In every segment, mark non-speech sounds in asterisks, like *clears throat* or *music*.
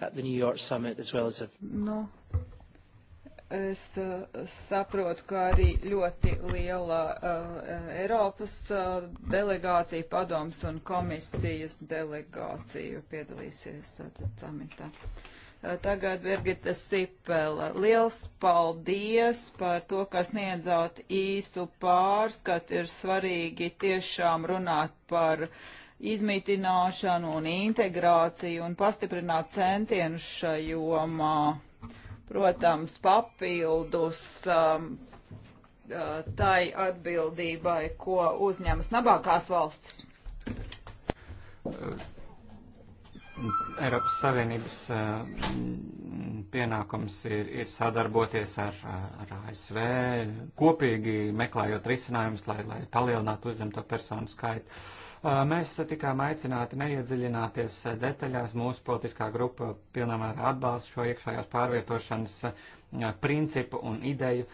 at the New York summit as well as a... No. Nu, es uh, saprotu, ka arī ļoti liela uh, Eiropas uh, delegācija, padoms un komisijas delegācija piedalīsies tātad samitā. Uh, tagad Birgita Sipela. Liels paldies par to, ka sniedzāt īsu pārskatu. Ir svarīgi tiešām runāt par uh, izmitināšanu un integrāciju un pastiprināt centienus šajomā. Protams, papildus um, uh, tai atbildībai, ko uzņemas nabākās valstis. Uh, Eiropas Savienības uh, pienākums ir, ir sadarboties ar, ar ASV, kopīgi meklējot risinājumus, lai, lai palielinātu uzņemto personu skaitu. Mēs tikām aicināti neiedziļināties detaļās. Mūsu politiskā grupa pilnā mērā atbalsta šo iekšējās pārvietošanas principu un ideju,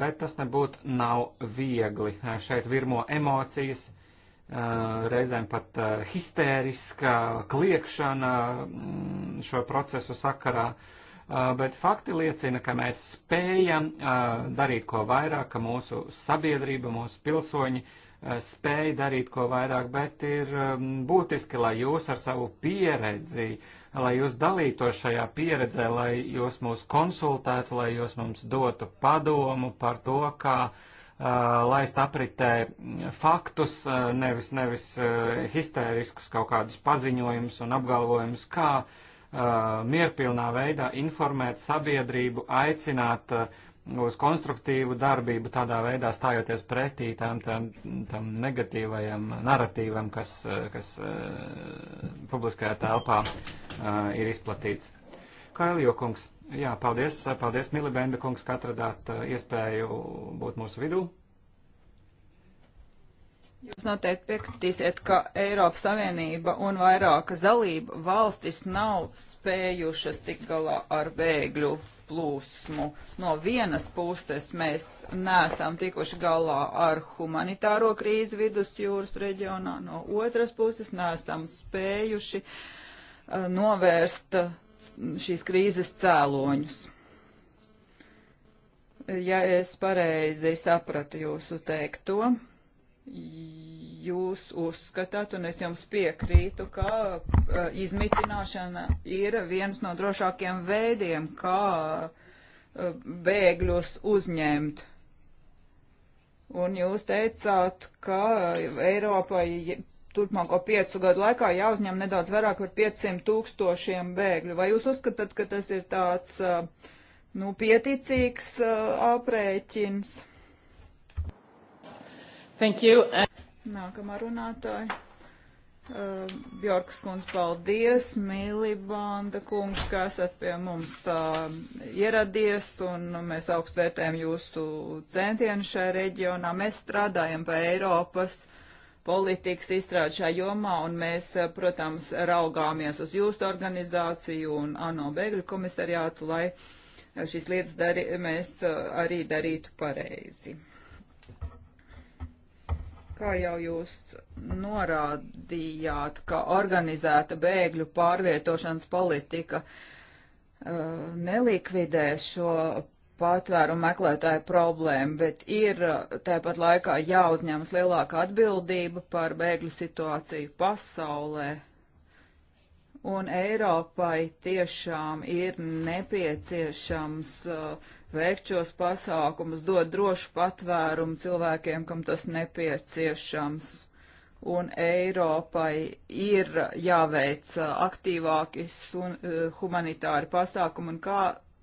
bet tas nebūtu nav viegli. Šeit virmo emocijas, reizēm pat histēriska kliekšana šo procesu sakarā. Bet fakti liecina, ka mēs spējam darīt ko vairāk, ka mūsu sabiedrība, mūsu pilsoņi uh, Eh, spēj darīt ko vairāk, bet ir eh, būtiski, lai jūs ar savu pieredzi, lai jūs dalītos šajā pieredzē, lai jūs mūs konsultētu, lai jūs mums dotu padomu par to, kā uh, laist apritē faktus, nevis, nevis uh, histēriskus kaut kādus paziņojumus un apgalvojumus, kā uh, mierpilnā veidā informēt sabiedrību, aicināt uh, uz konstruktīvu darbību, tādā veidā stājoties pretī tam, tam, tam negatīvajam narratīvam, kas, kas eh, publiskajā telpā eh, ir izplatīts. Kailjo kungs, jā, paldies, paldies Milibenda kungs, ka atradāt eh, iespēju būt mūsu vidū. Jūs noteikti piekritīsiet, ka Eiropas Savienība un vairākas dalība valstis nav spējušas tik galā ar bēgļu plūsmu. No vienas puses mēs neesam tikuši galā ar humanitāro krīzi vidusjūras reģionā, no otras puses neesam spējuši uh, novērst uh, šīs krīzes cēloņus. Ja es pareizi sapratu jūsu teikto, jūs uzskatāt, un es jums piekrītu, ka uh, izmitināšana ir viens no drošākiem veidiem, kā uh, bēgļus uzņemt. Un jūs teicāt, ka Eiropai turpmāko piecu gadu laikā jāuzņem nedaudz vairāk par 500 tūkstošiem bēgļu. Vai jūs uzskatāt, ka tas ir tāds, uh, nu, pieticīgs aprēķins? Thank you. Nākamā runātāja. Uh, Bjorkas kungs, paldies, Milibanda kungs, ka esat pie mums uh, ieradies, un mēs augstvērtējam jūsu centienu šajā reģionā. Mēs strādājam pie Eiropas politikas izstrādi šajā jomā, un mēs, uh, protams, raugāmies uz jūsu organizāciju un ANO bēgļu komisariātu, lai šīs lietas darī, mēs uh, arī darītu pareizi. Kā jau jūs norādījāt, ka organizēta bēgļu pārvietošanas politika uh, nelikvidē šo patvērumu meklētāju problēmu, bet ir uh, tāpat laikā jāuzņemas lielāka atbildība par bēgļu situāciju pasaulē. Un Eiropai tiešām ir nepieciešams uh, veikt šos pasākumus, dot drošu patvērumu cilvēkiem, kam tas nepieciešams. Un Eiropai ir jāveic aktīvāki sun, humanitāri pasākumi, un kā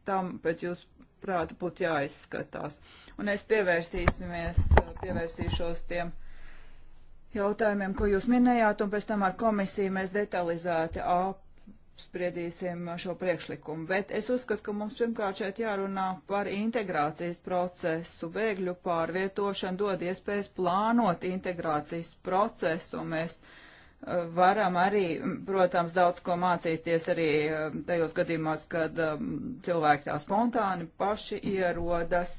tam pēc jūs prāta būtu jāizskatās. Un es pievērsīsimies, pievērsīšos tiem jautājumiem, ko jūs minējāt, un pēc tam ar komisiju mēs detalizēti ap apspriedīsim šo priekšlikumu. Bet es uzskatu, ka mums pirmkārt šeit jārunā par integrācijas procesu. Bēgļu pārvietošana dod iespējas plānot integrācijas procesu. Mēs eh, varam arī, protams, daudz ko mācīties arī eh, tajos gadījumos, kad um, cilvēki tā spontāni paši ierodas.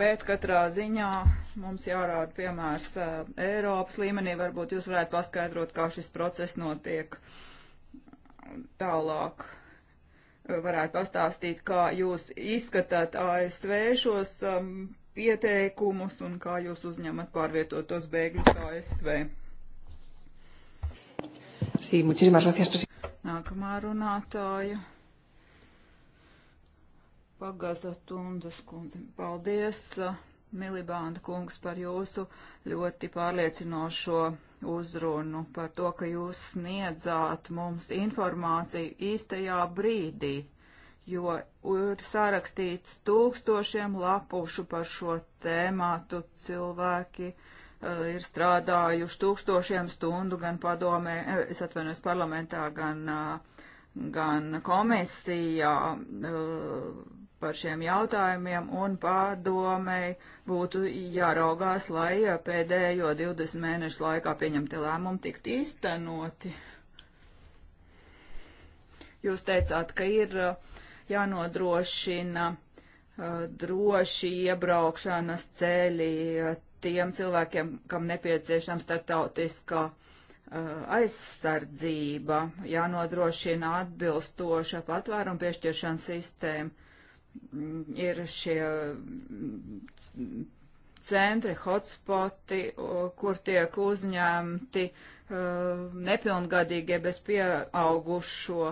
Bet katrā ziņā mums jārāda piemērs uh, Eiropas līmenī. Varbūt jūs varētu paskaidrot, kā šis process notiek. Uh, tālāk eh, varētu pastāstīt, kā jūs izskatāt ASV šos um, pieteikumus un kā jūs uzņemat pārvietotos bēgļus ASV. Sí, muchísimas gracias. Nākamā runātāja. Pagaza Tundas kundze. Paldies, eh, Milibānda kungs, par jūsu ļoti pārliecinošo uzrunu par to, ka jūs sniedzāt mums informāciju īstajā brīdī, jo ir sārakstīts tūkstošiem lapušu par šo tēmātu cilvēki eh, ir strādājuši tūkstošiem stundu gan padomē, eh, es atvainojos parlamentā, gan, eh, gan komisijā, par šiem jautājumiem un pārdomei būtu jāraugās, lai pēdējo 20 mēnešu laikā pieņemti lēmumi tiktu īstenoti. Jūs teicāt, ka ir uh, jānodrošina uh, droši iebraukšanas ceļi uh, tiem cilvēkiem, kam nepieciešama starptautiskā aizsardzība, jānodrošina atbilstoša patvērumu piešķiršanas sistēma ir šie mm, centri, hotspoti, kur tiek uzņemti uh, nepilngadīgie bez pieaugušo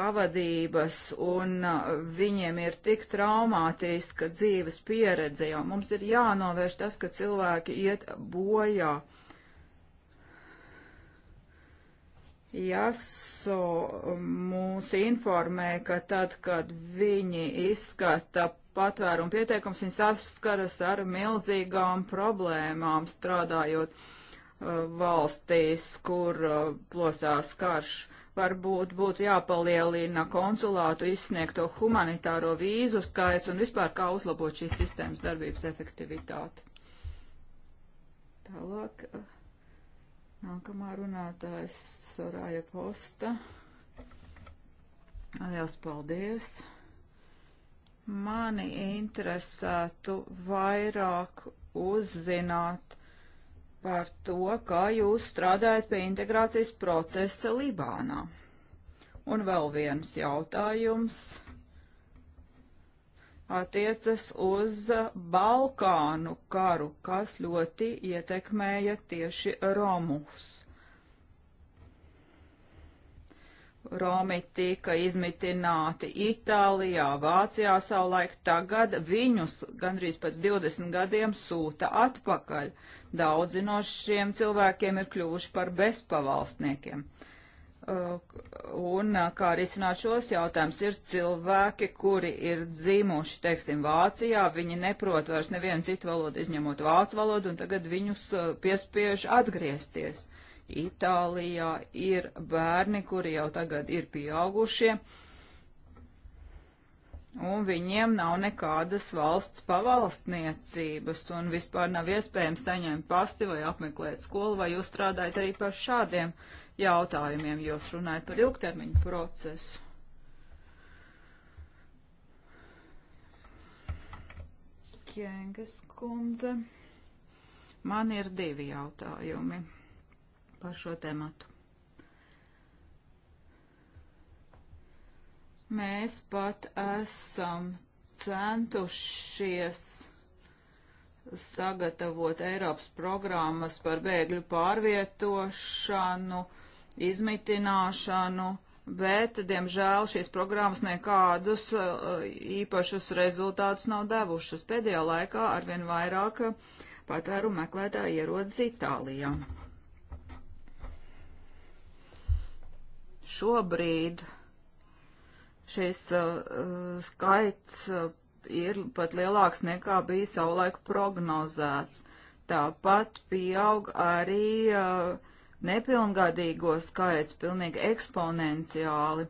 pavadības, un uh, viņiem ir tik traumātiska dzīves pieredze, jo mums ir jānovērš tas, ka cilvēki iet bojā Jaso um, mūs informē, ka tad, kad viņi izskata patvērumu pieteikums, viņi saskaras ar milzīgām problēmām strādājot uh, valstīs, kur uh, plosās karš. Varbūt būtu jāpalielina konsulātu izsniegto humanitāro vīzu skaits un vispār kā uzlabot šīs sistēmas darbības efektivitāti. Tālāk. Uh, Nākamā runātājs Sorāja Posta. Liels paldies! Mani interesētu vairāk uzzināt par to, kā jūs strādājat pie integrācijas procesa Libānā. Un vēl viens jautājums attiecas uz Balkānu karu, kas ļoti ietekmēja tieši Romus. Romi tika izmitināti Itālijā, Vācijā savulaik, tagad viņus gandrīz pēc 20 gadiem sūta atpakaļ. Daudzi no šiem cilvēkiem ir kļuvuši par bezpavalstniekiem. Uh, Uh, un uh, kā risināt šos jautājumus, ir cilvēki, kuri ir dzīvojuši, teiksim, Vācijā, viņi neprot vairs nevienu citu valodu izņemot vācu valodu, un tagad viņus uh, piespiež atgriezties. Itālijā ir bērni, kuri jau tagad ir pieaugušie, un viņiem nav nekādas valsts pavalstniecības, un vispār nav iespējams saņemt pasti vai apmeklēt skolu vai uzstrādāt arī par šādiem cilvēkiem jautājumiem, jūs runājat par ilgtermiņu procesu. Kjēngas kundze, man ir divi jautājumi par šo tematu. Mēs pat esam centušies sagatavot Eiropas programmas par bēgļu pārvietošanu, uh, izmitināšanu, bet, diemžēl, šīs programmas nekādus uh, īpašus rezultātus nav devušas. Pēdējā laikā arvien vairāk patēru meklētāji ierodas Itālijā. Šobrīd šis uh, skaits uh, ir pat lielāks nekā bija savulaik prognozēts. Tāpat pieaug arī uh, nepilngadīgo skaits pilnīgi eksponenciāli.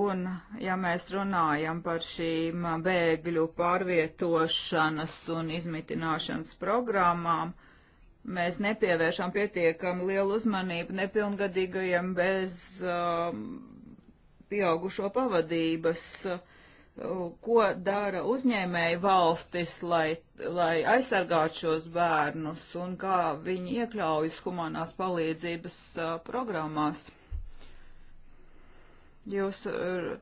Un, ja mēs runājam par šīm bēgļu pārvietošanas un izmitināšanas programmām, mēs nepievēršam pietiekami lielu uzmanību nepilngadīgajiem bez um, pieaugušo pavadības uh, ko dara uzņēmēji valstis, lai, lai aizsargātu šos bērnus un kā viņi iekļaujas humanās palīdzības uh, programmās. Jūs uh,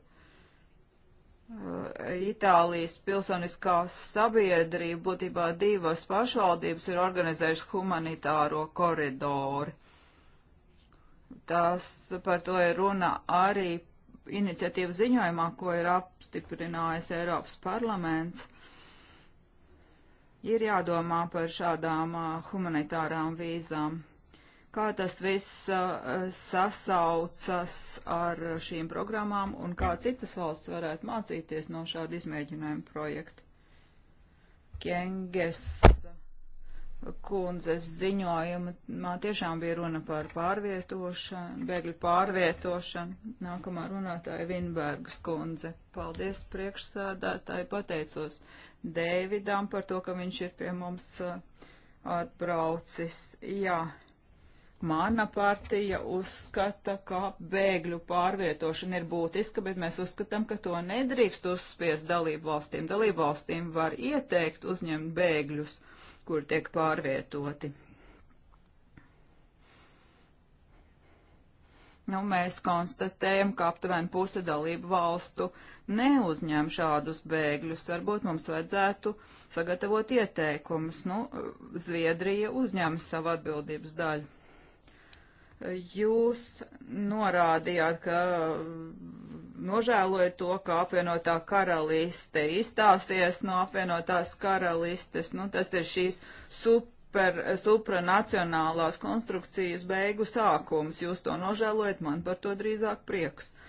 Itālijas pilsoniskā sabiedrība, būtībā divas pašvaldības ir organizējuši humanitāro koridoru. Tas par to ir runa arī iniciatīvu ziņojumā, ko ir apstiprinājis Eiropas parlaments, ir jādomā par šādām humanitārām vīzām. Kā tas viss sasaucas ar šīm programmām un kā citas valsts varētu mācīties no šāda izmēģinājuma projekta? Kenges kundzes ziņojumā tiešām bija runa par pārvietošanu, bēgļu pārvietošanu. Nākamā runātāja Vinbergas kundze. Paldies priekšsādātāji, pateicos Dēvidam par to, ka viņš ir pie mums uh, atbraucis. Jā, mana partija uzskata, ka bēgļu pārvietošana ir būtiska, bet mēs uzskatām, ka to nedrīkst uzspies dalību valstīm. Dalību valstīm var ieteikt uzņemt bēgļus kuri tiek pārvietoti. Nu, mēs konstatējam, ka aptuveni puse dalību valstu neuzņem šādus bēgļus. Varbūt mums vajadzētu sagatavot ieteikumus. Nu, Zviedrija uzņem savu atbildības daļu. Jūs norādījāt, ka nožēlojat to, ka apvienotā karaliste izstāsies no apvienotās karalistes. Nu, tas ir šīs super, supranacionālās konstrukcijas beigu sākums. Jūs to nožēlojat, man par to drīzāk prieks. Uh,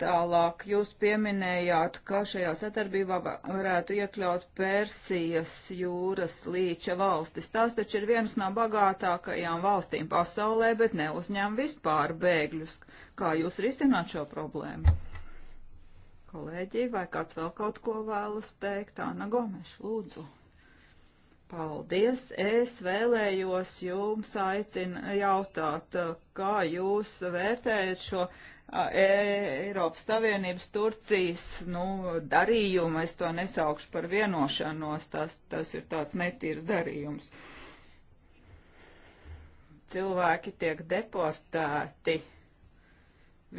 Tālāk jūs pieminējāt, ka šajā sadarbībā varētu iekļaut Persijas jūras līča valstis. Tās taču ir vienas no bagātākajām valstīm pasaulē, bet neuzņem vispār bēgļus. Kā jūs risināt šo problēmu? Kolēģi, vai kāds vēl kaut ko vēlas teikt? Ana Gomeša, lūdzu. Paldies! Es vēlējos jums aicinu jautāt, kā jūs vērtējat šo E, Eiropas Savienības Turcijas nu, darījumu, es to nesaukšu par vienošanos, tas, tas ir tāds netīrs darījums. Cilvēki tiek deportēti,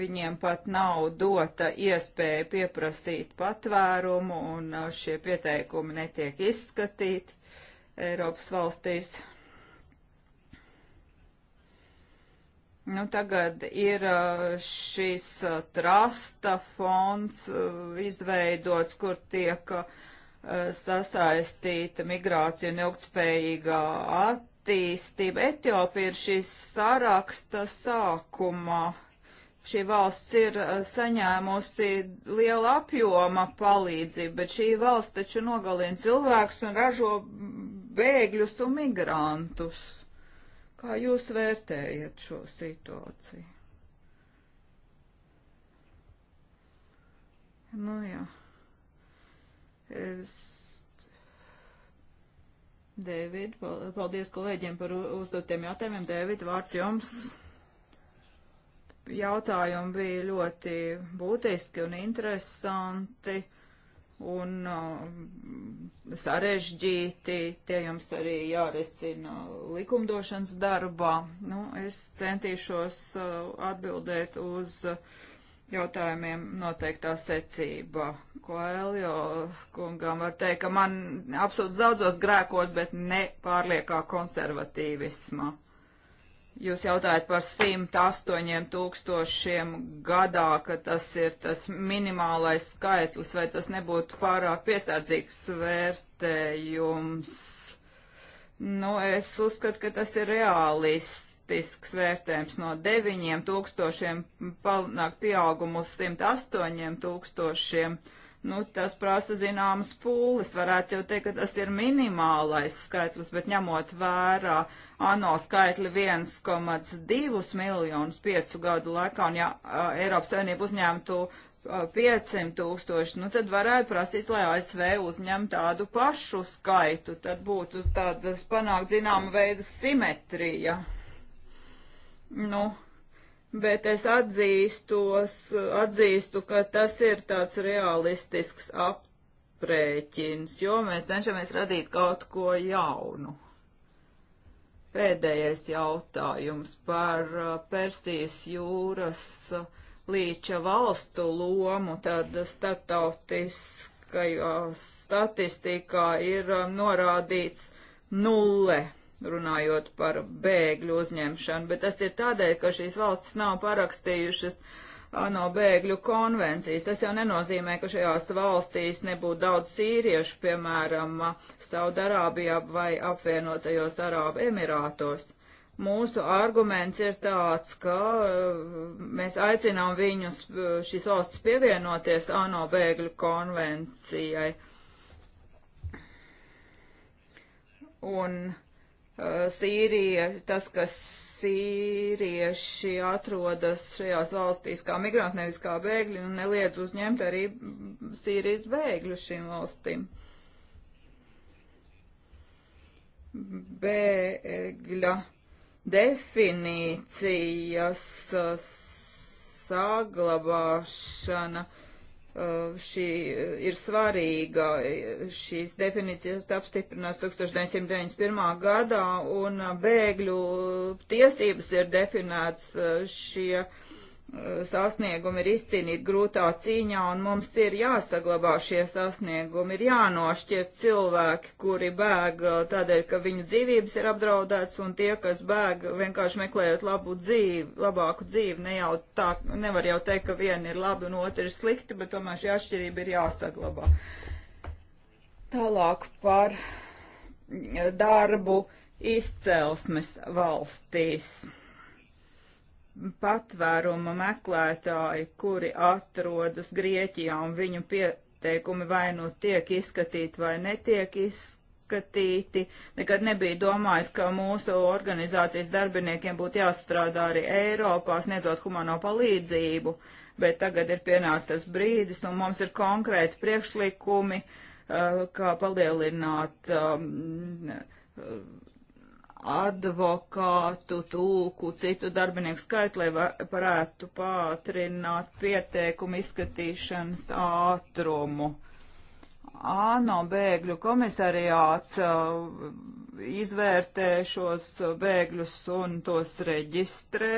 viņiem pat nav dota iespēja pieprasīt patvērumu, un šie pieteikumi netiek izskatīti Eiropas valstīs. Nu, tagad ir uh, šis uh, trasta fonds uh, izveidots, kur tiek sasaistīta migrācija un ilgtspējīgā attīstība. Etiopija ir šīs saraksta sākumā. Šī valsts ir saņēmusi liela apjoma palīdzību, bet šī valsts taču nogalina cilvēkus un ražo bēgļus un migrantus. Kā jūs vērtējat šo situāciju? Nu jā. Es... Dēvid, paldies kolēģiem par uzdotiem jautājumiem. Dēvid, vārds jums. Jautājumi bija ļoti būtiski un interesanti un uh, sarežģīti, tie jums arī jārisina likumdošanas darbā. Nu, es centīšos uh, atbildēt uz jautājumiem noteiktā secībā. Koeljo kungam var teikt, ka man absolūti daudzos grēkos, bet ne pārliekā konservatīvismā. Uh, Jūs jautājat par 108 tūkstošiem gadā, ka tas ir tas minimālais skaitlis, vai tas nebūtu pārāk piesardzīgs vērtējums? Nu, es uzskatu, ka tas ir realistisks vērtējums. No 9 tūkstošiem palnāk pieaugumu uz 108 tūkstošiem. 000 nu, tas prasa zināmas pūles. Varētu jau teikt, ka tas ir minimālais skaitlis, bet ņemot vērā ANO skaitli 1,2 miljonus piecu gadu laikā, un ja Eiropas Savienība uzņemtu 500 tūkstoši, nu tad varētu prasīt, lai ASV uzņem tādu pašu skaitu, tad būtu tādas panākt zināma veida simetrija. Nu, bet es atzīstos, atzīstu, ka tas ir tāds realistisks aprēķins, jo mēs cenšamies radīt kaut ko jaunu. Pēdējais jautājums par uh, Persijas jūras uh, līča valstu lomu, tad starptautiskajā statistikā ir uh, norādīts nulle runājot par bēgļu uzņemšanu, bet tas ir tādēļ, ka šīs valstis nav parakstījušas ANO bēgļu konvencijas. Tas jau nenozīmē, ka šajās valstīs nebūtu daudz sīriešu, piemēram, Saudarābijā vai apvienotajos Arābu Emirātos. Mūsu arguments ir tāds, ka uh, mēs aicinām viņus uh, šīs valsts pievienoties ANO bēgļu konvencijai. Un Uh, Sīrija, tas, kas sīrieši atrodas šajās valstīs kā migranti, nevis kā bēgļi, un nu, neliedz uzņemt arī Sīrijas bēgļu šīm valstīm. Bēgļa definīcijas uh, saglabāšana. Uh, Uh, šī uh, ir svarīga. Uh, šīs definīcijas apstiprinās 1991. gadā, un bēgļu tiesības ir definēts šie sasniegumi ir izcīnīti grūtā cīņā, un mums ir jāsaglabā šie sasniegumi, ir jānošķiet cilvēki, kuri bēg uh, tādēļ, ka viņu dzīvības ir apdraudētas, un tie, kas bēg vienkārši meklējot labu dzīvi, labāku dzīvi, ne jau tā, nevar jau teikt, ka viena ir labi un otra ir slikti, bet tomēr šī atšķirība ir jāsaglabā. Tālāk par darbu izcelsmes valstīs patvērumu meklētāji, kuri atrodas Grieķijā un viņu pieteikumi vai nu tiek izskatīti vai netiek izskatīti. Nekad nebija domājis, ka mūsu organizācijas darbiniekiem būtu jāstrādā arī Eiropā, sniedzot humano palīdzību, bet tagad ir pienācis tas brīdis un mums ir konkrēti priekšlikumi, uh, kā palielināt um, advokātu, tūku, citu darbinieku skaitu, lai varētu pātrināt pieteikumu izskatīšanas ātrumu. ANO bēgļu komisariāts izvērtē šos bēgļus un tos reģistrē.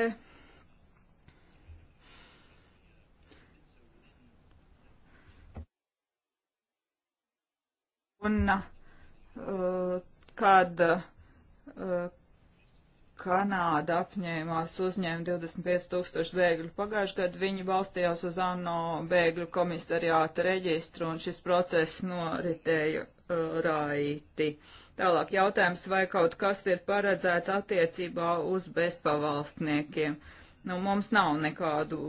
Un uh, kad uh, Uh, Kanāda apņēmās uzņēma 25 tūkstoši bēgļu pagājušajā gadā. Viņi balstījās uz ANO bēgļu komisariāta reģistru un šis process noritēja uh, raiti. Tālāk jautājums, vai kaut kas ir paredzēts attiecībā uz bezpavalstniekiem. Nu, mums nav nekādu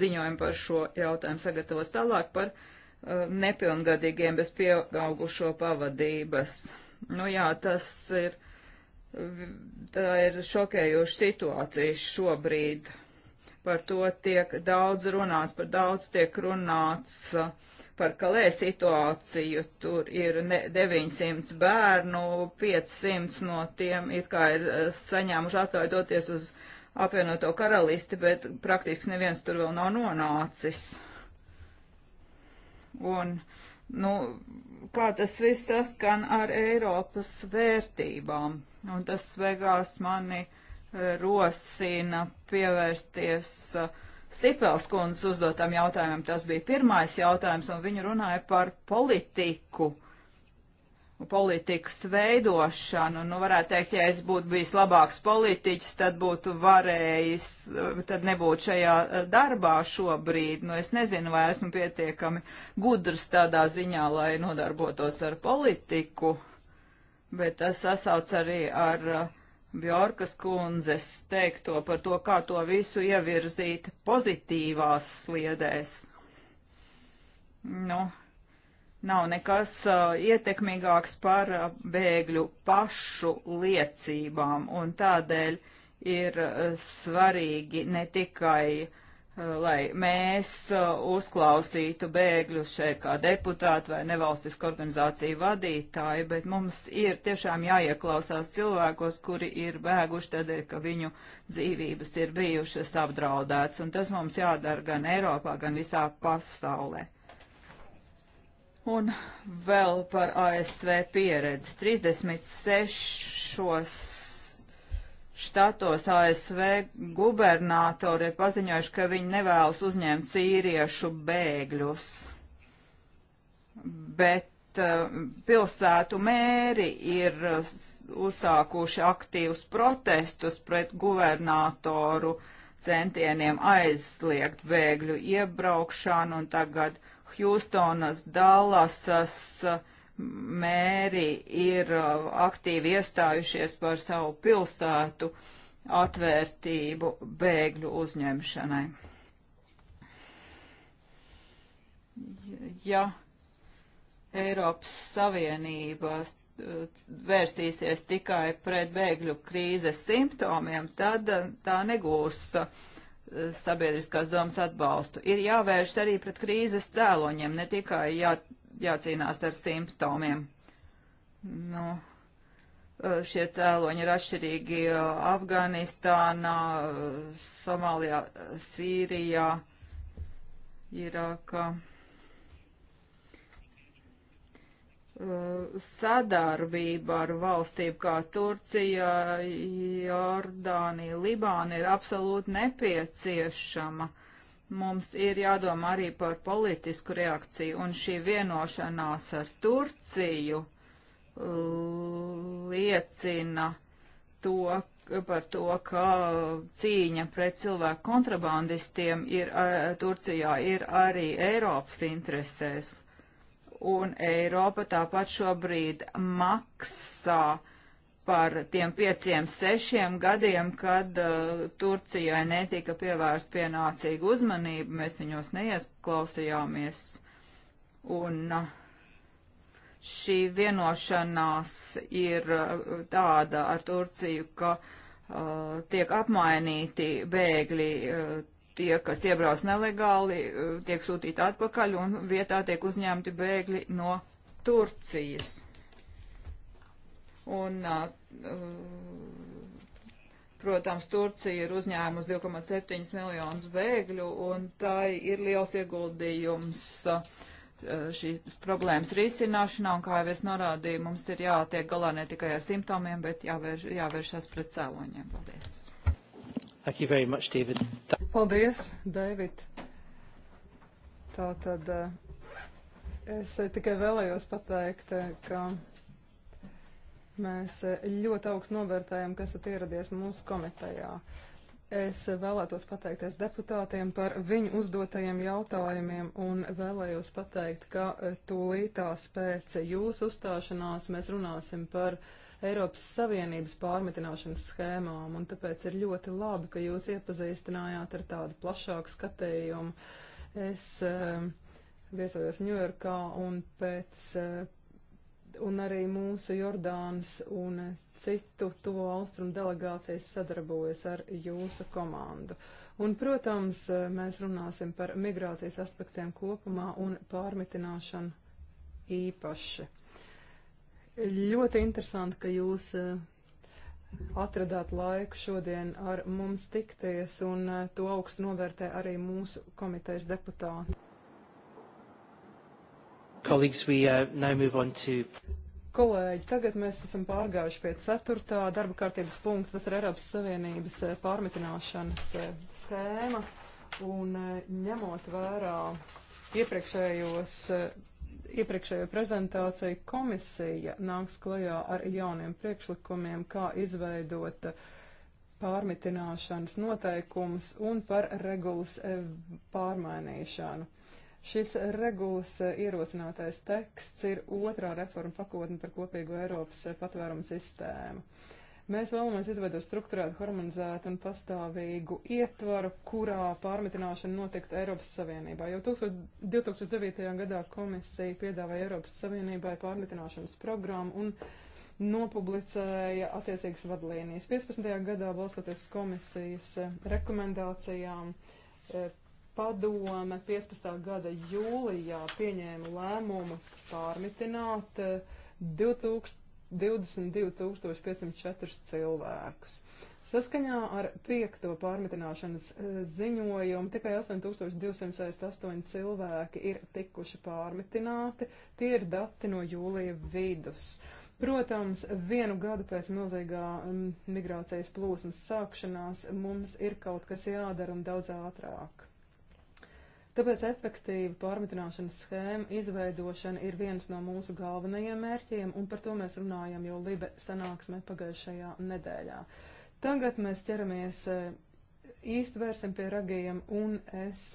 ziņojumu par šo jautājumu sagatavos tālāk par uh, nepilngadīgiem bez pieaugušo pavadības. Nu jā, tas ir Tā ir šokējoša situācija šobrīd. Par to tiek daudz runāts, par daudz tiek runāts par kalē situāciju. Tur ir 900 bērnu, 500 no tiem it kā ir eh, saņēmuši atļauju doties uz apvienoto karalisti, bet praktiski neviens tur vēl nav nonācis. Un uh, nu, kā tas viss saskan ar Eiropas vērtībām. Un tas beigās mani eh, rosina pievērsties uh, Sipels kundzes uzdotam jautājumam. Tas bija pirmais jautājums, un viņa runāja par politiku politikas veidošanu. Nu, varētu teikt, ja es būtu bijis labāks politiķis, tad būtu varējis, tad nebūtu šajā eh, darbā šobrīd. Nu, es nezinu, vai esmu pietiekami gudrs tādā ziņā, lai nodarbotos ar politiku, bet tas sasauc arī ar uh, Bjorkas kundzes teikto par to, kā to visu ievirzīt pozitīvās sliedēs. Nu, Nav nekas uh, ietekmīgāks par uh, bēgļu pašu liecībām, un tādēļ ir uh, svarīgi ne tikai, uh, lai mēs uh, uzklausītu bēgļus šeit kā deputāti vai nevalstisku organizāciju vadītāji, bet mums ir tiešām jāieklausās cilvēkos, kuri ir bēguši tādēļ, ka viņu dzīvības ir bijušas apdraudētas, un tas mums jādara gan Eiropā, gan visā pasaulē. Un vēl par ASV pieredzi. 36 štatos ASV gubernatori ir paziņojuši, ka viņi nevēlas uzņemt sīriešu bēgļus. Bet uh, pilsētu mēri ir eh, uzsākuši aktīvus protestus pret gubernatoru centieniem aizliegt bēgļu iebraukšanu un tagad uh, Hjustonas, Dallasas mēri ir uh, aktīvi iestājušies par savu pilsētu atvērtību bēgļu uzņemšanai. Ja Eiropas Savienības uh, vērsīsies tikai pret bēgļu krīzes simptomiem, tad uh, tā negūs uh, sabiedriskās domas atbalstu. Ir jāvēršas arī pret krīzes cēloņiem, ne tikai jā, jācīnās ar simptomiem. Nu, šie cēloņi ir atšķirīgi Afganistānā, Somālijā, Sīrijā, Irākā. Uh, Uh, sadarbība ar valstīm kā Turcija, Jordānija, Libāna ir absolūti nepieciešama. Mums ir jādomā arī par politisku reakciju, un šī vienošanās ar Turciju uh, liecina to, par to, ka cīņa pret cilvēku kontrabandistiem ir, uh, Turcijā ir arī Eiropas interesēs, un Eiropa tāpat šobrīd maksā par tiem pieciem, sešiem gadiem, kad uh, Turcijai netika pievērst pienācīgu uzmanību, mēs viņos neieklausījāmies. Un uh, šī vienošanās ir uh, tāda ar Turciju, ka uh, tiek apmainīti bēgļi uh, tie, kas iebrauc nelegāli, eh, tiek sūtīti atpakaļ un vietā tiek uzņemti bēgļi no Turcijas. Un, eh, protams, Turcija ir uzņēmusi 2,7 miljonus bēgļu un tai ir liels ieguldījums šīs problēmas risināšanā, un kā jau es norādīju, mums ir jātiek galā ne tikai ar simptomiem, bet jāvērš, jāvēršas pret cēloņiem. Paldies! Thank you very much, David. Paldies, David. Tā tad eh, es tikai vēlējos pateikt, eh, ka mēs eh, ļoti augstu novērtējam, kas esat ieradies mūsu komitejā. Es vēlētos pateikties deputātiem par viņu uzdotajiem jautājumiem un vēlējos pateikt, ka tūlītās pēc jūsu uzstāšanās mēs runāsim par uh, Eiropas Savienības pārmetināšanas schēmām, un tāpēc ir ļoti labi, ka jūs iepazīstinājāt ar tādu plašāku skatījumu. Es uh, viesojos Ņujorkā un pēc uh, un arī mūsu Jordānas un citu tuvo austrumu delegācijas sadarbojas ar jūsu komandu. Un, protams, ehm, mēs runāsim par migrācijas aspektiem kopumā un pārmitināšanu īpaši. Ļoti interesanti, ka jūs eh, atradāt laiku šodien ar mums tikties, un eh, to augstu novērtē arī mūsu komitejas deputāti. We, uh, to... Kolēģi, tagad mēs esam pārgājuši pie ceturtā darba kārtības punkta, tas ir Eiropas Savienības eh, pārmitināšanas schēma, un ņemot vērā iepriekšējos iepriekšējo prezentāciju komisija nāks klajā ar jauniem priekšlikumiem, kā izveidot pārmitināšanas noteikumus un par regulas e, pārmainīšanu. Šis regulas e, ierosinātais teksts ir otrā reforma pakotne par kopīgo Eiropas e, patvērumu sistēmu. Uh, Mēs vēlamies izveidot struktūrētu, harmonizētu un pastāvīgu ietvaru, kurā pārmetināšana notiektu Eiropas Savienībā. Jau 2009. gadā komisija piedāvāja Eiropas Savienībai pārmetināšanas programmu un nopublicēja attiecīgas vadlīnijas. 15. gadā, balstoties komisijas eh, rekomendācijām, eh, padome 15. gada jūlijā pieņēma lēmumu pārmitināt 2000. Eh, 22,504 cilvēkus. Saskaņā ar piekto pārmetināšanas e, ziņojumu tikai 8268 cilvēki ir tikuši pārmetināti. Tie ir dati no jūlija vidus. Protams, vienu gadu pēc milzīgā migrācijas plūsmas sākšanās mums ir kaut kas jādara un daudz ātrāk. Tāpēc efektīva pārmitināšanas schēma izveidošana ir viens no mūsu galvenajiem mērķiem, un par to mēs runājam jau Libe sanāksmē pagājušajā nedēļā. Tagad mēs ķeramies eh, īsti vērsim pie ragiem, un es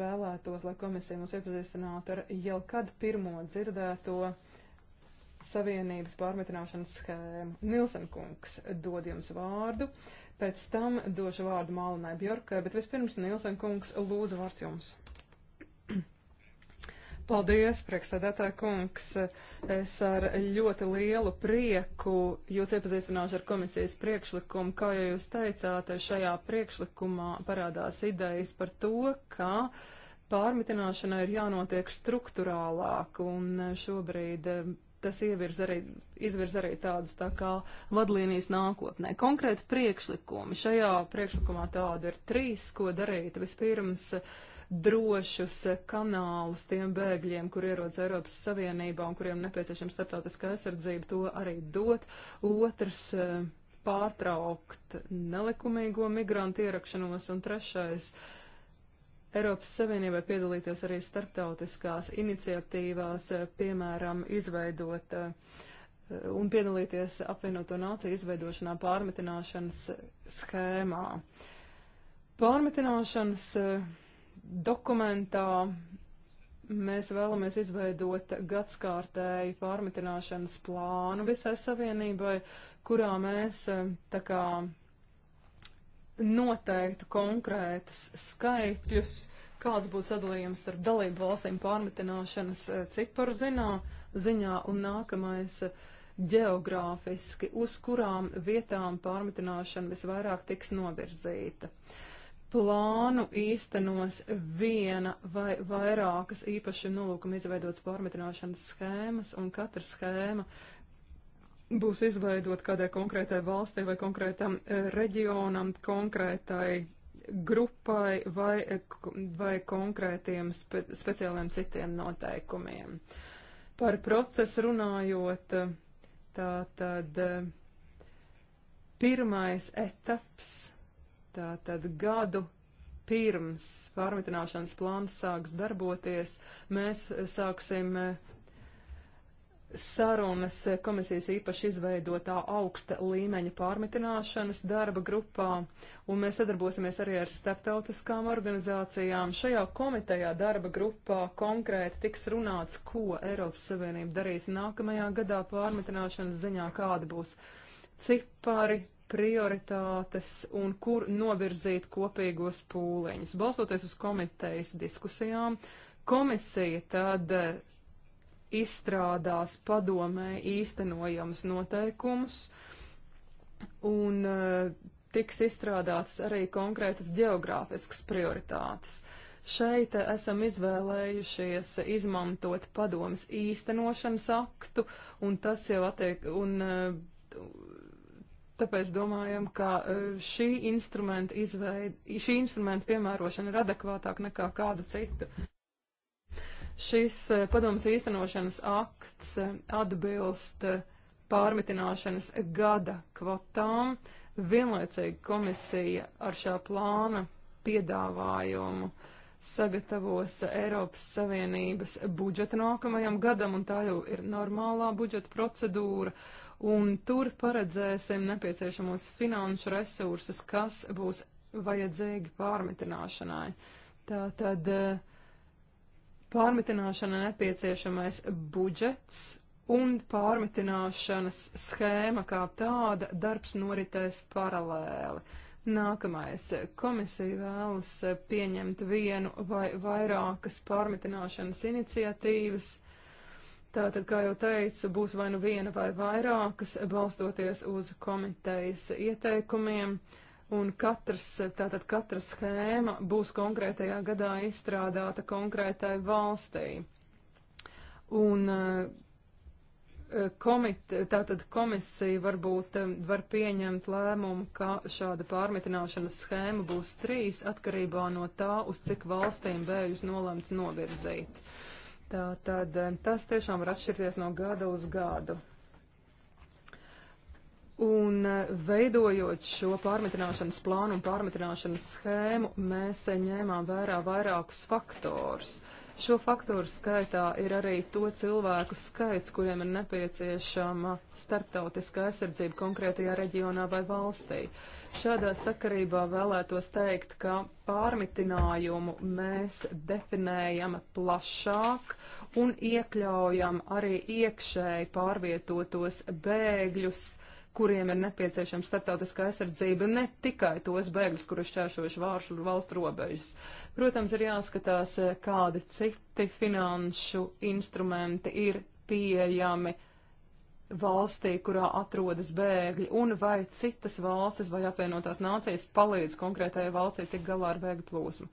vēlētos, lai komisija mums iepazīstinātu ar jau kad pirmo dzirdēto Savienības pārmitināšanas schēmu. Nilsen kungs dod jums vārdu. Uh, Pēc tam došu vārdu Mālinai Bjorkai, bet vispirms Nilsen kungs lūdzu vārds jums. *clears throat* Paldies, priekšsēdētāja kungs. Es ar ļoti lielu prieku jūs iepazīstināšu ar komisijas priekšlikumu. Kā jau jūs teicāt, šajā priekšlikumā parādās idejas par to, ka pārmitināšanai ir jānotiek struktūrālāk, un šobrīd tas ievirz arī, izvirz arī tādas tā kā vadlīnijas nākotnē. Konkrēti priekšlikumi. Šajā priekšlikumā tāda ir trīs, ko darīt. Vispirms drošus kanālus tiem bēgļiem, kur ierodas Eiropas Savienībā un kuriem nepieciešama starptautiskā aizsardzība, to arī dot. Otrs pārtraukt nelikumīgo migrantu ierakšanos un trešais Eiropas Savienībai piedalīties arī starptautiskās iniciatīvās, eh, piemēram, izveidot eh, un piedalīties apvienoto nāciju izveidošanā pārmetināšanas schēmā. Pārmetināšanas eh, dokumentā mēs vēlamies izveidot gadskārtēju pārmetināšanas plānu visai Savienībai, kurā mēs tā kā noteiktu konkrētus skaitļus, kāds būtu sadalījums starp dalību valstīm pārmetināšanas eh, ciparu zinā, ziņā un nākamais ģeogrāfiski, eh, uz kurām vietām pārmetināšana visvairāk tiks novirzīta. Plānu īstenos viena vai vairākas īpaši nolūkam izveidotas pārmetināšanas schēmas, un katra schēma uh, būs izveidot kādai konkrētai valstī vai konkrētam e, reģionam, konkrētai grupai vai, e, vai konkrētiem spe, speciāliem citiem noteikumiem. Par procesu runājot, tā tad e, pirmais etaps, tā tad gadu pirms pārmitināšanas plāns sāks darboties, mēs sāksim sarunas komisijas īpaši izveidotā augsta līmeņa pārmitināšanas darba grupā, un mēs sadarbosimies arī ar starptautiskām organizācijām. Šajā komitejā darba grupā konkrēti tiks runāts, ko Eiropas Savienība darīs nākamajā gadā pārmitināšanas ziņā, kāda būs cipari, prioritātes un kur novirzīt kopīgos pūliņus. Balstoties uz komitejas diskusijām, komisija tad izstrādās padomē īstenojams noteikums un eh, tiks izstrādātas arī konkrētas geogrāfiskas prioritātes. Šeit eh, esam izvēlējušies izmantot padomas īstenošanas aktu, un tas jau attiek, un eh, Tāpēc domājam, ka šī instrumenta, izveid, šī instrumenta piemērošana ir adekvātāka nekā kādu citu. Šis eh, padomas īstenošanas akts eh, atbilst eh, pārmitināšanas gada kvotām. Vienlaicīgi komisija ar šā plāna piedāvājumu sagatavos Eiropas Savienības budžetu nākamajam gadam, un tā jau ir normālā budžeta procedūra, un tur paredzēsim nepieciešamos finanšu resursus, kas būs vajadzīgi pārmitināšanai. Tā tad uh, Pārmitināšana nepieciešamais budžets un pārmitināšanas schēma kā tāda darbs noritēs paralēli. Nākamais. Komisija vēlas pieņemt vienu vai vairākas pārmitināšanas iniciatīvas. Tātad, kā jau teicu, būs vai nu viena vai vairākas, balstoties uz komitejas ieteikumiem. Uh, un katras, tātad katra schēma būs konkrētajā gadā izstrādāta konkrētai valstī. Un eh, komit, tātad komisija varbūt eh, var pieņemt lēmumu, ka šāda pārmitināšanas schēma būs trīs atkarībā no tā, uz cik valstīm bēļus nolemts novirzīt. Tātad eh, tas tiešām var atšķirties no gada uz gadu. Un eh, veidojot šo pārmetināšanas plānu un pārmetināšanas schēmu, mēs ņēmām vērā vairākus faktorus. Šo faktoru skaitā ir arī to cilvēku skaits, kuriem ir nepieciešama starptautiska aizsardzība konkrētajā reģionā vai valstī. Šādā sakarībā vēlētos teikt, ka pārmitinājumu mēs definējam plašāk un iekļaujam arī iekšēji pārvietotos bēgļus, kuriem ir nepieciešama starptautiskā aizsardzība, ne tikai tos bēgļus, kurus šķēršoši vāršu valstu robežas. Protams, ir jāskatās, eh, kādi citi finanšu instrumenti ir pieejami valstī, kurā atrodas bēgļi, un vai citas valstis vai apvienotās nācijas palīdz konkrētajai valstī tik galā ar bēgļu plūsmu.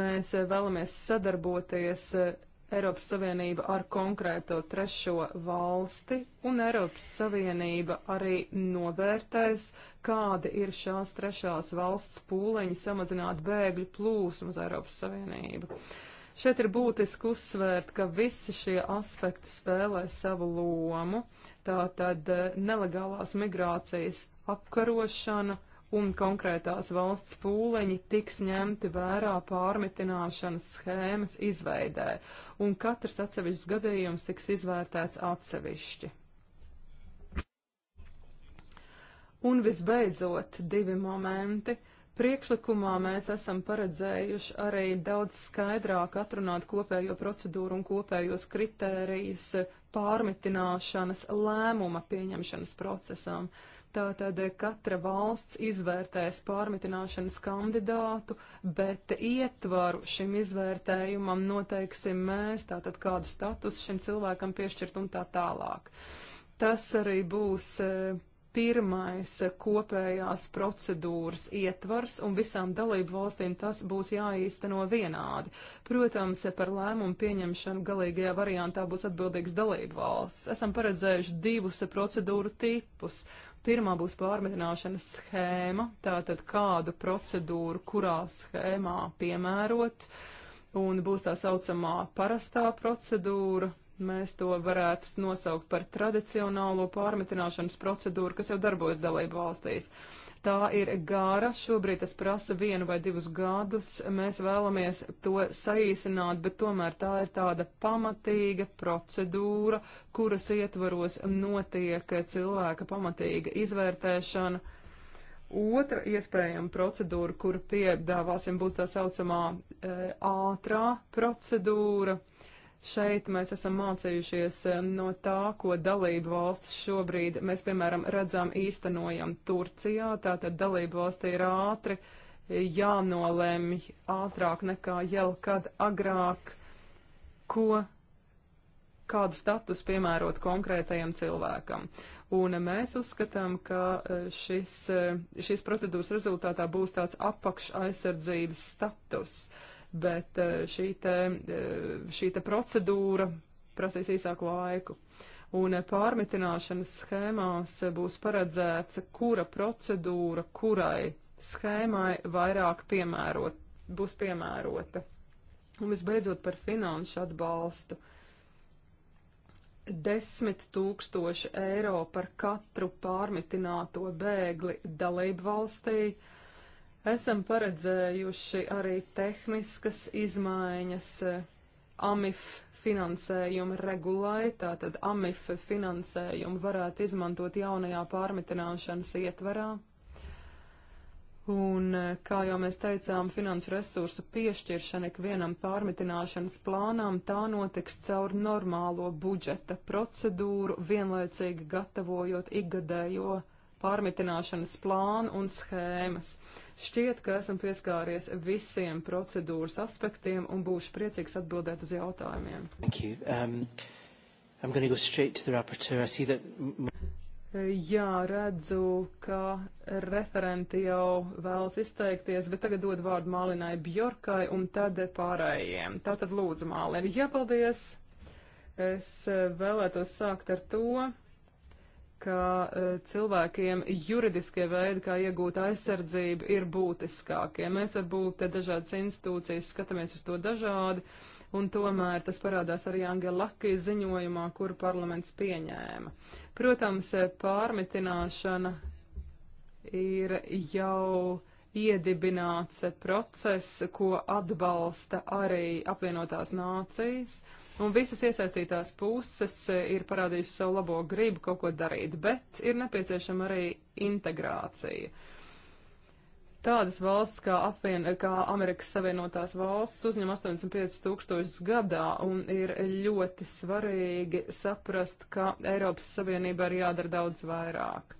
Mēs eh, vēlamies sadarboties eh, Eiropas Savienība ar konkrēto trešo valsti, un Eiropas Savienība arī novērtēs, kādi ir šās trešās valsts pūleņi samazināt bēgļu plūsmu uz Eiropas Savienību. Šeit ir būtiski uzsvērt, ka visi šie aspekti spēlē savu lomu, tātad eh, nelegālās migrācijas apkarošana, un konkrētās valsts pūleņi tiks ņemti vērā pārmitināšanas schēmas izveidē, un katrs atsevišķs gadījums tiks izvērtēts atsevišķi. Un visbeidzot, divi momenti. Priekšlikumā mēs esam paredzējuši arī daudz skaidrāk atrunāt kopējo procedūru un kopējos kritērijus pārmitināšanas lēmuma pieņemšanas procesam. Tātad katra valsts izvērtēs pārmitināšanas kandidātu, bet ietvaru šim izvērtējumam noteiksim mēs, tātad kādu statusu šim cilvēkam piešķirt un tā tālāk. Tas arī būs e, pirmais kopējās procedūras ietvars, un visām dalību valstīm tas būs jāīsteno vienādi. Protams, par lēmumu pieņemšanu galīgajā variantā būs atbildīgs dalību valsts. Esam paredzējuši divus procedūru tipus Pirmā būs pārmetināšanas schēma, tātad kādu procedūru, kurā schēmā piemērot, un būs tā saucamā parastā procedūra. Mēs to varētu nosaukt par tradicionālo pārmetināšanas procedūru, kas jau darbojas dalību valstīs. Tā ir gara, šobrīd tas prasa vienu vai divus gadus, mēs vēlamies to saīsināt, bet tomēr tā ir tāda pamatīga procedūra, kuras ietvaros notiek cilvēka pamatīga izvērtēšana. Otra iespējama procedūra, kuru piedāvāsim, būs tā saucamā e, ātrā procedūra. E, Šeit mēs esam mācījušies um, no tā, ko dalību valsts šobrīd mēs, piemēram, redzam īstenojam Turcijā. Tātad dalību valstī ir ātri jānolemj ātrāk nekā jau kad agrāk, ko, kādu status piemērot konkrētajam cilvēkam. Un mēs uzskatām, ka uh, šis, uh, šīs procedūras rezultātā būs tāds apakš aizsardzības status. Uh, bet eh, šī te, eh, šī te procedūra prasīs īsāku laiku. Un eh, pārmitināšanas schēmās būs paredzēts, kura procedūra kurai schēmai vairāk piemērot, būs piemērota. Un visbeidzot par finanšu atbalstu. Desmit tūkstoši eiro par katru pārmitināto bēgli dalību valstī. Uh, Esam paredzējuši arī tehniskas izmaiņas eh, AMIF finansējuma regulai, tātad AMIF finansējumu varētu izmantot jaunajā pārmitināšanas ietvarā. Un, eh, kā jau mēs teicām, finanšu resursu piešķiršana ikvienam pārmitināšanas plānām tā notiks caur normālo budžeta procedūru, vienlaicīgi gatavojot ikgadējo pārmitināšanas plānu un schēmas. Šķiet, ka esam pieskāries visiem procedūras aspektiem un būšu priecīgs atbildēt uz jautājumiem. Um, go that... Jā, redzu, ka referenti jau vēlas izteikties, bet tagad dod vārdu Mālinai Bjorkai un tad pārējiem. Tātad lūdzu, Mālin, jāpaldies! Es eh, vēlētos sākt ar to, ka e, cilvēkiem juridiskie veidi, kā iegūt aizsardzību, ir būtiskākie. Mēs varbūt dažādas institūcijas skatāmies uz to dažādi, un tomēr tas parādās arī Angela Lakijas ziņojumā, kuru parlaments pieņēma. Protams, e, pārmitināšana ir jau iedibināts process, ko atbalsta arī apvienotās nācijas. Uh, Un visas iesaistītās puses e, ir parādījušas savu labo gribu kaut ko darīt, bet ir nepieciešama arī integrācija. Tādas valsts kā, apvien, kā Amerikas Savienotās valsts uzņem 85 tūkstošus gadā un ir ļoti svarīgi saprast, ka Eiropas Savienība ir jādara daudz vairāk.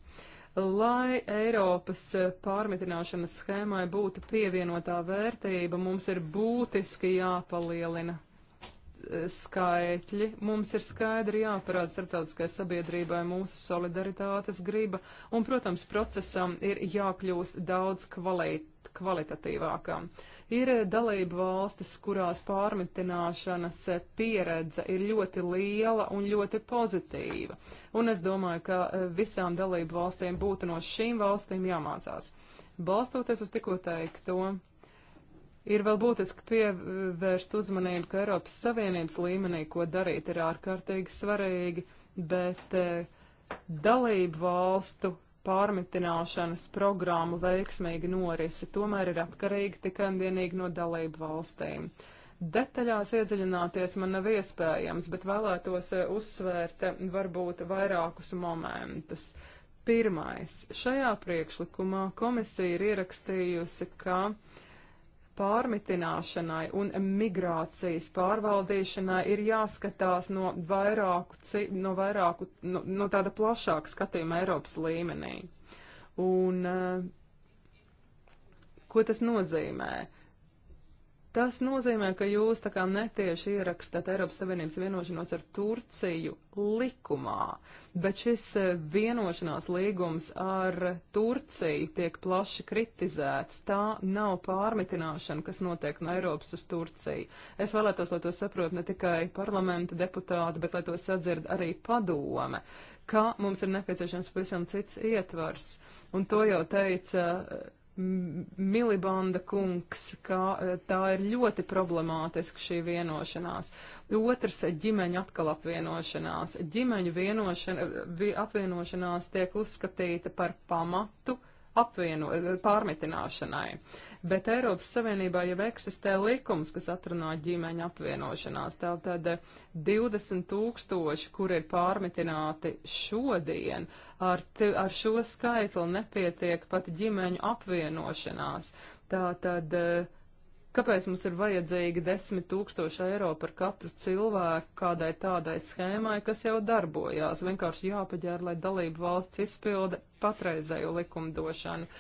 Lai Eiropas e, pārmitināšanas schēmai būtu pievienotā vērtība, mums ir būtiski jāpalielina skaitļi. Mums ir skaidri jāparāda starptautiskai sabiedrībai mūsu solidaritātes griba, un, protams, procesam ir jākļūst daudz kvalit kvalitatīvākam. Ir dalība valstis, kurās pārmitināšanas pieredze ir ļoti liela un ļoti pozitīva, un es domāju, ka eh, visām dalību valstīm būtu no šīm valstīm jāmācās. Balstoties uz tikko teikto, Ir vēl būtiski pievērst uzmanību, ka Eiropas Savienības līmenī, ko darīt, ir ārkārtīgi svarīgi, bet eh, dalību valstu pārmitināšanas programmu veiksmīga norise tomēr ir atkarīga tikai un vienīgi no dalību valstīm. Detaļās iedziļināties man nav iespējams, bet vēlētos eh, uzsvērt eh, varbūt vairākus momentus. Pirmais. Šajā priekšlikumā komisija ir ierakstījusi, ka uh, pārmitināšanai un migrācijas pārvaldīšanai ir jāskatās no vairāku, no vairāku, no, no tāda plašāka skatījuma Eiropas līmenī. Un eh, ko tas nozīmē? Tas nozīmē, ka jūs tā kā netieši ierakstāt Eiropas Savienības vienošanos ar Turciju likumā, bet šis eh, vienošanās līgums ar Turciju tiek plaši kritizēts. Tā nav pārmitināšana, kas notiek no Eiropas uz Turciju. Es vēlētos, lai to saprot ne tikai parlamenta deputāti, bet lai to sadzird arī padome, ka mums ir nepieciešams pavisam cits ietvars. Un to jau teica Milibanda kungs, ka e, tā ir ļoti problemātiska šī vienošanās. Otrs - ģimeņu atkal apvienošanās. Ģimeņu vienošana, vi, apvienošanās tiek uzskatīta par pamatu apvieno, eh, pārmitināšanai. Bet Eiropas Savienībā jau eksistē likums, kas atrunā ģimeņa apvienošanās. Tātad 20 eh, tūkstoši, kur ir pārmitināti šodien, ar, ar šo skaitli nepietiek pat ģimeņu apvienošanās. Tātad uh, Kāpēc mums ir vajadzīgi 10 tūkstoši eiro par katru cilvēku kādai tādai schēmai, kas jau darbojās? Vienkārši jāpaģēra, lai dalību valsts izpilda patreizēju likumdošanu.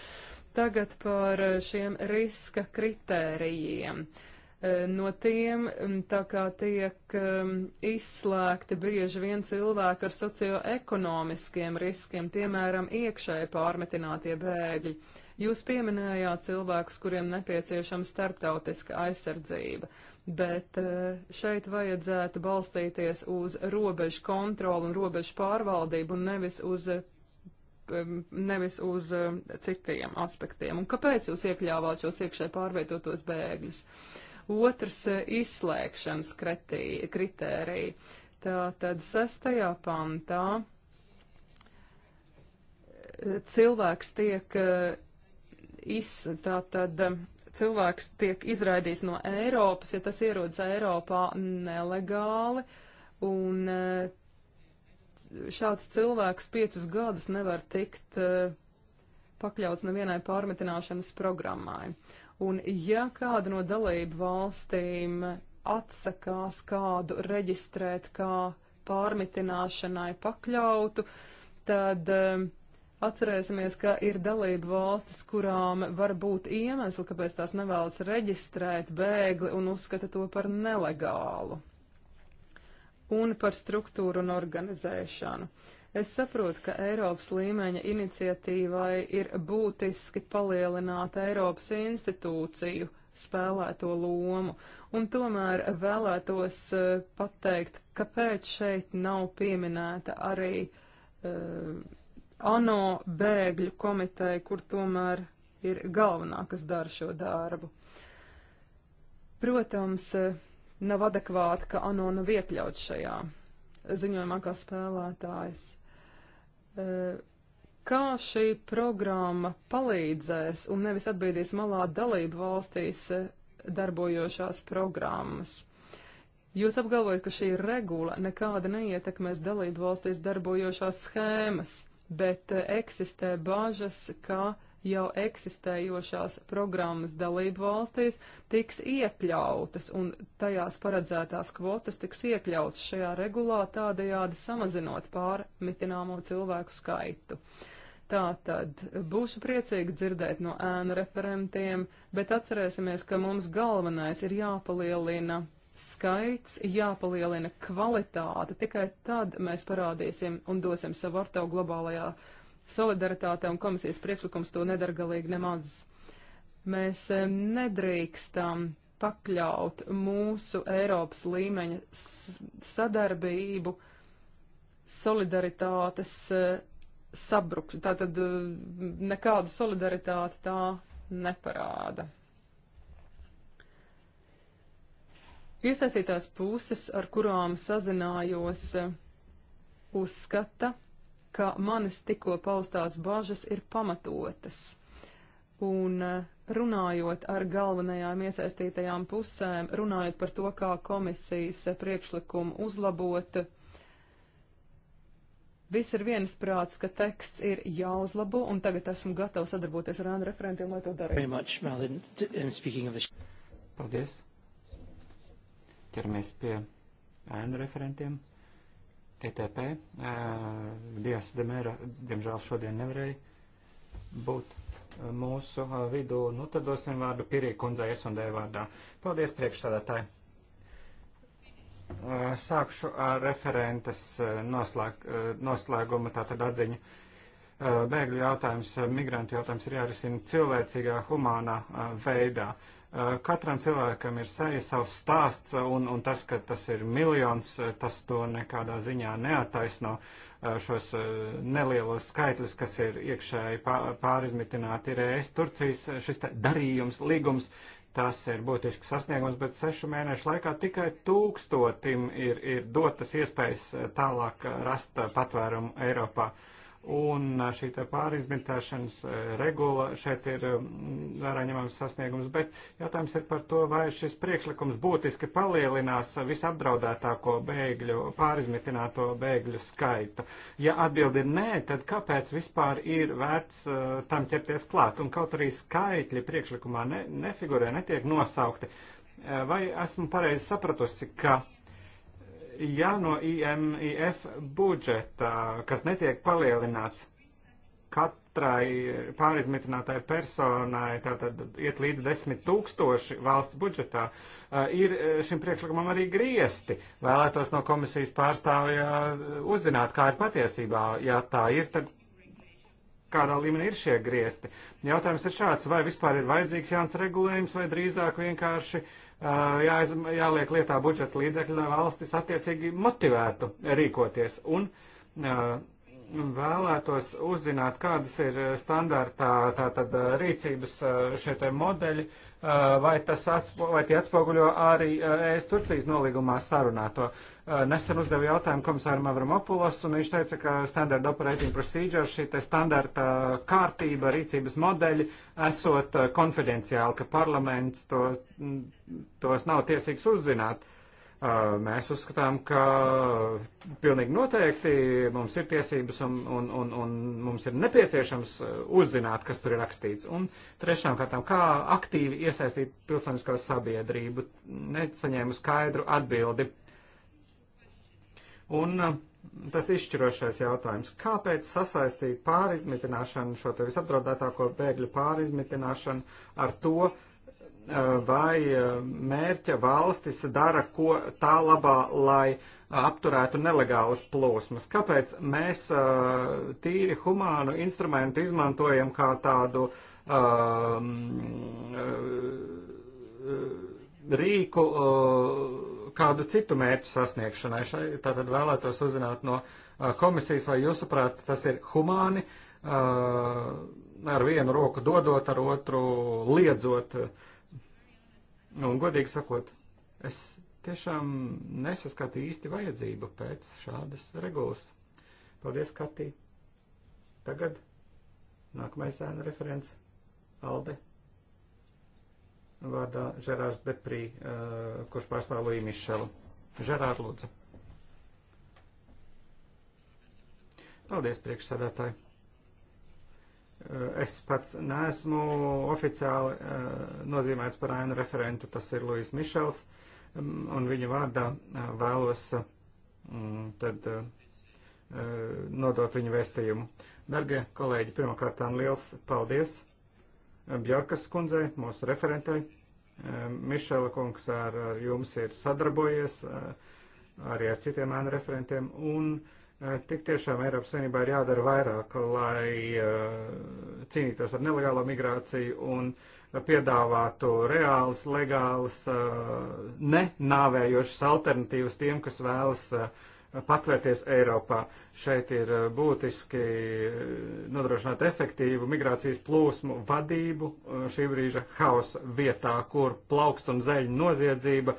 Tagad par eh, šiem riska kritērijiem. Eh, no tiem mm, tā kā tiek mm, izslēgti bieži vien cilvēki ar socioekonomiskiem riskiem, piemēram, iekšēji pārmetinātie bēgļi. Jūs pieminējāt cilvēkus, kuriem nepieciešama starptautiska aizsardzība, bet eh, šeit vajadzētu balstīties uz robežu kontroli un robežu pārvaldību un nevis uz eh, nevis uz eh, citiem aspektiem. Un kāpēc jūs iekļāvāt šos iekšē pārvietotos bēgļus? Otrs - izslēgšanas kritērija. Tātad sestajā pantā cilvēks tiek iz, tā tad um, cilvēks tiek izraidīts no Eiropas, ja tas ierodas Eiropā nelegāli, un uh, šāds cilvēks piecus gadus nevar tikt uh, pakļauts nevienai pārmetināšanas programmai. Un ja kāda no dalību valstīm atsakās kādu reģistrēt kā pārmitināšanai pakļautu, tad uh, Atcerēsimies, ka ir dalība valstis, kurām var būt iemesli, kāpēc tās nevēlas reģistrēt bēgli un uzskata to par nelegālu. Un par struktūru un organizēšanu. Es saprotu, ka Eiropas līmeņa iniciatīvai ir būtiski palielināt Eiropas institūciju spēlēto lomu, un tomēr vēlētos uh, pateikt, kāpēc šeit nav pieminēta arī uh, ANO bēgļu komiteja, kur tomēr ir galvenā, kas dara šo darbu. Protams, nav adekvāti, ka ANO nav iekļauts šajā ziņojumā kā spēlētājs. E, kā šī programma palīdzēs un nevis atbīdīs malā dalību valstīs e, darbojošās programmas? Jūs apgalvojat, ka šī regula nekāda neietekmēs dalību valstīs darbojošās schēmas bet eh, eksistē bažas, ka jau eksistējošās programmas dalību valstīs tiks iekļautas un tajās paredzētās kvotas tiks iekļautas šajā regulā tādējādi samazinot pārmitināmo cilvēku skaitu. Tātad būšu priecīgi dzirdēt no ēnu referentiem, bet atcerēsimies, ka mums galvenais ir jāpalielina skaits, jāpalielina kvalitāte. Tikai tad mēs parādīsim un dosim savu artavu globālajā solidaritātē, un komisijas priekšlikums to nedara galīgi nemaz. Mēs eh, nedrīkstam pakļaut mūsu Eiropas līmeņa sadarbību solidaritātes eh, sabrukšanu. Tātad eh, nekādu solidaritāti tā neparāda. Iesaistītās puses, ar kurām sazinājos, uzskata, ka manis tikko paustās bažas ir pamatotas. Un eh, runājot ar galvenajām iesaistītajām pusēm, runājot par to, kā komisijas priekšlikumu uzlabot, viss ir viensprāts, ka teksts ir jāuzlabo, un tagad esmu gatavs sadarboties ar ANR referentiem, lai to darītu. Um, Paldies! ķeramies pie ēnu referentiem. ETP, Dijas Demēra, diemžēl šodien nevarēja būt mūsu vidū. Nu, tad dosim vārdu Pirī kundzei S&D vārdā. Paldies priekšstādātāji. Sākšu ar referentes noslēg, noslēgumu, tātad atziņu. Bēgļu jautājums, migrantu jautājums ir jārisina cilvēcīgā, humānā veidā. Uh, Eh, katram cilvēkam ir savs stāsts, eh, un, un tas, ka tas ir miljons, eh, tas to nekādā ziņā neataisno šos nelielos skaitļus, kas ir iekšēji pārizmitināti. Ir es Turcijas šis darījums, līgums, tas ir būtisks sasniegums, bet sešu mēnešu laikā tikai tūkstotim ir, ir dotas iespējas tālāk rast patvērumu Eiropā. Uh, Un šī pārizmitēšanas regula šeit ir vērā ņemams sasniegums, bet jautājums ir par to, vai šis priekšlikums būtiski palielinās visapdraudētāko bēgļu, pārizmitināto bēgļu skaitu. Ja atbildi ir nē, tad kāpēc vispār ir vērts uh, tam ķerties klāt? Un kaut arī skaitļi priekšlikumā ne, nefigurē, netiek nosaukti. Vai esmu pareizi sapratusi, ka ja no IMIF budžeta, kas netiek palielināts, katrai pārizmitinātai personai tātad iet līdz desmit tūkstoši valsts budžetā, eh, ir eh, šim priekšlikumam arī griesti. Vēlētos no komisijas pārstāvja eh, uzzināt, kā ir patiesībā. Ja tā ir, tad kādā līmenī ir šie griesti. Jautājums ir šāds, vai vispār ir vajadzīgs jauns regulējums, vai drīzāk vienkārši uh, jāiz, jāliek lietā budžeta līdzekļi, lai valstis attiecīgi motivētu rīkoties. Un uh, vēlētos uzzināt, kādas ir eh, standartā tātad eh, rīcības eh, šie te modeļi, vai, tas atspo, vai tie atspoguļo arī ES Turcijas nolīgumā sarunāto. Nesen uzdevu jautājumu komisāram Avramopulos, un viņš teica, ka standard operating procedure, šī te standarta kārtība, rīcības modeļi, esot konfidenciāli, ka parlaments to, mm, tos nav tiesīgs uzzināt. Uh, Mēs uzskatām, ka pilnīgi noteikti mums ir tiesības un, un, un, un mums ir nepieciešams uzzināt, kas tur ir rakstīts. Un trešām kārtām, kā aktīvi iesaistīt pilsoniskā sabiedrību, nesaņēmu skaidru atbildi. Un tas izšķirošais jautājums, kāpēc sasaistīt pārizmitināšanu, šo te visapdraudētāko bēgļu pārizmitināšanu ar to, uh, Eh, vai eh, mērķa valstis dara ko tā labā, lai eh, apturētu nelegālas plūsmas. Kāpēc mēs tīri humānu instrumentu izmantojam kā tādu um, rīku kādu citu mērķu sasniegšanai? Šai tātad vēlētos uzzināt no komisijas, vai jūsuprāt tas ir humāni, ar vienu roku dodot, ar otru liedzot uh, Un, godīgi sakot, es tiešām nesaskatu īsti vajadzību pēc šādas regulas. Paldies, Katī! Tagad nākamais ēna referents - Alde. Vārdā Žerārs Deprī, uh, kurš pārstāv Līju Mišelu. Žerār, lūdzu. Paldies, priekšsēdētāji. Eh, es pats neesmu oficiāli eh, nozīmēts par ainu referentu, tas ir Luis Mišels, mm, un viņa vārdā eh, vēlos mm, tad nodot viņu vēstījumu. Dargie kolēģi, pirmkārtām liels paldies Bjorkas kundzei, mūsu referentei. Mišela kungs ar, ar jums ir sadarbojies, arī ar citiem ēnu referentiem, un uh, Eh, tik tiešām Eiropas Savienībā ir jādara vairāk, lai eh, cīnītos ar nelegālo migrāciju un piedāvātu reālas, legālas, eh, ne nāvējošas alternatīvas tiem, kas vēlas patvērties Eiropā. Šeit ir būtiski nodrošināt efektīvu migrācijas plūsmu vadību šī brīža hausa vietā, kur plaukst un zeļ noziedzība,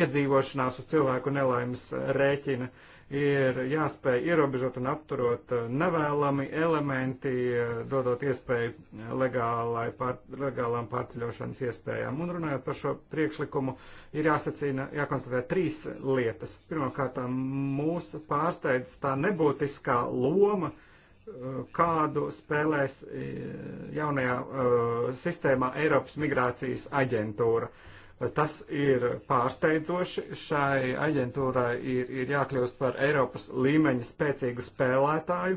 iedzīvošanās uz cilvēku nelaimes rēķina ir jāspēj ierobežot un apturot eh, nevēlami elementi, eh, dodot iespēju eh, legālai, pār, legālām pārceļošanas iespējām. Un runājot par šo priekšlikumu, ir jāsacīna, jākonstatē trīs lietas. Pirmkārt, mūs pārsteidz tā nebūtiskā loma, kādu spēlēs jaunajā sistēmā Eiropas migrācijas aģentūra. Uh, Tas ir pārsteidzoši. Šai aģentūrai ir, ir jākļūst par Eiropas līmeņa spēcīgu spēlētāju,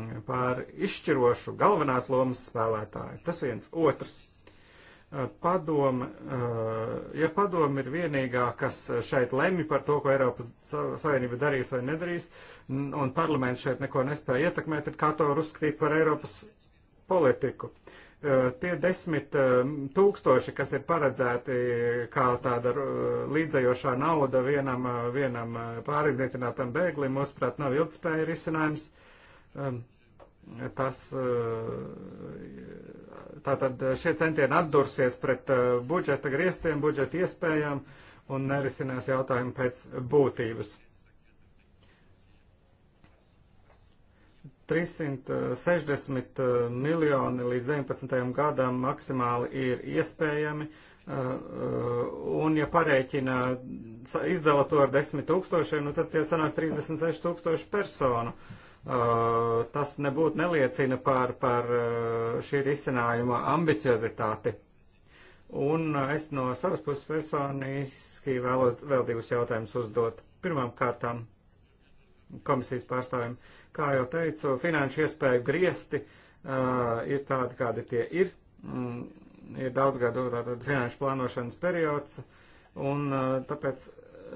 mm, par izšķirošu galvenās lomas spēlētāju. Tas viens. Otrs. Eh, padome, eh, ja padome ir vienīgā, kas šeit lemj par to, ko Eiropas Savienība darīs vai nedarīs, un parlaments šeit neko nespēja ietekmēt, tad kā to var uzskatīt par Eiropas politiku? Uh, Eh, tie desmit eh, tūkstoši, kas ir paredzēti eh, kā tāda līdzējošā nauda vienam, vienam pārimmigrinātam bēglim, mūsuprāt, nav ilgspēja risinājums. Ehm, tas, tātad šie centieni atdursies pret budžeta griestiem, budžeta iespējām un nerisinās jautājumu pēc būtības. 360 eh, miljoni līdz 19. gadam maksimāli ir iespējami, eh, eh, un ja parēķina izdala to ar 10 tūkstošiem, nu tad tie sanāk 36 tūkstoši personu. Tas nebūtu neliecina par, par šī risinājuma ambiciozitāti. Un es no savas puses personiski vēlos vēl divus jautājumus uzdot. Pirmām kārtām komisijas pārstāvjiem. Kā jau teicu, finanšu iespēju griesti uh, ir tādi, kādi tie ir. Mm, ir daudz gadu tātad finanšu plānošanas periods, un uh, tāpēc uh,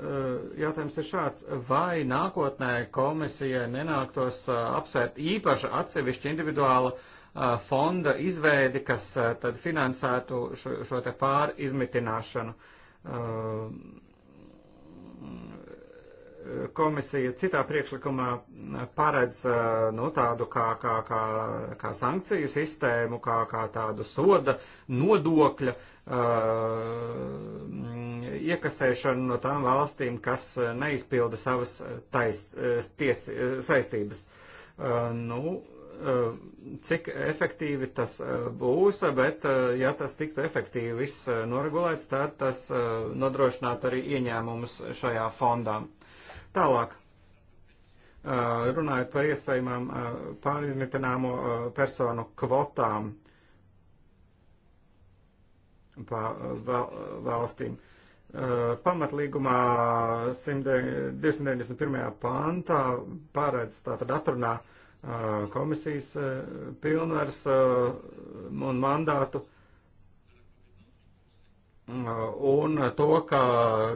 jautājums ir šāds, vai nākotnē komisijai nenāktos uh, apsvērt īpaša atsevišķa individuāla uh, fonda izveidi, kas uh, tad finansētu šo, šo te pārizmitināšanu. Uh, komisija citā priekšlikumā paredz eh, nu, tādu kā, kā, kā, kā sankciju sistēmu, kā, kā tādu soda nodokļa uh, iekasēšanu no tām valstīm, kas neizpilda savas tais, eh, ties, saistības. Uh, nu, cik efektīvi tas būs, bet ja tas tiktu efektīvi viss noregulēts, tad tas nodrošinātu arī ieņēmumus šajā fondā. Tālāk, runājot par iespējamām pārizmitināmo personu kvotām pa valstīm. Pamatlīgumā 291. pāntā pārēdz tātad atrunā komisijas pilnvars un mandātu uh, un to, ka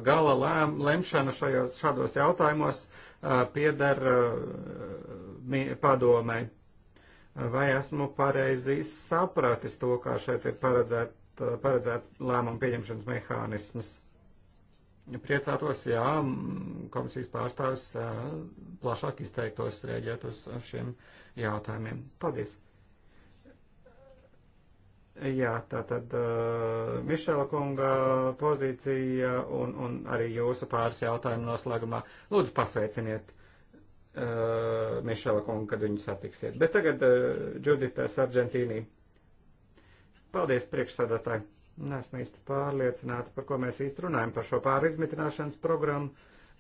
gala lēm, lemšana šajos, šādos jautājumos pieder padomē. Vai esmu pareizi sapratis to, kā šeit ir paredzēt, paredzēts lēmumu pieņemšanas mehānisms? Priecātos, ja komisijas pārstāvis plašāk izteiktos rēģēt uz šiem jautājumiem. Paldies! Jā, tā tad uh, Mišela kunga pozīcija un, un arī jūsu pāris jautājumu noslēgumā. Lūdzu, pasveiciniet uh, Mišela kungu, kad viņu satiksiet. Bet tagad uh, Džudita Sargentīnī. Paldies, priekšsādātāji. Nesmu īsti pārliecināta, par ko mēs īsti runājam, par šo pārizmitināšanas programmu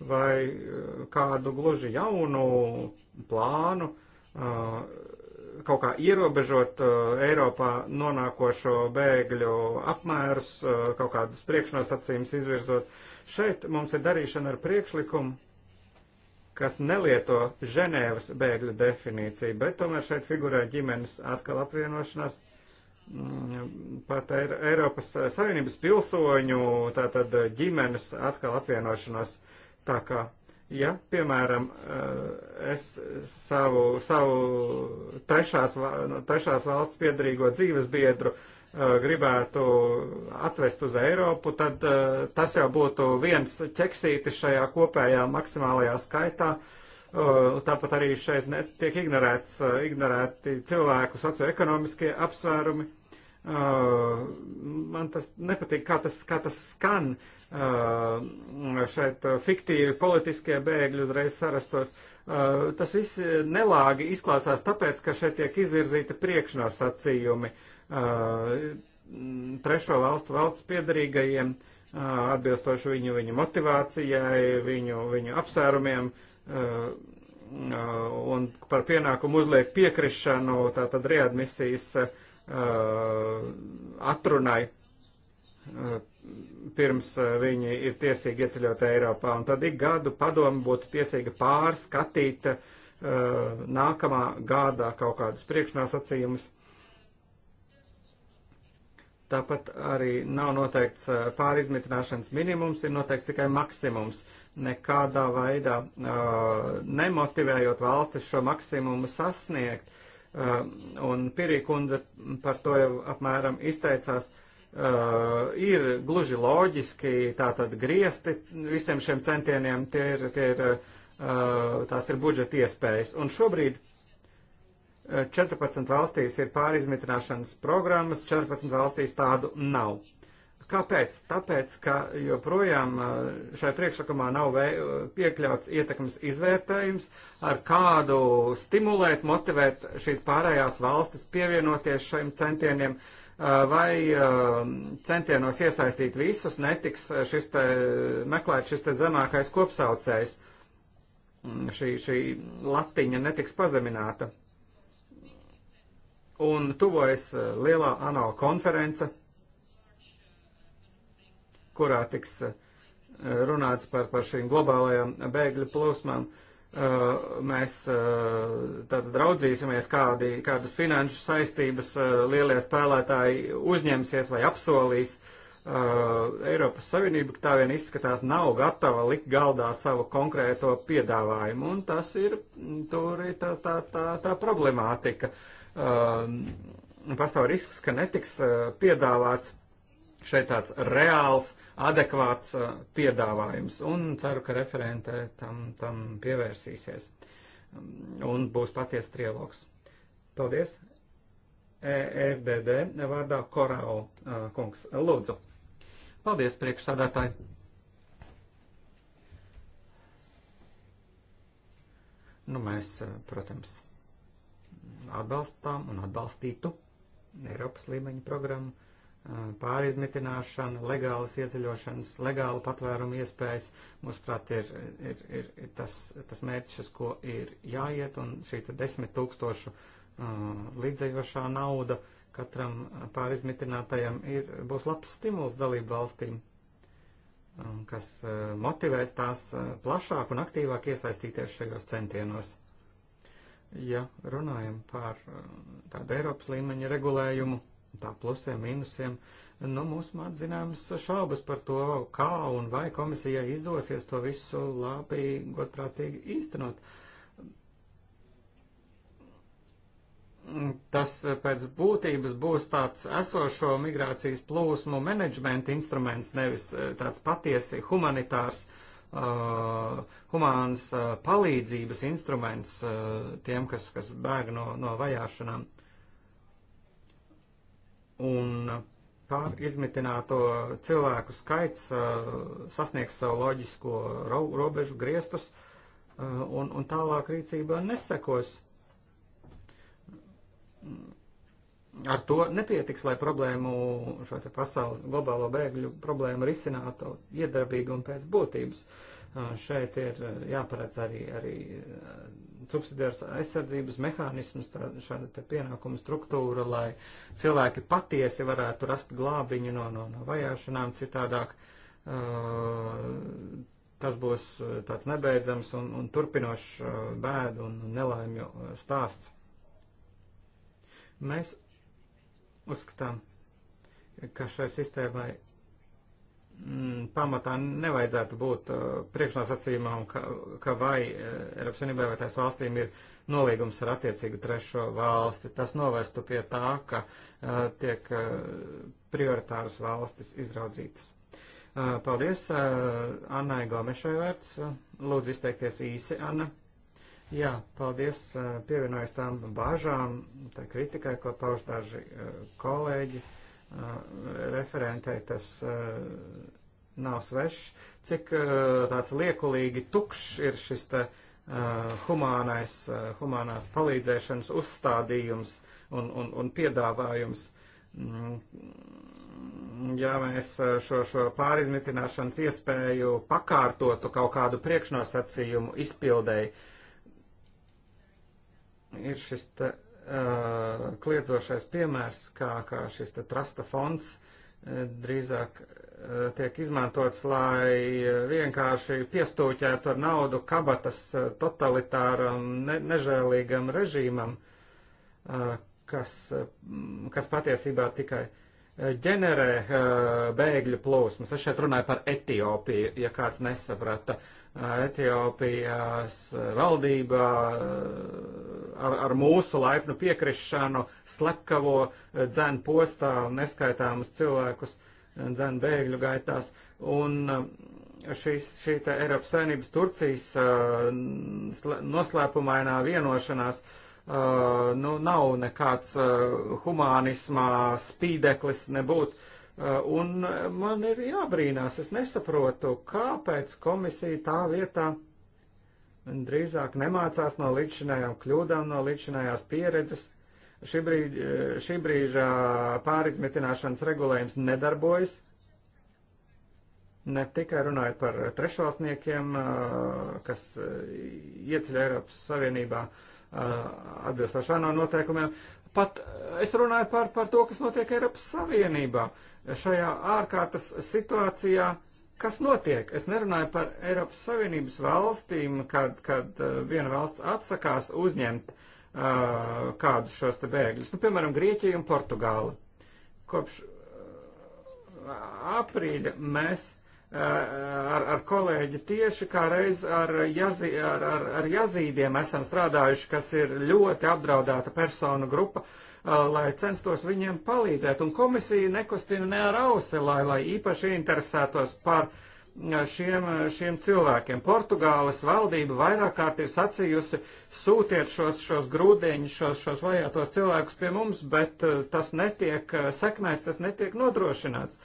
vai uh, kādu gluži jaunu plānu. Uh, kaut kā ierobežot uh, Eiropā nonākošo bēgļu apmērus, uh, kaut kādas priekšnosacījumus izvirzot. Šeit mums ir darīšana ar priekšlikumu, kas nelieto Ženēvas bēgļu definīciju, bet tomēr šeit figurē ģimenes atkal apvienošanās mm, pat Eiropas Savienības pilsoņu, tātad ģimenes atkal apvienošanos. Tā kā Ja, piemēram, eh, es savu, savu trešās, trešās valsts piedarīgo dzīves biedru eh, gribētu atvest uz Eiropu, tad eh, tas jau būtu viens ķeksītis šajā kopējā maksimālajā skaitā. Tāpat arī šeit tiek ignorēts, ignorēti cilvēku socioekonomiskie apsvērumi. Man tas nepatīk, kā tas, kā tas skan. Uh, Uh, šeit uh, fiktīvi politiskie bēgļi uzreiz sarastos. Uh, tas viss nelāgi izklāsās tāpēc, ka šeit tiek izvirzīti priekšnosacījumi trešo valstu valsts piedarīgajiem, atbilstoši viņu, viņu motivācijai, viņu, viņu apsvērumiem un par pienākumu uzliek piekrišanu, tātad readmisijas atrunai pirms eh, viņi ir tiesīgi ieceļot Eiropā. Un tad ik gadu padomu būtu tiesīga pārskatīt uh, nākamā gadā kaut kādus priekšnosacījumus. Tāpat arī nav noteikts eh, pārizmitināšanas minimums, ir noteikts tikai maksimums. Nekādā veidā uh, nemotivējot valstis šo maksimumu sasniegt. Uh, un Pirī kundze par to jau apmēram izteicās. Uh, Uh, ir gluži loģiski tātad griezti visiem šiem centieniem, tie ir, tie ir, uh, tās ir budžeta iespējas. Un šobrīd 14 uh, valstīs ir pārizmitināšanas programmas, 14 valstīs tādu nav. Kāpēc? Tāpēc, ka joprojām uh, šai priekšlikumā nav uh, piekļauts ietekmes izvērtējums, ar kādu stimulēt, motivēt šīs pārējās valstis pievienoties šiem centieniem. Uh, Eh, vai eh, centienos iesaistīt visus netiks eh, šis te, meklēt šis te zemākais kopsaucējs. Mm, šī, šī latiņa netiks pazemināta. Un tuvojas lielā ANO konference, kurā tiks runāts par, par šīm globālajām bēgļu plūsmām. Uh, Eh, mēs eh, tātad raudzīsimies, kādi, kādas finanšu saistības eh, lielie spēlētāji uzņemsies vai apsolīs. Eiropas Savienība, ka tā vien izskatās, nav gatava likt galdā savu konkrēto piedāvājumu, un tas ir mm, tur ir tā, tā, tā, tā problemātika. Pastāv risks, ka netiks piedāvāts šeit tāds reāls, adekvāts uh, piedāvājums. Un ceru, ka referente tam, tam pievērsīsies. Um, un būs paties trialogs. Paldies. EFDD vārdā Korau uh, kungs. Lūdzu. Paldies, priekšsādātāji. Nu, mēs, uh, protams, atbalstām un atbalstītu Eiropas līmeņa programmu pārizmitināšana, legālas ieceļošanas, legāla patvēruma iespējas, mūsuprāt, ir, ir, ir, ir tas, tas mērķis, uz ko ir jāiet, un šī desmit tūkstošu uh, līdzējošā nauda katram pārizmitinātajam ir, būs labs stimuls dalību valstīm, um, kas uh, motivēs tās uh, plašāk un aktīvāk iesaistīties šajos centienos. Ja runājam par tādu Eiropas līmeņa regulējumu, tā plusiem, mīnusiem. Nu, mums man zināmas šaubas par to, kā un vai komisijai izdosies to visu labi, godprātīgi īstenot. Tas pēc būtības būs tāds esošo migrācijas plūsmu menedžmenta instruments, nevis e, tāds patiesi humanitārs, uh, humāns uh, palīdzības instruments uh, tiem, kas, kas bēg no, no vajāšanām un pārizmitināto cilvēku skaits uh, sasniegs savu loģisko robežu griestus, uh, un, un tālāk rīcībā nesekos. Ar to nepietiks, lai problēmu, šo te pasaules globālo bēgļu problēmu risinātu iedarbīgi un pēc būtības. Uh, Šeit ir jāparedz arī, arī subsidiārs aizsardzības mehānisms, tā, šāda te pienākuma struktūra, lai cilvēki patiesi varētu rast glābiņu no, no, no vajāšanām citādāk. Uh, tas būs tāds nebeidzams un, un turpinošs bēdu un nelaimju stāsts. Mēs uzskatām, ka šai sistēmai Mm, pamatā nevajadzētu būt uh, priekšnosacījumam, ka, ka vai uh, Eiropas Savienībai vai tās valstīm ir nolīgums ar attiecīgu trešo valsti. Tas novestu pie tā, ka uh, tiek uh, prioritāras valstis izraudzītas. Uh, paldies uh, Annai Gomešai vērts. Lūdzu izteikties īsi, Anna. Jā, paldies. Pievienojos tām bāžām, tā kritikai, ko pauž daži kolēģi Eh, referentei tas eh, nav svešs, cik eh, tāds liekulīgi tukšs ir šis te humānais, humānās palīdzēšanas uzstādījums un, un, un piedāvājums. Mm, ja mēs šo, šo pārizmitināšanas iespēju pakārtotu kaut kādu priekšnosacījumu izpildēji, ir šis te Uh, kliedzošais piemērs, kā, kā šis trusta fonds uh, drīzāk uh, tiek izmantots, lai vienkārši piestūķētu ar naudu kabatas totalitāram, ne, nežēlīgam režīmam, kas, kas patiesībā tikai ģenerē bēgļu plūsmas. Es šeit runāju par Etiopiju, ja kāds nesaprata. Uh, Etiopijas valdība eh, ar, ar mūsu laipnu piekrišanu slepkavo eh, dzēn postā neskaitāmus cilvēkus eh, dzēn bēgļu gaitās. Un šis, šī te Eiropas Savienības Turcijas noslēpumainā vienošanās nu, nav nekāds humānismā spīdeklis nebūt Eh, un man ir jābrīnās, es nesaprotu, kāpēc komisija tā vietā drīzāk nemācās no līdzinājām kļūdām, no līdzinājās pieredzes. Šī, brīd, eh, šī brīža pārizmitināšanas regulējums nedarbojas. Ne tikai runājot par trešvalstniekiem, eh, kas ieceļ Eiropas Savienībā atbilstoši ANO noteikumiem, pat es runāju par, par to, kas notiek Eiropas Savienībā. Uh, šajā ārkārtas situācijā, kas notiek? Es nerunāju par Eiropas Savienības valstīm, kad, kad eh, viena valsts atsakās uzņemt uh, kādus šos te bēgļus, nu, piemēram, Grieķiju un Portugāli. Kopš uh, aprīļa mēs uh, ar, ar kolēģi tieši kā reiz ar, jazī, ar, ar, ar jazīdiem esam strādājuši, kas ir ļoti apdraudēta personu grupa. Uh, Uh, lai censtos viņiem palīdzēt. Un komisija nekustina ne ar ausi, lai, lai īpaši interesētos par uh, šiem, uh, šiem cilvēkiem. Portugāles valdība vairāk kārt ir sacījusi, sūtiet šos, šos grūdieņus, šos, šos vajātos cilvēkus pie mums, bet tas netiek sekmēts, tas netiek nodrošināts.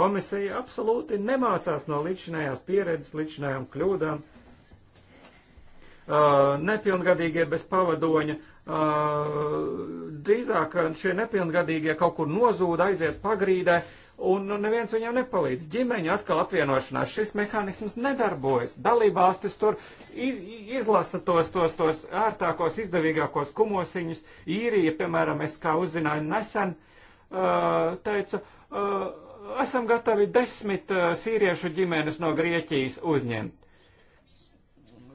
Komisija absolūti nemācās no līdzinājās pieredzes, līdzinājām kļūdām. Uh, Uh, nepilngadīgie bez pavadoņa. Uh, drīzāk šie nepilngadīgie kaut kur nozūd, aiziet pagrīdē, un nu, neviens viņam nepalīdz. Ģimeņu atkal apvienošanās šis mehānisms nedarbojas. Dalībvalstis tur iz, izlasa tos, tos, tos ērtākos, izdevīgākos kumosiņus. Īrija, piemēram, es kā uzzināju nesen, uh, teicu, esam gatavi desmit sīriešu ģimenes no Grieķijas uzņemt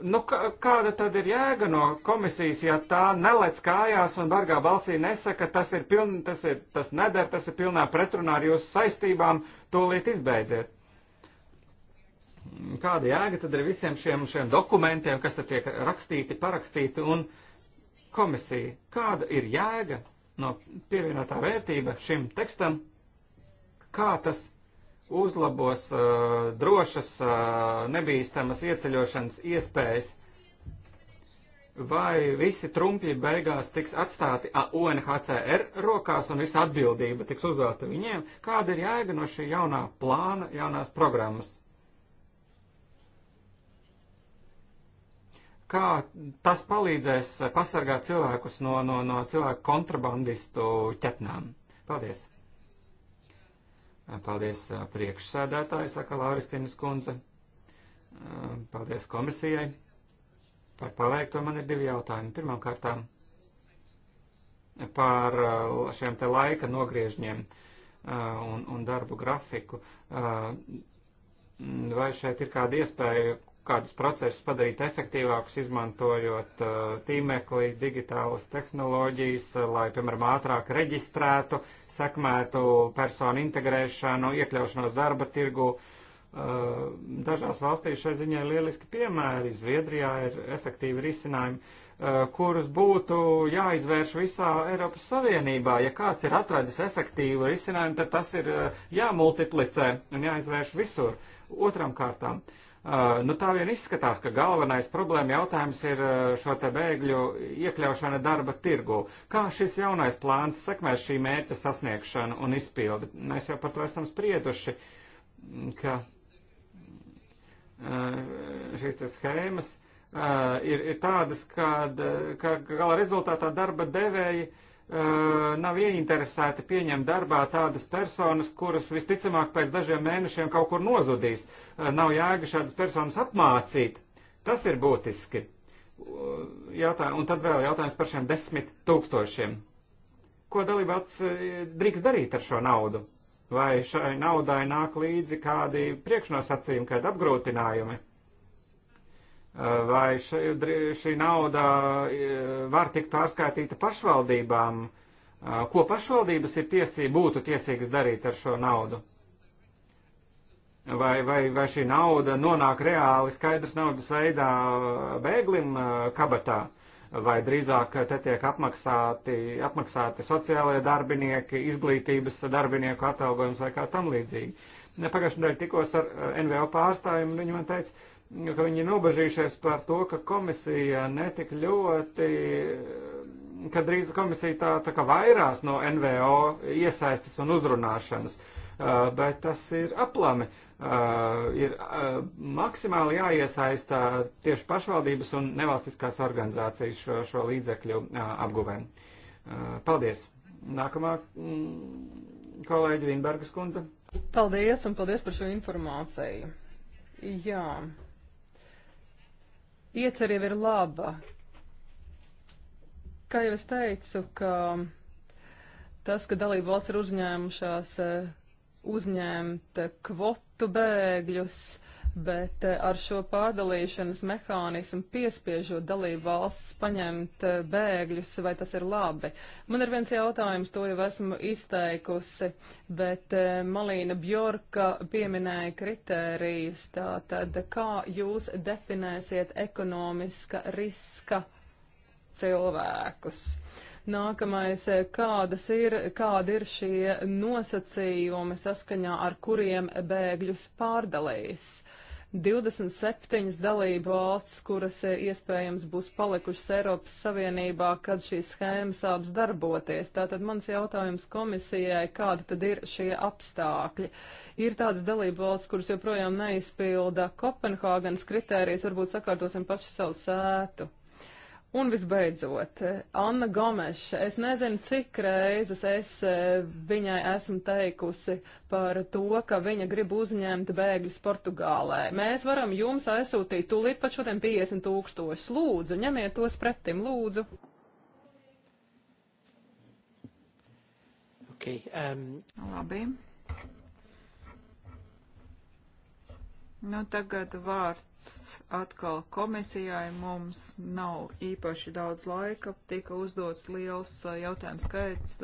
Nu, kāda tad ir jēga no komisijas, ja tā nelec kājās un bargā balsī nesaka, tas ir piln, tas, ir, tas neder, tas ir pilnā pretrunā ar jūsu saistībām, tūlīt izbeidziet. Kāda jēga tad ir visiem šiem, šiem dokumentiem, kas tad tiek rakstīti, parakstīti un komisija? Kāda ir jēga no pievienotā vērtība šim tekstam? Kā tas uzlabos uh, drošas, uh, nebīstamas ieceļošanas iespējas, vai visi trumpji beigās tiks atstāti UNHCR rokās un visa atbildība tiks uzvēlta viņiem, kāda ir jēga no šī jaunā plāna, jaunās programmas? Kā tas palīdzēs eh, pasargāt cilvēkus no, no, no cilvēku kontrabandistu ķetnām? Paldies! Paldies priekšsēdētāji, saka Lauristinas kundze. Paldies komisijai. Par paveikto man ir divi jautājumi. Pirmām kārtām par šiem te laika nogriežņiem un, un darbu grafiku. Vai šeit ir kāda iespēja kādus procesus padarīt efektīvākus, izmantojot uh, tīmekli, digitālas tehnoloģijas, uh, lai, piemēram, ātrāk reģistrētu, sekmētu personu integrēšanu, iekļaušanos darba tirgu. Uh, dažās valstīs šai ziņai ir lieliski piemēri. Zviedrijā ir efektīvi risinājumi, uh, kurus būtu jāizvērš visā Eiropas Savienībā. Ja kāds ir atradis efektīvu risinājumu, tad tas ir uh, jāmultiplicē un jāizvērš visur. Otram kārtām. Uh, Nu, tā vien izskatās, ka galvenais problēma jautājums ir šo te bēgļu iekļaušana darba tirgu. Kā šis jaunais plāns sekmēs šī mērķa sasniegšanu un izpildi? Mēs jau par to esam sprieduši, ka šīs te schēmas ir, ir tādas, kad, ka gala rezultātā darba devēji uh, Eh, nav ieinteresēti pieņemt darbā tādas personas, kuras visticamāk pēc dažiem mēnešiem kaut kur nozudīs. Eh, nav jēga šādas personas apmācīt. Tas ir būtiski. Eh, jautā, un tad vēl jautājums par šiem desmit tūkstošiem. Ko dalībāts drīkst darīt ar šo naudu? Vai šai naudai nāk līdzi kādi priekšnosacījumi, kādi apgrūtinājumi? vai šī nauda e, var tikt pārskaitīta pašvaldībām, ko pašvaldības ir tiesīgi, būtu tiesīgas darīt ar šo naudu. Vai, vai, vai šī nauda nonāk reāli skaidrs naudas veidā bēglim kabatā, vai drīzāk te tiek apmaksāti, apmaksāti sociālajie darbinieki, izglītības darbinieku atalgojums vai kā tam līdzīgi. Pagājušajā nedēļā tikos ar NVO pārstāvjiem, viņi man teica, ka viņi ir nobežījušies par to, ka komisija netik ļoti, ka drīz komisija tā, tā kā vairās no NVO iesaistas un uzrunāšanas. Uh, bet tas ir aplami. Uh, ir uh, maksimāli jāiesaista tieši pašvaldības un nevalstiskās organizācijas šo, šo līdzekļu uh, apguvēm. Uh, paldies! Nākamā mm, kolēģi Vinbergas kundze. Paldies un paldies par šo informāciju. Jā. Iecer jau ir laba. Kā jau es teicu, ka tas, ka dalību valsts ir uzņēmušās eh, uzņemt kvotu bēgļus, bet eh, ar šo pārdalīšanas mehānismu piespiežot dalību valsts paņemt eh, bēgļus, vai tas ir labi? Man ir viens jautājums, to jau esmu izteikusi, bet eh, Malīna Bjorka pieminēja kritērijus, tātad kā jūs definēsiet ekonomiska riska cilvēkus? Nākamais, kādas ir, kāda ir šie nosacījumi, saskaņā ar kuriem bēgļus pārdalīs? 27 dalību valsts, kuras eh, iespējams būs palikušas Eiropas Savienībā, kad šīs schēmas sāks darboties. Tātad mans jautājums komisijai, kāda tad ir šie apstākļi? Ir tādas dalību valsts, kuras joprojām neizpilda Kopenhāgenes kritērijas, varbūt sakārtosim paši savu sētu. Un visbeidzot, eh, Anna Gomeša, es nezinu, cik reizes es eh, viņai esmu teikusi par to, ka viņa grib uzņemt bēgļus Portugālē. Mēs varam jums aizsūtīt tūlīt pat šodien 50 tūkstošus. Lūdzu, ņemiet tos pretim, lūdzu. Okay, um... Labi. Nu, tagad vārds atkal komisijai. Mums nav īpaši daudz laika. Tika uzdots liels uh, jautājums skaits.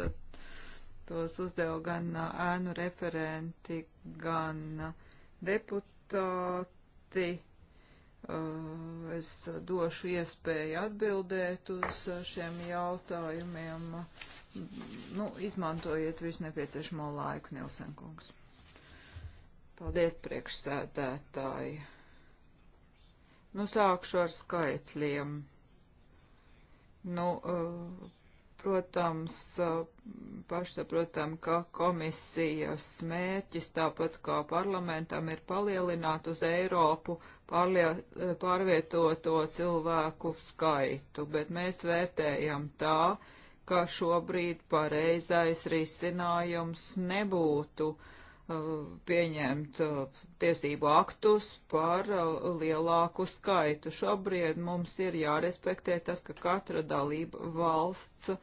Tos uzdeva gan uh, ēnu referenti, gan uh, deputāti. Es došu iespēju atbildēt uz šiem jautājumiem. Nu, izmantojiet visu nepieciešamo laiku, Nilsenkungs. Paldies, priekšsēdētāji. Nu, sākšu ar skaitļiem. Nu, eh, protams, eh, pašsaprotam, ka komisijas mērķis, tāpat kā parlamentam, ir palielināt uz Eiropu eh, pārvietoto cilvēku skaitu, bet mēs vērtējam tā, ka šobrīd pareizais risinājums nebūtu uh, pieņemt uh, tiesību aktus par uh, lielāku skaitu. Šobrīd mums ir jārespektē tas, ka katra dalība valsts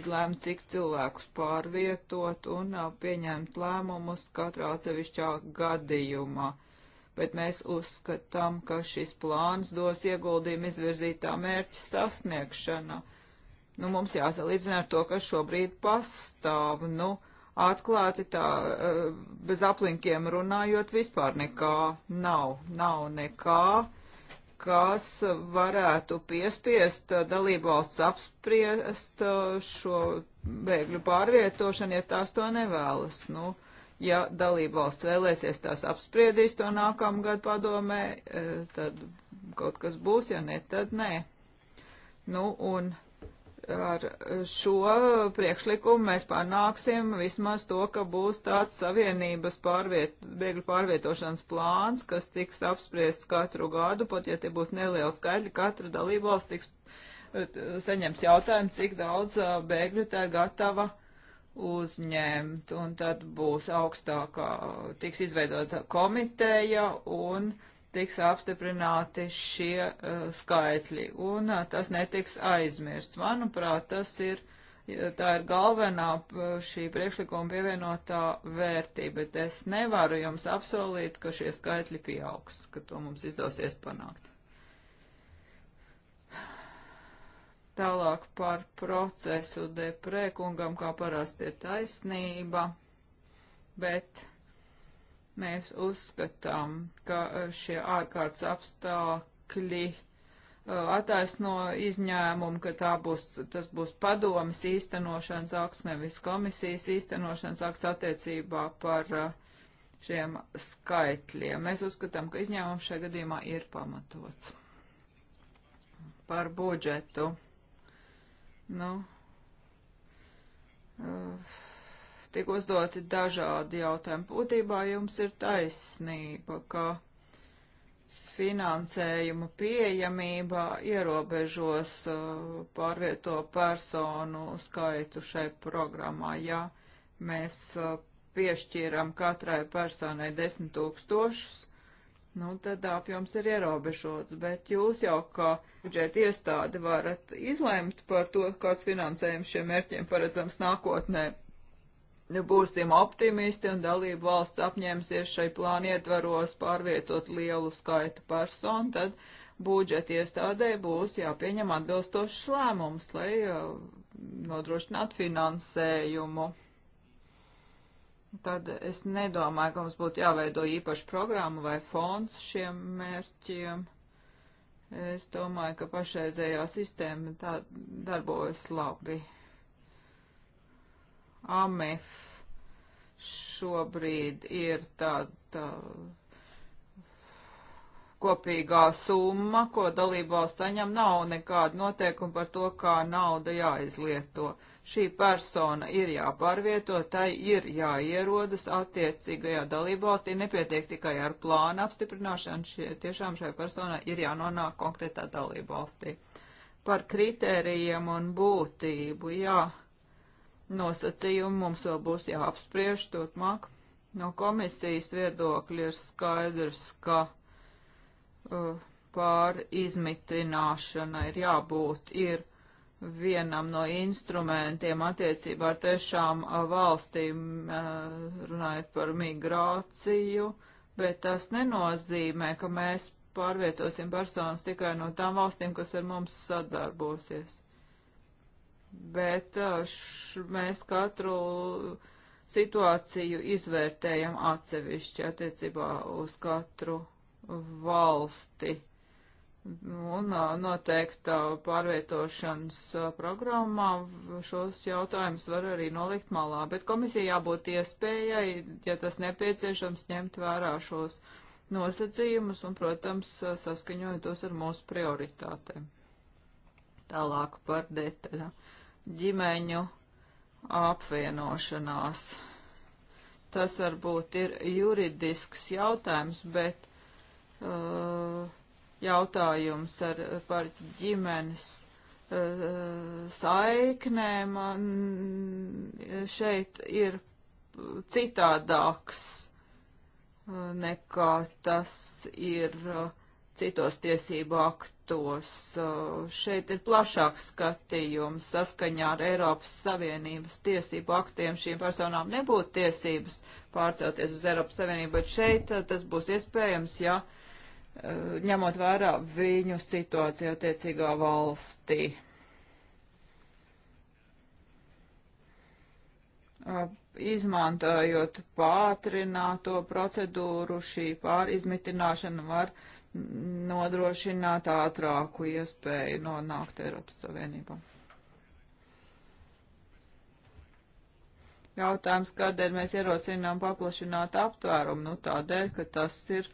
izlēma, cik cilvēkus pārvietot un uh, pieņemt lēmumus katrā atsevišķā gadījumā. Bet mēs uzskatām, ka šis plāns dos ieguldījumu izvirzītā mērķa sasniegšanā. Nu, mums jāsalīdzina ar to, kas šobrīd pastāv. Nu, uh, atklāti tā eh, bez aplinkiem runājot vispār nekā nav. Nav nekā, kas varētu piespiest eh, dalībvalsts apspriest eh, šo bēgļu pārvietošanu, ja tās to nevēlas. Nu, ja dalībvalsts vēlēsies tās apspriedīs to nākamgad padomē, tad kaut kas būs, ja ne, tad nē. Nu, un ar šo priekšlikumu mēs panāksim vismaz to, ka būs tāds savienības pārviet, bēgļu pārvietošanas plāns, kas tiks apspriests katru gadu, pat ja tie būs nelieli skaidri, katra dalībvalsts tiks eh, saņems jautājumu, cik daudz eh, bēgļu tā ir gatava uzņemt, un tad būs augstākā, tiks izveidota komiteja, un uh, tiks apstiprināti šie uh, skaitļi, un uh, tas netiks aizmirsts. Manuprāt, tas ir, tā ir galvenā eh, šī priekšlikuma pievienotā vērtība, bet es nevaru jums apsolīt, ka šie skaitļi pieaugs, ka to mums izdosies panākt. Tālāk par procesu deprēkungam, kā parasti ir taisnība, bet Mēs uzskatām, ka e, šie ārkārtas apstākļi e, attaisno izņēmumu, ka tā būs, tas būs padomas īstenošanas akts, nevis komisijas īstenošanas akts attiecībā par e, šiem skaitļiem. Mēs uzskatām, ka izņēmums šajā gadījumā ir pamatots. Par budžetu. Nu, uh, Tik uzdoti dažādi jautājumi. Būtībā jums ir taisnība, ka finansējuma pieejamība ierobežos uh, pārvieto personu skaitu šai programmā. Ja mēs uh, piešķīram katrai personai desmit tūkstošus, nu tad apjoms ir ierobežots, bet jūs jau kā budžeta iestāde varat izlemt par to, kāds finansējums šiem mērķiem paredzams nākotnē. Nu, būsim optimisti un dalību valsts apņēmsies šai plānu ietvaros pārvietot lielu skaitu personu, tad budžeta iestādē būs jāpieņem atbilstošs lēmums, lai uh, nodrošinātu finansējumu. Tad es nedomāju, ka mums būtu jāveido īpaša programma vai fonds šiem mērķiem. Es domāju, ka pašreizējā sistēma tā darbojas labi. AMEF šobrīd ir tāda tā, kopīgā summa, ko dalībvalsts saņem, nav nekāda noteikuma par to, kā nauda jāizlieto. Šī persona ir jāpārvieto, tai ir jāierodas attiecīgajā dalībvalstī, nepietiek tikai ar plānu apstiprināšanu, šie, tiešām šai personai ir jānonāk konkrētā dalībvalstī. Par kritērijiem un būtību, jā. Ja nosacījumi mums vēl būs jāapspriež turpmāk. No komisijas viedokļa ir skaidrs, ka uh, pārizmitināšana ir jābūt ir vienam no instrumentiem attiecībā ar trešām uh, valstīm, uh, runājot par migrāciju, bet tas nenozīmē, ka mēs pārvietosim personas tikai no tām valstīm, kas ar mums sadarbosies bet š, mēs katru situāciju izvērtējam atsevišķi attiecībā uz katru valsti. Un noteikta pārvietošanas programmā šos jautājumus var arī nolikt malā, bet komisija jābūt iespējai, ja tas nepieciešams, ņemt vērā šos nosacījumus un, protams, saskaņojot tos ar mūsu prioritātēm. Tālāk par detaļām ģimeņu apvienošanās. Tas varbūt ir juridisks jautājums, bet uh, jautājums ar, par ģimenes uh, saiknēm šeit ir citādāks uh, nekā tas ir uh, citos tiesību aktos datos. Uh, šeit ir plašāks skatījums saskaņā ar Eiropas Savienības tiesību aktiem. Šīm personām nebūtu tiesības pārcelties uz Eiropas Savienību, bet šeit uh, tas būs iespējams, ja uh, ņemot vērā viņu situāciju attiecīgā valstī. Izmantojot pātrināto procedūru, šī pārizmitināšana var uh, nodrošināt ātrāku iespēju nonākt Eiropas Savienībā. Jautājums, kādēļ mēs ierosinām paplašināt aptvērumu? Nu, tādēļ, ka tas ir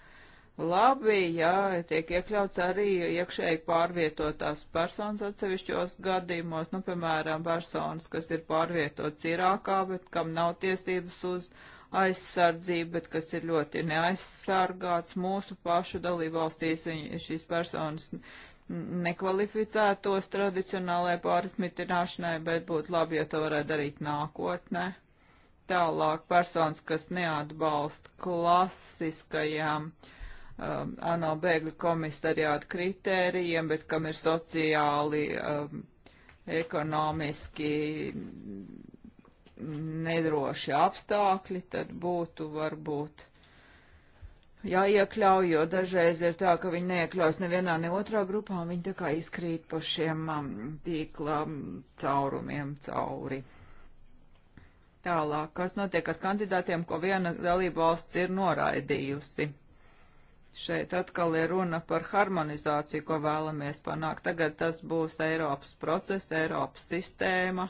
labi, ja tiek iekļauts arī iekšēji pārvietotās personas atsevišķos gadījumos, nu, piemēram, personas, kas ir pārvietotas Irākā, bet kam nav tiesības uz aizsardzību, bet kas ir ļoti neaizsargāts mūsu pašu dalībvalstīs. Šīs personas nekvalificētos tradicionālajai pārsmitināšanai, bet būtu labi, ja to varētu darīt nākotnē. Tālāk personas, kas neatbalsta klasiskajām um, ANO bēgļu komisariātu kritērijiem, bet kam ir sociāli um, ekonomiski nedroši apstākļi, tad būtu varbūt jāiekļauj, jo dažreiz ir tā, ka viņi neiekļaus nevienā, ne otrā grupā, un viņi tā kā izkrīt pa šiem um, tīkla caurumiem cauri. Tālāk, kas notiek ar kandidātiem, ko viena dalība valsts ir noraidījusi? Šeit atkal ir runa par harmonizāciju, ko vēlamies panākt. Tagad tas būs Eiropas process, Eiropas sistēma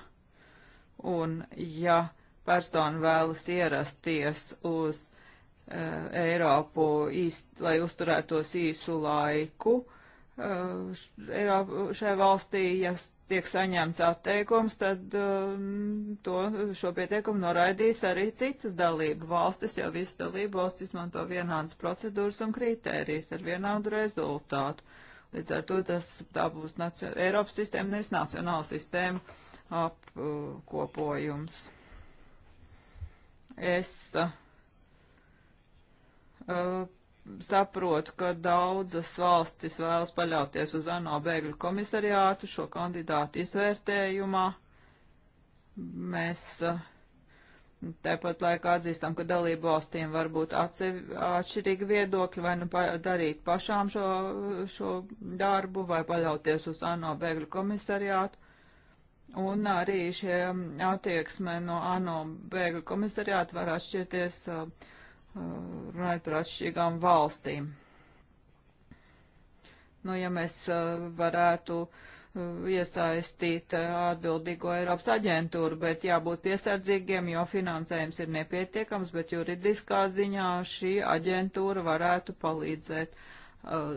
un ja persona vēlas ierasties uz uh, Eiropu, īst, lai uzturētos īsu laiku, uh, Eiropu, šai valstī, ja tiek saņemts atteikums, tad um, to, šo pieteikumu noraidīs arī citas dalību valstis, jo visas dalību valstis izmanto vienādas procedūras un kritērijas ar vienādu rezultātu. Līdz ar to tas tā būs nacio... Eiropas sistēma, nevis nacionāla sistēma. Uh, apkopojums. Es uh, saprotu, ka daudzas valstis vēlas paļauties uz ANO bēgļu komisariātu šo kandidātu izvērtējumā. Mēs uh, eh, Tāpat laikā atzīstam, ka dalību valstīm var būt atšķirīgi viedokļi, vai nu pa, darīt pašām šo, šo darbu, vai paļauties uz ANO bēgļu komisariātu. Un arī šie attieksme no ANO bēgļu komisariāta var atšķirties runājot par atšķirīgām valstīm. Nu, ja mēs varētu iesaistīt atbildīgo Eiropas aģentūru, bet jābūt piesardzīgiem, jo finansējums ir nepietiekams, bet juridiskā ziņā šī aģentūra varētu palīdzēt uh,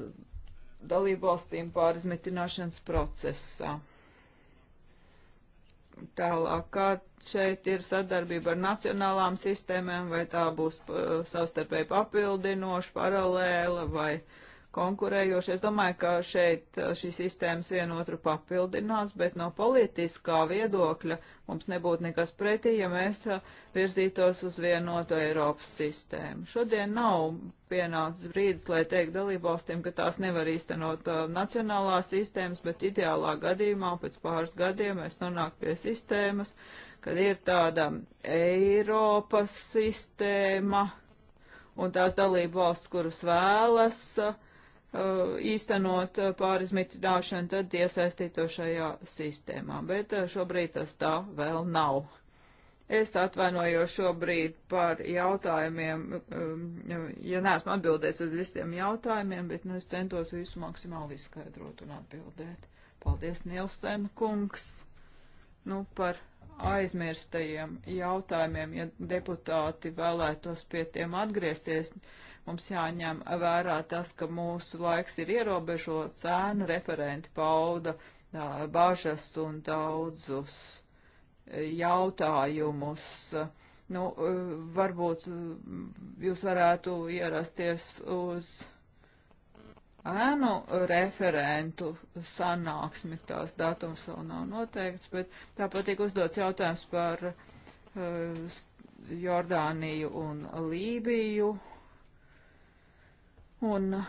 dalībvalstīm pārizmitināšanas procesā tālāk, kā šeit ir sadarbība ar nacionālām sistēmām, vai tā būs uh, savstarpēji papildinoša, paralēla vai uh, konkurējoši. Es domāju, ka šeit uh, šīs sistēmas vienotru papildinās, bet no politiskā viedokļa mums nebūtu nekas pretī, ja mēs uh, virzītos uz vienoto Eiropas sistēmu. Šodien nav pienācis brīdis, lai teikt dalībvalstīm, ka tās nevar īstenot uh, nacionālās sistēmas, bet ideālā gadījumā pēc pāris gadiem mēs nonākam pie sistēmas, kad ir tāda Eiropas sistēma un tās dalību valsts, kuras vēlas, uh, Uh, īstenot uh, pārizmitināšanu, tad iesaistīto šajā sistēmā, bet uh, šobrīd tas tā vēl nav. Es atvainojos šobrīd par jautājumiem, um, ja neesmu atbildējis uz visiem jautājumiem, bet nu, es centos visu maksimāli izskaidrot un atbildēt. Paldies, Nielsen kungs! Nu, par aizmirstajiem jautājumiem, ja deputāti vēlētos pie tiem atgriezties. Uh, Mums jāņem vērā tas, ka mūsu laiks ir ierobežots, ēnu referenti pauda bažas un daudzus jautājumus. Nu, varbūt jūs varētu ierasties uz ēnu referentu sanāksmi, tās datums vēl nav noteikts, bet tāpat tika uzdots jautājums par uh, Jordāniju un Lībiju Un uh,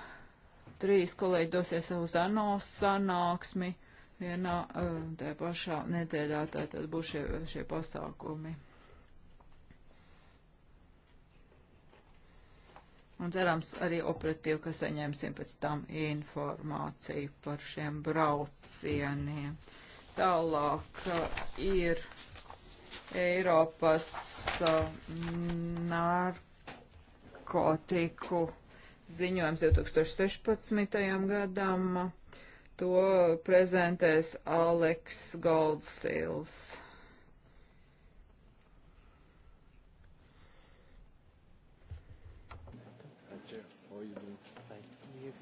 trīs kolēģi dosies uz ANO sanāksmi vienā uh, tajā pašā nedēļā, tātad būs šie, šie pasākumi. Un cerams arī operatīvi, ka saņemsim pēc tam informāciju par šiem braucieniem. Tālāk uh, ir Eiropas narkotiku. Uh, ziņojums 2016. gadam. To prezentēs Aleks Goldsils.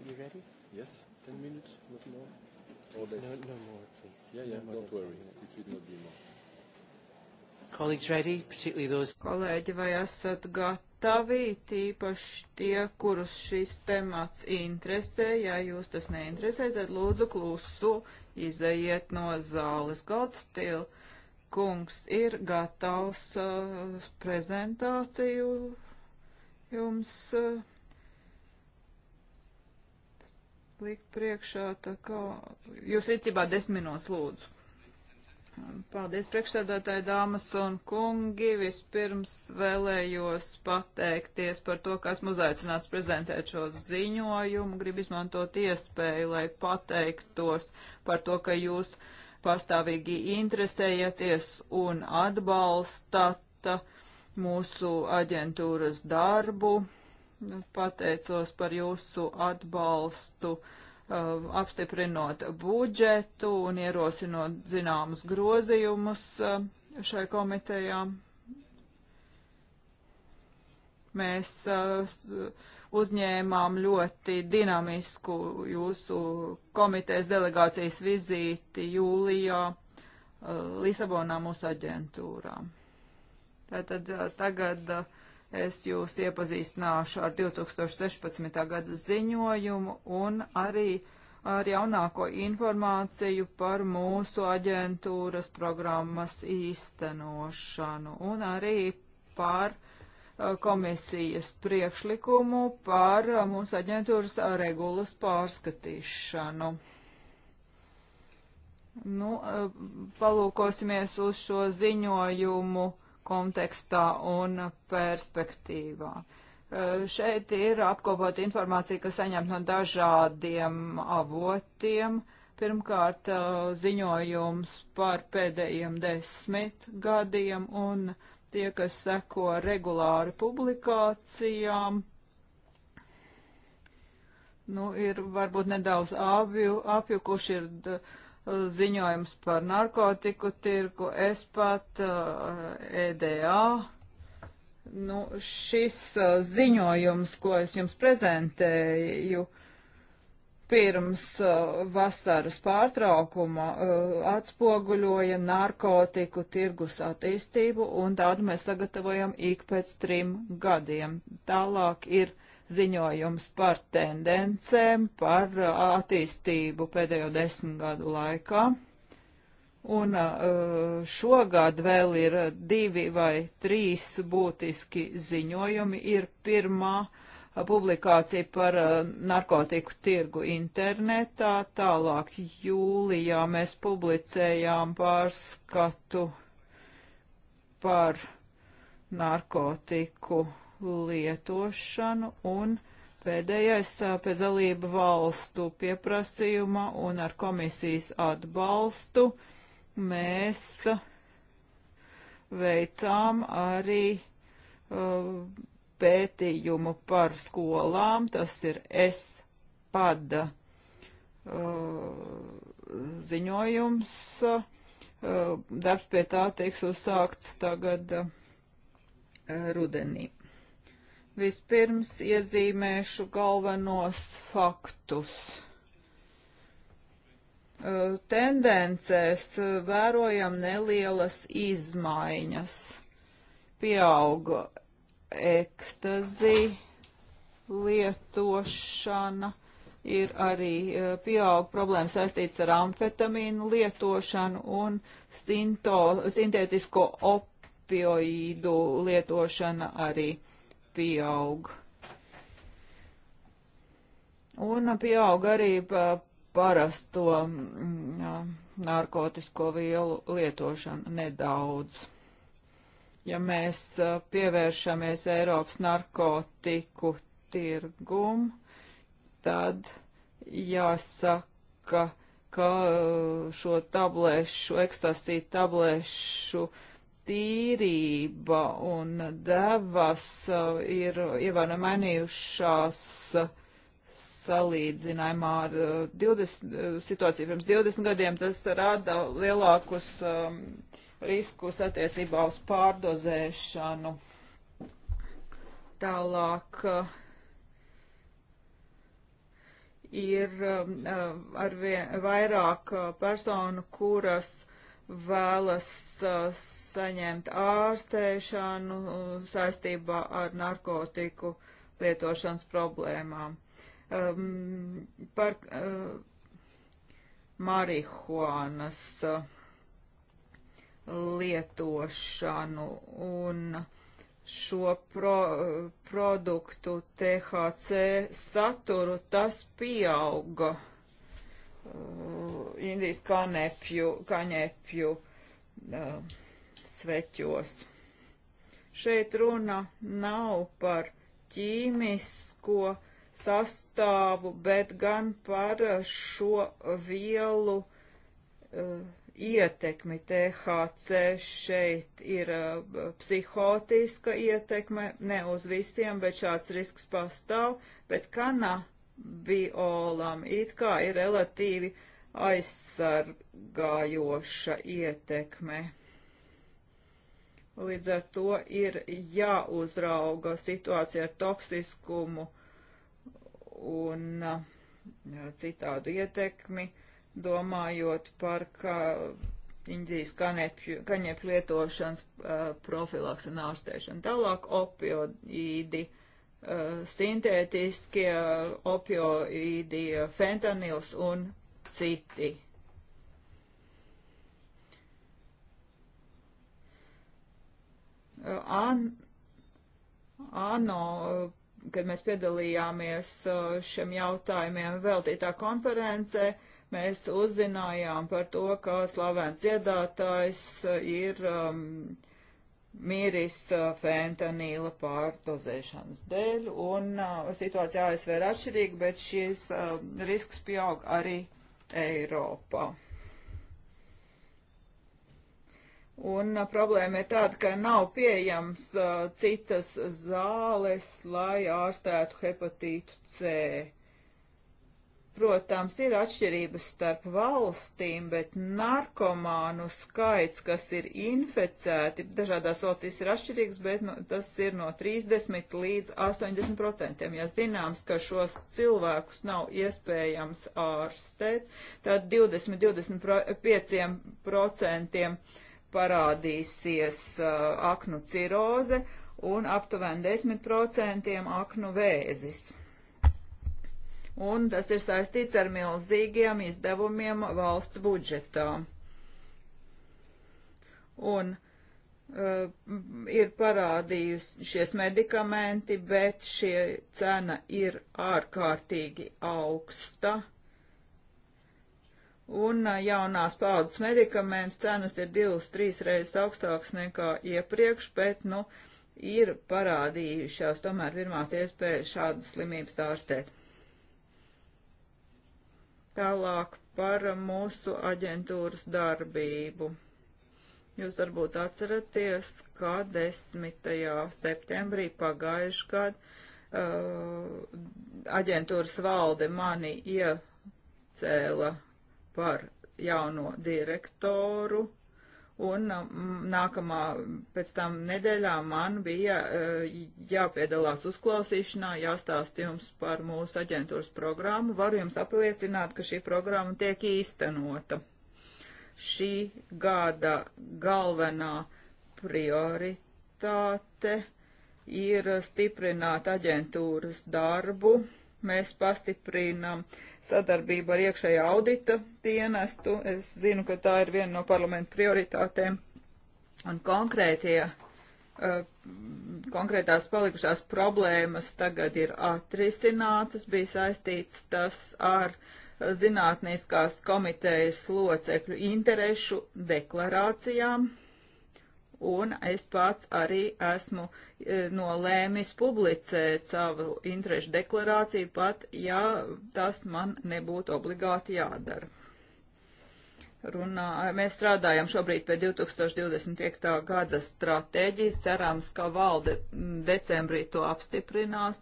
You ready? Yes, 10 minutes, not more. Or less. No, no more, please. Yeah, yeah, no don't worry. It should not be more. Colleagues ready, particularly those... Kolēģi, vai esat gatavi? gatavi, tīpaši tie, kurus šis temats interesē. Ja jūs tas neinteresē, tad lūdzu klusu izējiet no zāles. Galdstil kungs ir gatavs uh, prezentāciju jums uh, likt priekšā, tā kā jūs rīcībā desminos lūdzu. Paldies, priekšstādātāji, dāmas un kungi. Vispirms vēlējos pateikties par to, ka esmu uzaicināts prezentēt šo ziņojumu. Gribu izmantot iespēju, lai pateiktos par to, ka jūs pastāvīgi interesējaties un atbalstat mūsu aģentūras darbu. Pateicos par jūsu atbalstu. Uh, Um, apstiprinot budžetu un ierosinot zināmus grozījumus um, šai komitejā. Mēs uh, uzņēmām ļoti dinamisku jūsu komitejas delegācijas vizīti jūlijā uh, Lisabonā mūsu aģentūrā. Tātad uh, tagad uh, Es jūs iepazīstināšu ar 2016. gada ziņojumu un arī ar jaunāko informāciju par mūsu aģentūras programmas īstenošanu un arī par uh, komisijas priekšlikumu par uh, mūsu aģentūras uh, regulas pārskatīšanu. Nu, palūkosimies uz šo ziņojumu kontekstā un perspektīvā. Eh, šeit ir apkopot informāciju, kas saņemt no dažādiem avotiem. Pirmkārt, eh, ziņojums par pēdējiem desmit gadiem un tie, kas seko regulāri publikācijām. Nu, ir varbūt nedaudz apju, apjukuši ir ziņojums par narkotiku tirku, es pat uh, eh, EDA. Nu, šis uh, ziņojums, ko es jums prezentēju pirms uh, vasaras pārtraukuma, atspoguļoja narkotiku tirgus attīstību, un tādu mēs sagatavojam ik pēc trim gadiem. Tālāk ir ziņojums par tendencēm, par uh, attīstību pēdējo desmit gadu laikā. Un uh, šogad vēl ir divi vai trīs būtiski ziņojumi. Ir pirmā uh, publikācija par narkotiku tirgu internetā, tālāk jūlijā mēs publicējām pārskatu par narkotiku tirgu lietošanu un pēdējais pēc dalību valstu pieprasījuma un ar komisijas atbalstu mēs veicām arī uh, pētījumu par skolām, tas ir S-pada uh, ziņojums. Uh, darbs pie tā tiks uzsākts tagad rudenī. Vispirms iezīmēšu galvenos faktus tendencēs vērojam nelielas izmaiņas. Pieauga ekstazi lietošana, ir arī pieauga problēma saistīts ar amfetamīnu lietošanu un sinto, sintētisko opioīdu lietošana arī. Uh, pieaug. Un pieaug arī parasto mm, jā, narkotisko vielu lietošana nedaudz. Ja mēs pievēršamies Eiropas narkotiku tirgumu, tad jāsaka, ka šo tablēšu, ekstasītu tablēšu uh, tīrība un devas uh, ir ievērojami mainījušās uh, salīdzinājumā ar 20, uh, situāciju pirms 20 gadiem. Tas rada lielākus um, riskus attiecībā uz pārdozēšanu. Tālāk uh, ir um, uh, arvien vairāk personu, kuras vēlas uh, saņemt ārstēšanu uh, saistībā ar narkotiku lietošanas problēmām. Um, par uh, marihuānas uh, lietošanu un šo pro, uh, produktu THC saturu tas pieauga. Uh, Uh, Indijas kanepju, kaņepju uh, sveķos. Šeit runa nav par ķīmisko sastāvu, bet gan par šo vielu uh, ietekmi THC šeit ir uh, psihotiska ietekme, ne uz visiem, bet šāds risks pastāv, bet kana biolam it kā ir relatīvi aizsargājoša ietekme. Līdz ar to ir jāuzrauga situācija ar toksiskumu un uh, citādu ietekmi, domājot par kā Indijas kanepju, kaņepju lietošanas uh, profilaks un ārstēšanu. Tālāk opioīdi. Uh, Eh, sintētiskie opioīdi, fentanils un citi. Eh, an, ano, kad mēs piedalījāmies eh, šiem jautājumiem veltītā konferencē, mēs uzzinājām par to, ka slavens dziedātājs ir um, mīris fentanīla pārdozēšanas dēļ, un uh, situācija ASV ir atšķirīga, bet šis uh, risks pieaug arī Eiropā. Un uh, problēma ir tāda, ka nav pieejams citas zāles, lai ārstētu hepatītu C. Protams, ir atšķirības starp valstīm, bet narkomānu skaits, kas ir inficēti, dažādās valstīs ir atšķirīgs, bet no, tas ir no 30 līdz 80 procentiem. Ja zināms, ka šos cilvēkus nav iespējams ārstēt, tad 20-25 procentiem parādīsies uh, aknu ciroze un aptuveni 10 procentiem aknu vēzis un tas ir saistīts ar milzīgiem izdevumiem valsts budžetā. Un uh, ir parādījušies medikamenti, bet šie cena ir ārkārtīgi augsta. Un uh, jaunās paudzes medikamentu cenas ir divas, trīs reizes augstākas nekā iepriekš, bet, nu, ir parādījušās tomēr pirmās iespējas šādas slimības ārstēt. Tālāk par mūsu aģentūras darbību. Jūs varbūt atceraties, ka 10. septembrī pagājuši gadu uh, aģentūras valde mani iecēla par jauno direktoru. Un um, nākamā pēc tam nedēļā man bija uh, jāpiedalās uzklausīšanā, jāstāst jums par mūsu aģentūras programmu. Varu jums apliecināt, ka šī programma tiek īstenota. Šī gada galvenā prioritāte ir stiprināt aģentūras darbu. Mēs pastiprinām uh, sadarbību ar iekšējā audita dienestu. Es zinu, ka tā ir viena no parlamenta prioritātēm. Un konkrētie, eh, konkrētās palikušās problēmas tagad ir atrisinātas, bija saistīts tas ar zinātniskās komitejas locekļu interešu deklarācijām un es pats arī esmu e, nolēmis publicēt savu interešu deklarāciju, pat ja tas man nebūtu obligāti jādara. Runā, mēs strādājam šobrīd pie 2025. gada stratēģijas, cerams, ka valde decembrī to apstiprinās.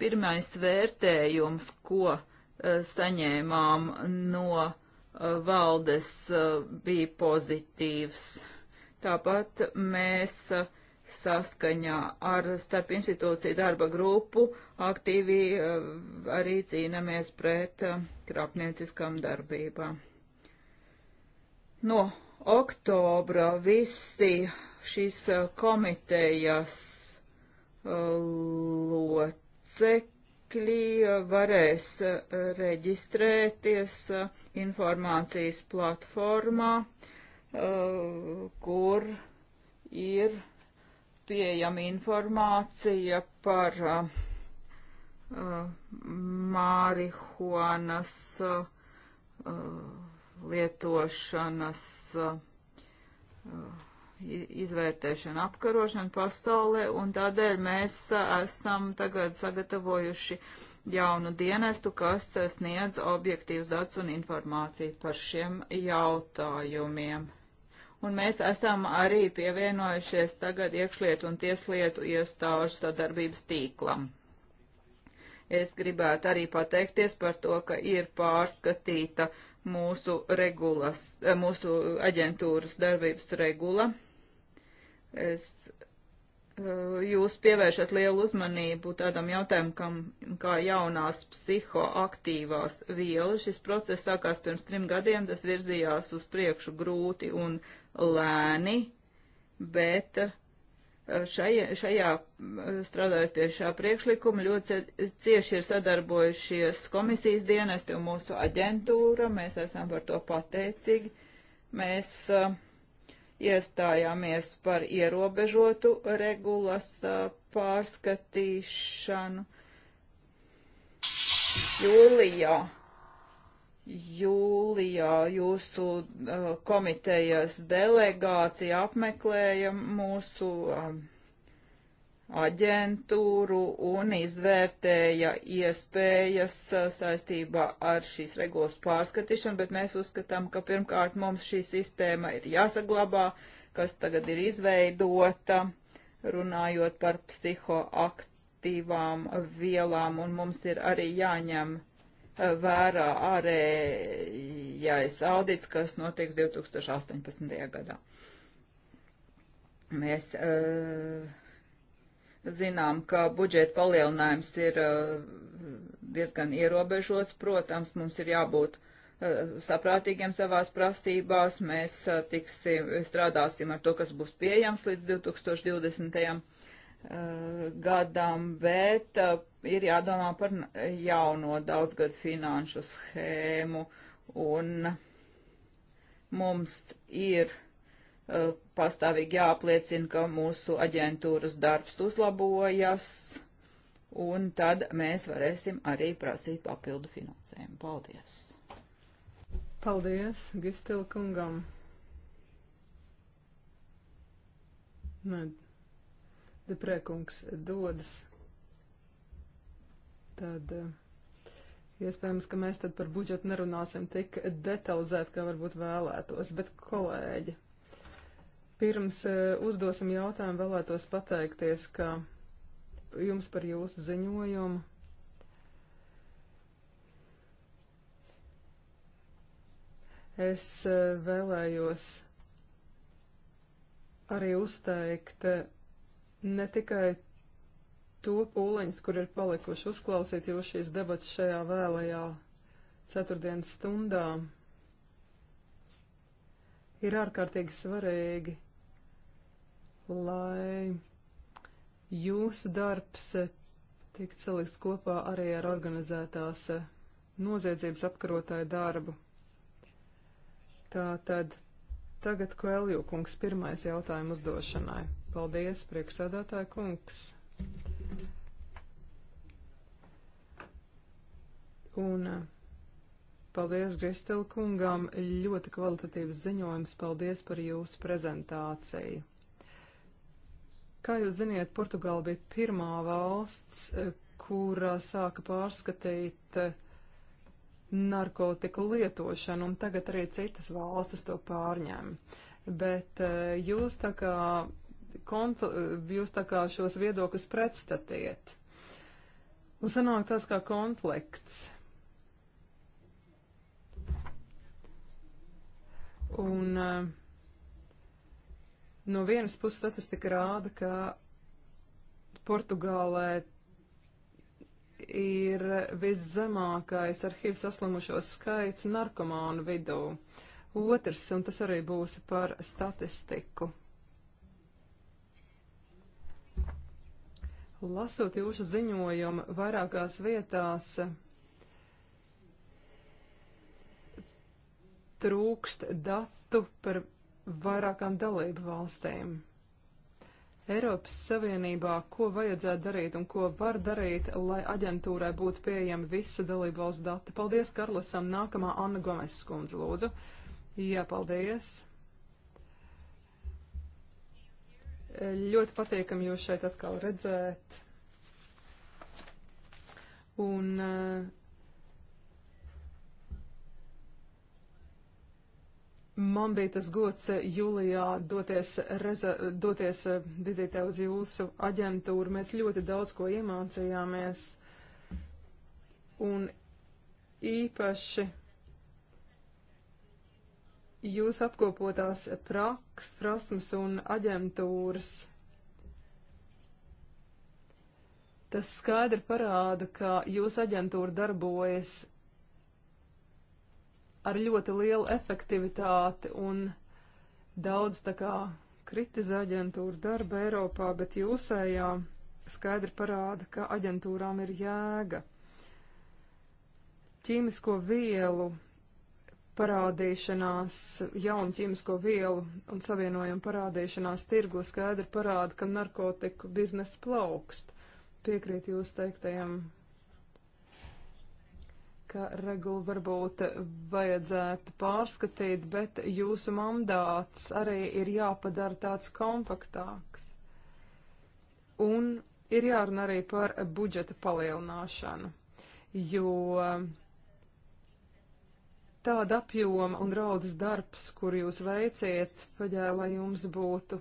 Pirmais vērtējums, ko e, saņēmām no e, valdes, e, bija pozitīvs Tāpat mēs eh, saskaņā ar starp institūciju darba grupu aktīvi eh, arī cīnāmies pret eh, krāpnieciskām darbībām. No oktobra visi šīs komitejas locekļi varēs reģistrēties informācijas platformā. Uh, Uh, kur ir pieejama informācija par uh, uh, marihuanas lietošanas izvērtēšana, apkarošana pasaulē, un tādēļ mēs esam tagad sagatavojuši jaunu dienestu, kas sniedz objektīvus datus un informāciju par šiem jautājumiem un mēs esam arī pievienojušies tagad iekšlietu un tieslietu iestāžu sadarbības tīklam. Es gribētu arī pateikties par to, ka ir pārskatīta mūsu, regulas, eh, mūsu aģentūras darbības regula. Es, eh, jūs pievēršat lielu uzmanību tādam jautājumam, kā jaunās psihoaktīvās vielas. Šis process sākās pirms trim gadiem, tas virzījās uz priekšu grūti un lēni, bet uh, šajā, šajā uh, strādājot pie šā priekšlikuma, ļoti cieši ir sadarbojušies komisijas dienesti un mūsu aģentūra. Mēs esam par to pateicīgi. Mēs uh, iestājāmies par ierobežotu regulas uh, pārskatīšanu jūlijā jūlijā jūsu uh, komitejas delegācija apmeklēja mūsu um, aģentūru un izvērtēja iespējas uh, saistībā ar šīs regulas pārskatīšanu, bet mēs uzskatām, ka pirmkārt mums šī sistēma ir jāsaglabā, kas tagad ir izveidota, runājot par psihoaktīvām vielām, un mums ir arī jāņem uh, vērā ārējais audits, kas notiks 2018. gadā. Mēs uh, zinām, ka budžeta palielinājums ir uh, diezgan ierobežots. Protams, mums ir jābūt uh, saprātīgiem savās prasībās. Mēs tiksim, strādāsim ar to, kas būs pieejams līdz 2020 Eh, gadam, bet eh, ir jādomā par jauno daudzgadu finanšu schēmu un mums ir eh, pastāvīgi jāapliecina, ka mūsu aģentūras darbs uzlabojas, un tad mēs varēsim arī prasīt papildu finansējumu. Paldies! Paldies Gistila kungam! Nē, Deprēkungs dodas. Tad eh, iespējams, ka mēs tad par budžetu nerunāsim tik detalizēt, kā varbūt vēlētos, bet kolēģi. Pirms eh, uzdosim jautājumu, vēlētos pateikties, ka jums par jūsu ziņojumu. Es eh, vēlējos arī uzteikt ne tikai to pūliņus, kur ir palikuši uzklausīt jūs šīs debatas šajā vēlajā ceturtdienas stundā, ir ārkārtīgi svarīgi, lai jūsu darbs tiktu salikts kopā arī ar organizētās noziedzības apkarotāju darbu. Tā tad tagad Koelju kungs pirmais jautājumu uzdošanai. Paldies, priekšsēdētāja kungs. Un eh, paldies Gristela kungam, ļoti kvalitatīvs ziņojums, paldies par jūsu prezentāciju. Kā jūs ziniet, Portugāla bija pirmā valsts, eh, kurā sāka pārskatīt eh, narkotiku lietošanu, un tagad arī citas valstis to pārņem. Bet jūs tā kā jūs tā kā šos viedokļus pretstatiet. Un sanāk tas kā konflikts. Un uh, no vienas puses statistika rāda, ka Portugālē ir viszemākais ar HIV saslimušo skaits narkomānu vidū. Otrs, un tas arī būs par statistiku. Lasot jūsu ziņojumu vairākās vietās, trūkst datu par vairākām dalību valstīm. Eiropas Savienībā, ko vajadzētu darīt un ko var darīt, lai aģentūrai būtu pieejami visu dalību valsts dati? Paldies, Karlasam. Nākamā Anna Gomes skundze, lūdzu. Jā, paldies. Ļoti patīkami jūs šeit atkal redzēt. Un eh, man bija tas gods eh, jūlijā doties, reza, doties eh, dizītē uz jūsu aģentūru. Mēs ļoti daudz ko iemācījāmies. Un īpaši jūsu apkopotās praks, prasmes un aģentūras. Tas skaidri parāda, ka jūsu aģentūra darbojas ar ļoti lielu efektivitāti un daudz tā kā kritizē aģentūru darbu Eiropā, bet jūsējā skaidri parāda, ka aģentūrām ir jēga. Ķīmisko vielu parādīšanās, jaunu ķīmisko vielu un savienojumu parādīšanās tirgu skaidri parāda, ka narkotiku biznesa plaukst. Piekrīt jūs teiktajam, ka regulu varbūt vajadzētu pārskatīt, bet jūsu mandāts arī ir jāpadara tāds kompaktāks. Un ir jārunā arī par budžeta palielināšanu, jo tāda apjoma un raudzes darbs, kur jūs veiciet, paģē, lai jums būtu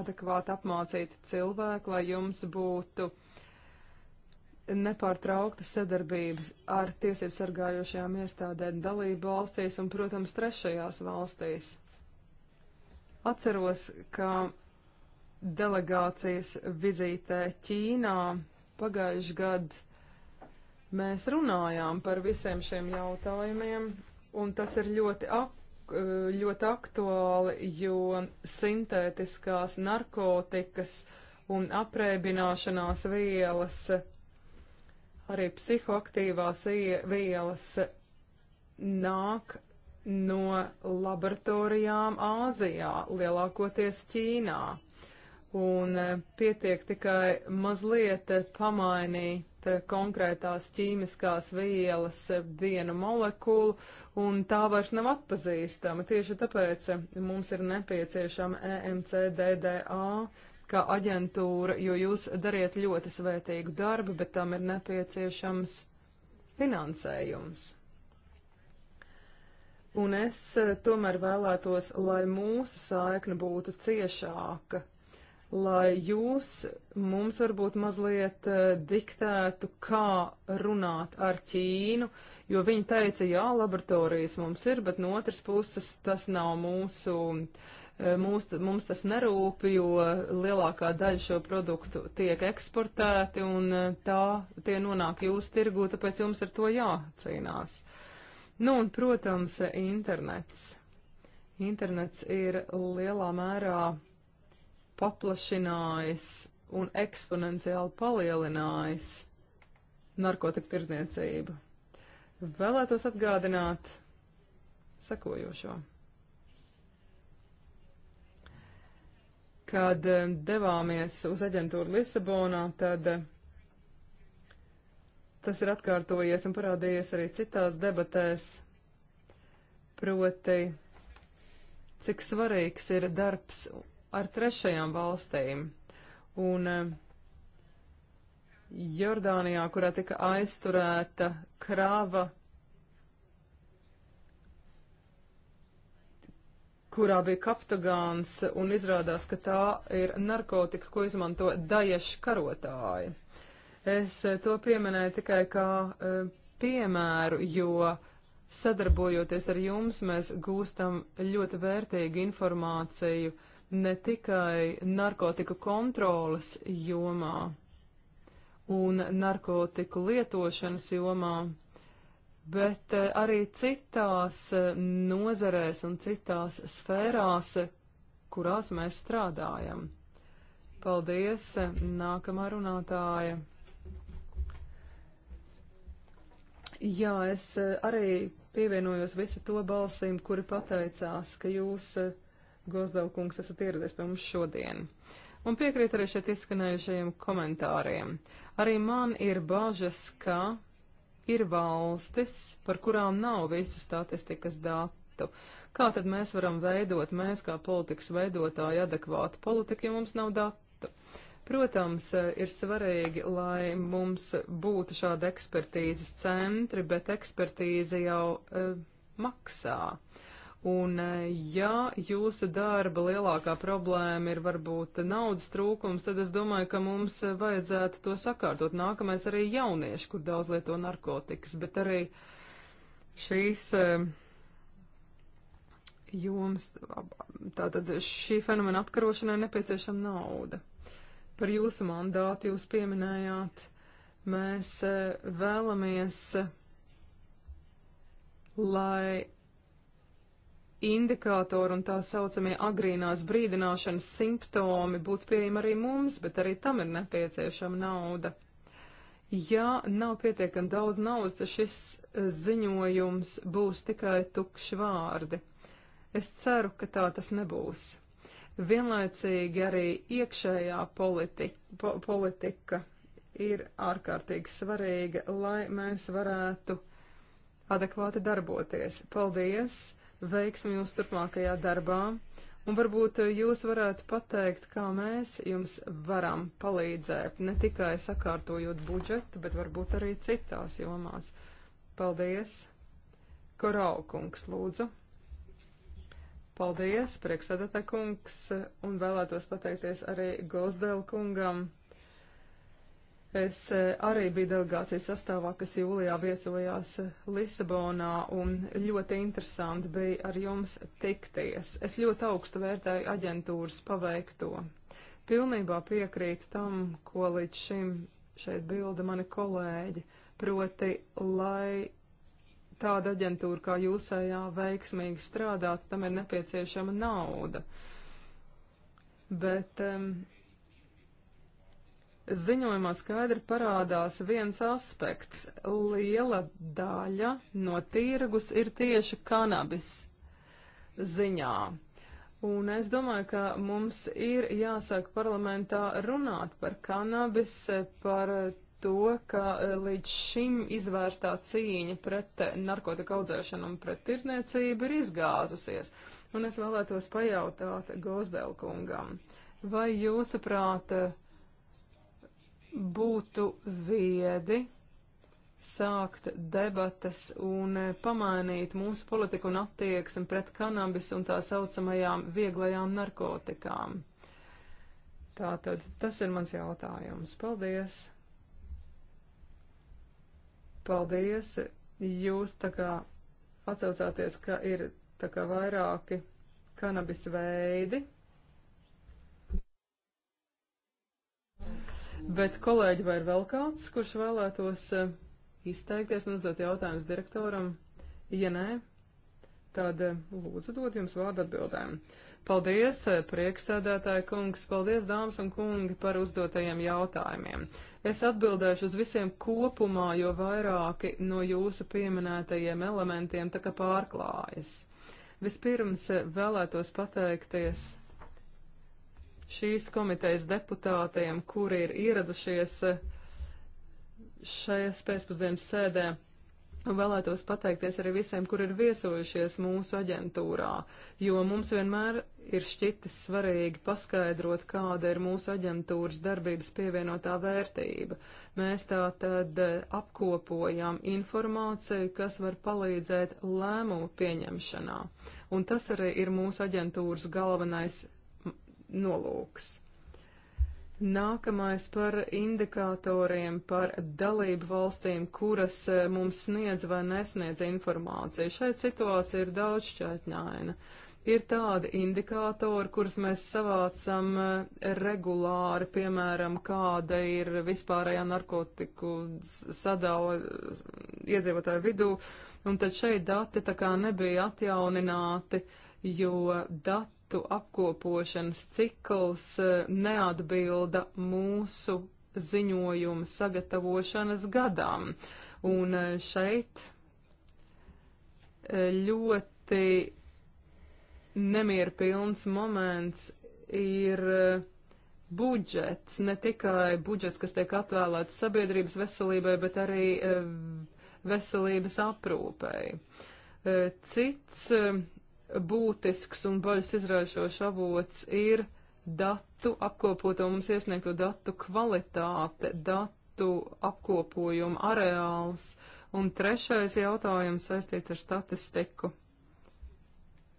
adekvāti apmācīti cilvēki, lai jums būtu nepārtraukta sadarbības ar tiesību sargājošajām iestādēm dalību valstīs un, protams, trešajās valstīs. Atceros, ka delegācijas vizītē Ķīnā pagājuši gadu mēs runājām par visiem šiem jautājumiem un tas ir ļoti, ak eh, ļoti aktuāli, jo sintētiskās narkotikas un apreibināšanās vielas, arī psihoaktīvās vielas nāk no laboratorijām Āzijā, lielākoties Ķīnā un eh, pietiek tikai mazliet eh, pamainīt eh, konkrētās ķīmiskās vielas vienu molekulu, un tā vairs nav atpazīstama. Tieši tāpēc mums ir nepieciešama EMCDDA kā aģentūra, jo jūs dariet ļoti svētīgu darbu, bet tam ir nepieciešams finansējums. Un es tomēr vēlētos, lai mūsu saikne būtu ciešāka lai jūs mums varbūt mazliet eh, diktētu, kā runāt ar Ķīnu, jo viņi teica, jā, laboratorijas mums ir, bet no otras puses tas nav mūsu, eh, mūs, mums tas nerūp, jo lielākā daļa šo produktu tiek eksportēti un eh, tā tie nonāk jūsu tirgū, tāpēc jums ar to jācīnās. Nu un, protams, internets. Internets ir lielā mērā paplašinājis un eksponenciāli palielinājis narkotiku tirdzniecību. Vēlētos atgādināt sekojošo. Kad devāmies uz aģentūru Lisabonā, tad tas ir atkārtojies un parādījies arī citās debatēs, proti, cik svarīgs ir darbs ar trešajām valstīm. Un eh, Jordānijā, kurā tika aizturēta krava, kurā bija kaptagāns, un izrādās, ka tā ir narkotika, ko izmanto daieši karotāji. Es eh, to pieminēju tikai kā eh, piemēru, jo sadarbojoties ar jums, mēs gūstam ļoti vērtīgu informāciju uh, ne tikai narkotiku kontrolas jomā un narkotiku lietošanas jomā, bet eh, arī citās eh, nozerēs un citās sfērās, kurās mēs strādājam. Paldies, nākamā runātāja. Jā, es eh, arī pievienojos visu to balsīm, kuri pateicās, ka jūs uh, Gozdevkungs, esat ieradies pie mums šodien. Un piekrīt arī šeit izskanējušajiem komentāriem. Arī man ir bažas, ka ir valstis, par kurām nav visu statistikas datu. Kā tad mēs varam veidot, mēs kā politikas veidotāji, adekvātu politiku, ja mums nav datu? Protams, ir svarīgi, lai mums būtu šāda ekspertīzes centri, bet ekspertīze jau e, maksā. Un, eh, ja jūsu darba lielākā problēma ir varbūt naudas trūkums, tad es domāju, ka mums eh, vajadzētu to sakārtot. Nākamais arī jaunieši, kur daudz lieto narkotikas, bet arī šīs eh, joms, tātad šī fenomena apkarošanai nepieciešama nauda. Par jūsu mandātu jūs pieminējāt, mēs vēlamies, lai indikātori un tā saucamie agrīnās brīdināšanas simptomi būtu pieejami arī mums, bet arī tam ir nepieciešama nauda. Ja nav pietiekami daudz naudas, tad šis eh, ziņojums būs tikai tukši vārdi. Es ceru, ka tā tas nebūs. Vienlaicīgi arī iekšējā politika, po politika ir ārkārtīgi svarīga, lai mēs varētu adekvāti darboties. Paldies! veiksmi jūsu turpmākajā darbā. Un varbūt jūs varētu pateikt, kā mēs jums varam palīdzēt, ne tikai sakārtojot budžetu, bet varbūt arī citās jomās. Paldies! Koraukungs, lūdzu! Paldies, priekšsēdētā kungs, un vēlētos pateikties arī Gozdēla kungam Es eh, arī biju delegācijas sastāvā, kas jūlijā viesojās eh, Lisabonā, un ļoti interesanti bija ar jums tikties. Es ļoti augstu vērtēju aģentūras paveikto. Pilnībā piekrītu tam, ko līdz šim šeit bilda mani kolēģi, proti, lai tāda aģentūra kā jūsējā veiksmīgi strādātu, tam ir nepieciešama nauda. Bet um, ziņojumā skaidri parādās viens aspekts. Liela daļa no tirgus ir tieši kanabis ziņā. Un es domāju, ka mums ir jāsāk parlamentā runāt par kanabis, par to, ka eh, līdz šim izvērstā cīņa pret eh, narkotika audzēšanu un pret tirzniecību ir izgāzusies. Un es vēlētos pajautāt Gozdēlkungam, vai jūsuprāt, uh, būtu viedi sākt debatas un pamainīt mūsu politiku un attieksmi pret kanabis un tā saucamajām vieglajām narkotikām. Tātad tas ir mans jautājums. Paldies! Paldies! Jūs tā kā atcaucāties, ka ir tā kā vairāki kanabis veidi. Bet, kolēģi, vai ir vēl kāds, kurš vēlētos eh, izteikties un uzdot jautājumus direktoram? Ja nē, tad eh, lūdzu dod jums vārdu atbildēm. Paldies, eh, prieksēdētāji kungs, paldies, dāmas un kungi, par uzdotajiem jautājumiem. Es atbildēšu uz visiem kopumā, jo vairāki no jūsu pieminētajiem elementiem tā kā pārklājas. Vispirms vēlētos pateikties šīs komitejas deputātiem, kuri ir ieradušies eh, šajās pēcpusdienas sēdē. Un vēlētos pateikties arī visiem, kur ir viesojušies mūsu aģentūrā, jo mums vienmēr ir šķitis svarīgi paskaidrot, kāda ir mūsu aģentūras darbības pievienotā vērtība. Mēs tā tad eh, apkopojam informāciju, kas var palīdzēt lēmumu pieņemšanā. Un tas arī ir mūsu aģentūras galvenais nolūks. Nākamais par indikatoriem par dalību valstīm, kuras e, mums sniedz vai nesniedz informāciju. Šeit situācija ir daudz šķaitņaina. Ir tādi indikātori, kurus mēs savācam e, regulāri, piemēram, kāda ir vispārējā narkotiku sadala e, iedzīvotāju vidū, un tad šeit dati tā kā nebija atjaunināti, jo dati datu apkopošanas cikls eh, neatbilda mūsu ziņojumu sagatavošanas gadam. Un eh, šeit eh, ļoti nemierpilns moments ir budžets, ne tikai budžets, kas tiek atvēlēts sabiedrības veselībai, bet arī veselības aprūpei. Cits būtisks un bažas izraisošs avots ir datu apkopoto mums iesniegto datu kvalitāte, datu apkopojuma areāls. Un trešais jautājums saistīts ar statistiku.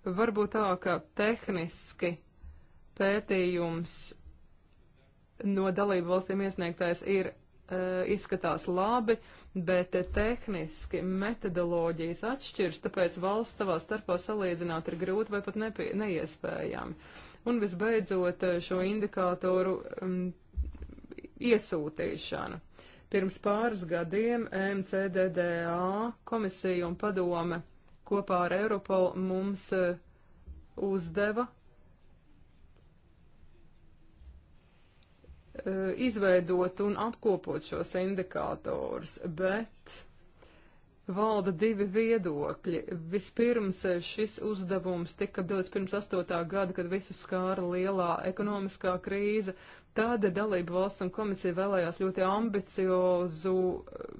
Varbūt tā, ka tehniski pētījums no dalību valstīm iesniegtais ir izskatās labi, bet tehniski metodoloģijas atšķirs, tāpēc valsts savā starpā salīdzināt ir grūti vai pat nepie, neiespējami. Un visbeidzot šo indikātoru um, iesūtīšanu. Pirms pāris gadiem MCDDA komisija un padome kopā ar Europol mums uzdeva Eh, izveidot un apkopot šos indikātors, bet valda divi viedokļi. Vispirms eh, šis uzdevums tika dots pirms astotā gada, kad visus skāra lielā ekonomiskā krīze. Tāda dalība valsts un komisija vēlējās ļoti ambiciozu eh,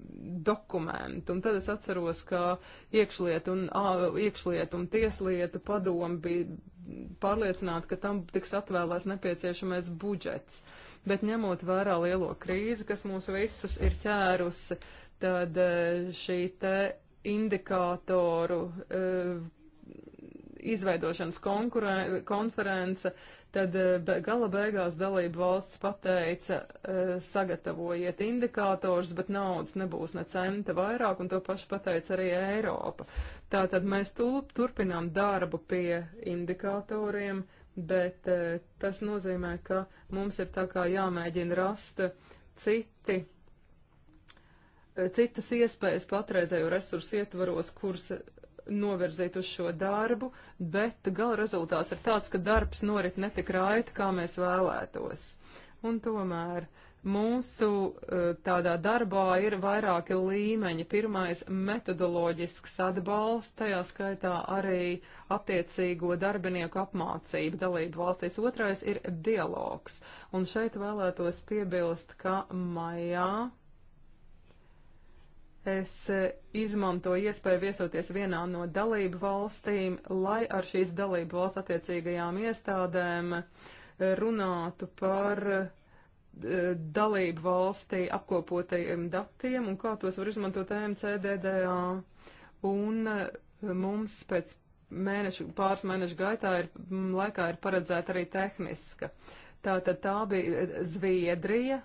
dokumentu. Un tad es atceros, ka iekšlietu un, ā, iekšlietu un tieslietu padomu bija pārliecināta, ka tam tiks atvēlēts nepieciešamais budžets. Uh, bet ņemot vērā lielo krīzi, kas mūs visus ir ķērusi, tad eh, šī te indikātoru eh, izveidošanas konference, tad eh, be, gala beigās dalība valsts pateica, sagatavojiet indikātors, bet naudas nebūs ne centa vairāk, un to pašu pateica arī Eiropa. Tātad mēs tulp, turpinām darbu pie indikātoriem, uh, bet eh, tas nozīmē, ka mums ir tā kā jāmēģina rast citi, eh, citas iespējas patreizējo resursu ietvaros, kuras eh, novirzīt uz šo darbu, bet gala rezultāts ir tāds, ka darbs norit netik raiti, kā mēs vēlētos. Un tomēr Mūsu e, tādā darbā ir vairāki līmeņi. Pirmais - metodoloģisks atbalsts, tajā skaitā arī attiecīgo darbinieku apmācību dalību valstīs. Otrais ir dialogs. Un šeit vēlētos piebilst, ka maijā es izmantoju iespēju viesoties vienā no dalību valstīm, lai ar šīs dalību valsts attiecīgajām iestādēm runātu par dalību valstī apkopotajiem datiem un kā tos var izmantot e MCDDA. Un e, mums pēc mēnešu, pāris mēnešu gaitā ir, laikā ir paredzēta arī tehniska. Tātad tā bija e, Zviedrija,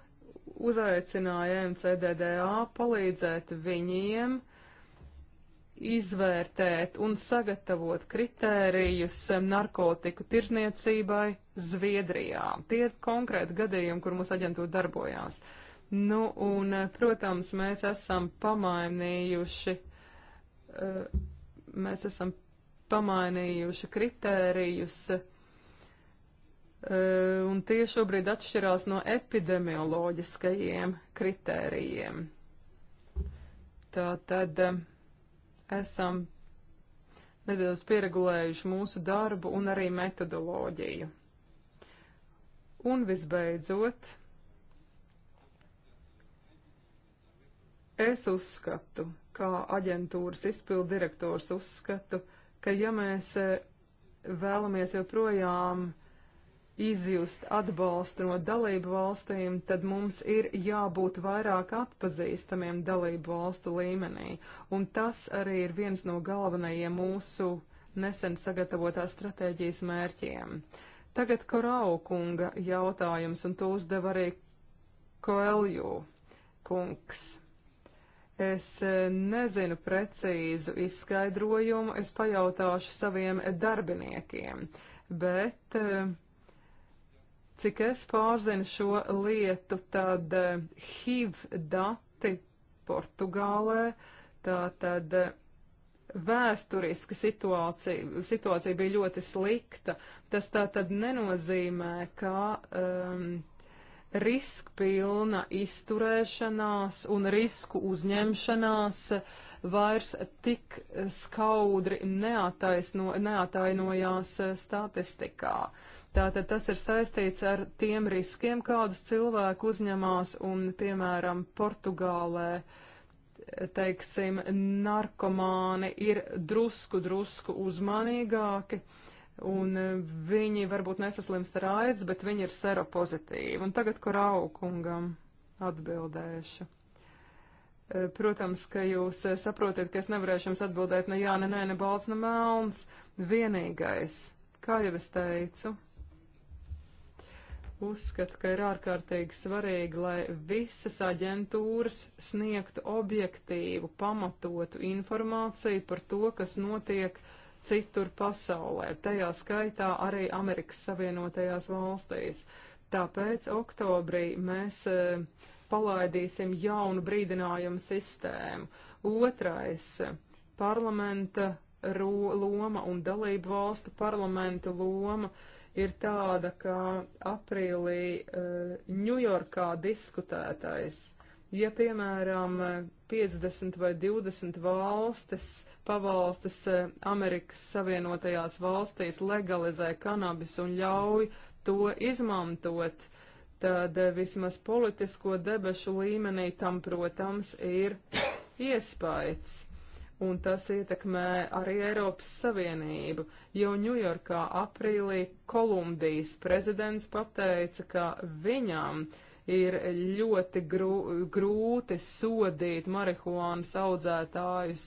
uzaicināja MCDDA palīdzēt viņiem izvērtēt un sagatavot kritērijus narkotiku tirzniecībai Zviedrijā. Tie ir konkrēti gadījumi, kur mūsu aģentūra darbojās. Nu, un, protams, mēs esam pamainījuši, eh, mēs esam pamainījuši kritērijus, eh, un tie šobrīd atšķirās no epidemioloģiskajiem kritērijiem. Tā tad eh, esam nedaudz pieregulējuši mūsu darbu un arī metodoloģiju. Un visbeidzot, es uzskatu, kā aģentūras izpildu direktors uzskatu, ka ja mēs e, vēlamies joprojām izjust atbalstu no dalību valstīm, tad mums ir jābūt vairāk atpazīstamiem dalību valstu līmenī. Un tas arī ir viens no galvenajiem mūsu nesen sagatavotās stratēģijas mērķiem. Uh, Tagad Koraukunga jautājums, un to uzdev arī Koelju kungs. Es e, nezinu precīzu izskaidrojumu, es pajautāšu saviem darbiniekiem, bet e, cik es pārzinu šo lietu, tad e, HIV dati Portugālē, tā tad vēsturiski situācija, situācija bija ļoti slikta. Tas tā tad nenozīmē, ka um, riskpilna izturēšanās un risku uzņemšanās vairs tik skaudri neataisno, neatainojās statistikā. Tātad tas ir saistīts ar tiem riskiem, kādus cilvēku uzņemās un, piemēram, Portugālē uh, teiksim, narkomāni ir drusku, drusku uzmanīgāki. Un e, viņi varbūt nesaslimst ar aids, bet viņi ir seropozitīvi. Un tagad, kur augungam atbildēšu. E, protams, ka jūs e, saprotat, ka es nevarēšu jums atbildēt ne jā, ne nē, ne balts, ne melns. Vienīgais, kā jau es teicu, Uzskatu, ka ir ārkārtīgi svarīgi, lai visas aģentūras sniegtu objektīvu, pamatotu informāciju par to, kas notiek citur pasaulē, tajā skaitā arī Amerikas Savienotajās valstīs. Tāpēc oktobrī mēs e, palaidīsim jaunu brīdinājumu sistēmu. Otrais e, - parlamenta loma un dalību valstu parlamenta loma. Uh, ir tāda, ka aprīlī e, Ņujorkā uh, diskutētais, ja piemēram 50 vai 20 valstis, pavalstis uh, Amerikas Savienotajās valstīs legalizē kanabis un ļauj to izmantot, tad e, vismaz politisko debešu līmenī tam, protams, ir iespējas un tas ietekmē arī Eiropas Savienību. Jau Ņujorkā aprīlī Kolumbijas prezidents pateica, ka viņam ir ļoti grū, grūti sodīt marihuānas audzētājus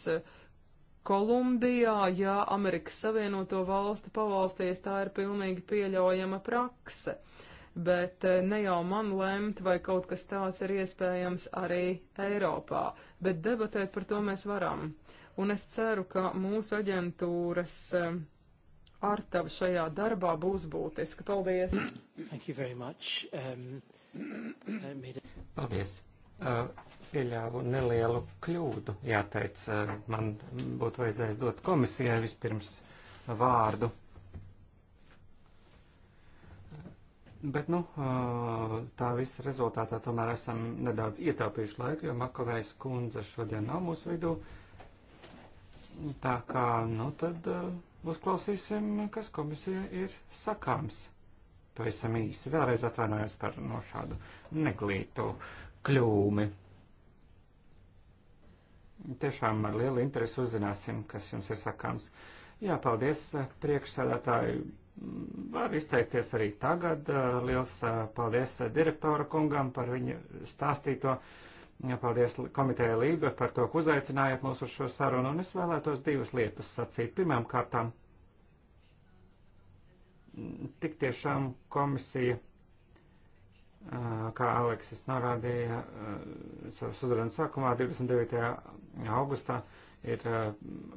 Kolumbijā, ja Amerikas Savienoto valstu pavalstīs tā ir pilnīgi pieļaujama prakse. Uh, bet eh, ne jau man lemt, vai kaut kas tāds ir iespējams arī Eiropā, bet debatēt par to mēs varam. Un es ceru, ka mūsu aģentūras eh, ar tavu šajā darbā būs būtiska. Paldies! Thank you very much. Um, made... Paldies! Uh, pieļāvu nelielu kļūdu, jāteic, uh, man būtu vajadzējis dot komisijai vispirms vārdu. Uh, Bet, nu, tā visa rezultātā tomēr esam nedaudz ietaupījuši laiku, jo Makovējas kundze šodien nav mūsu vidū. Tā kā, nu, tad uzklausīsim, kas komisija ir sakāms. Pavisam īsi. Vēlreiz atvainojos par no nu, šādu neglītu kļūmi. Tiešām ar lielu interesi uzzināsim, kas jums ir sakāms. Jā, paldies priekšsēdētāju var izteikties arī tagad. Eh, liels eh, paldies eh, direktora kungam par viņa stāstīto. Paldies komiteja Lība par to, ka uzaicinājāt mūs uz šo sarunu, un es vēlētos divas lietas sacīt. Pirmām kārtām, tik tiešām komisija kā Aleksis norādīja savas uzrunas sākumā, 29. augustā ir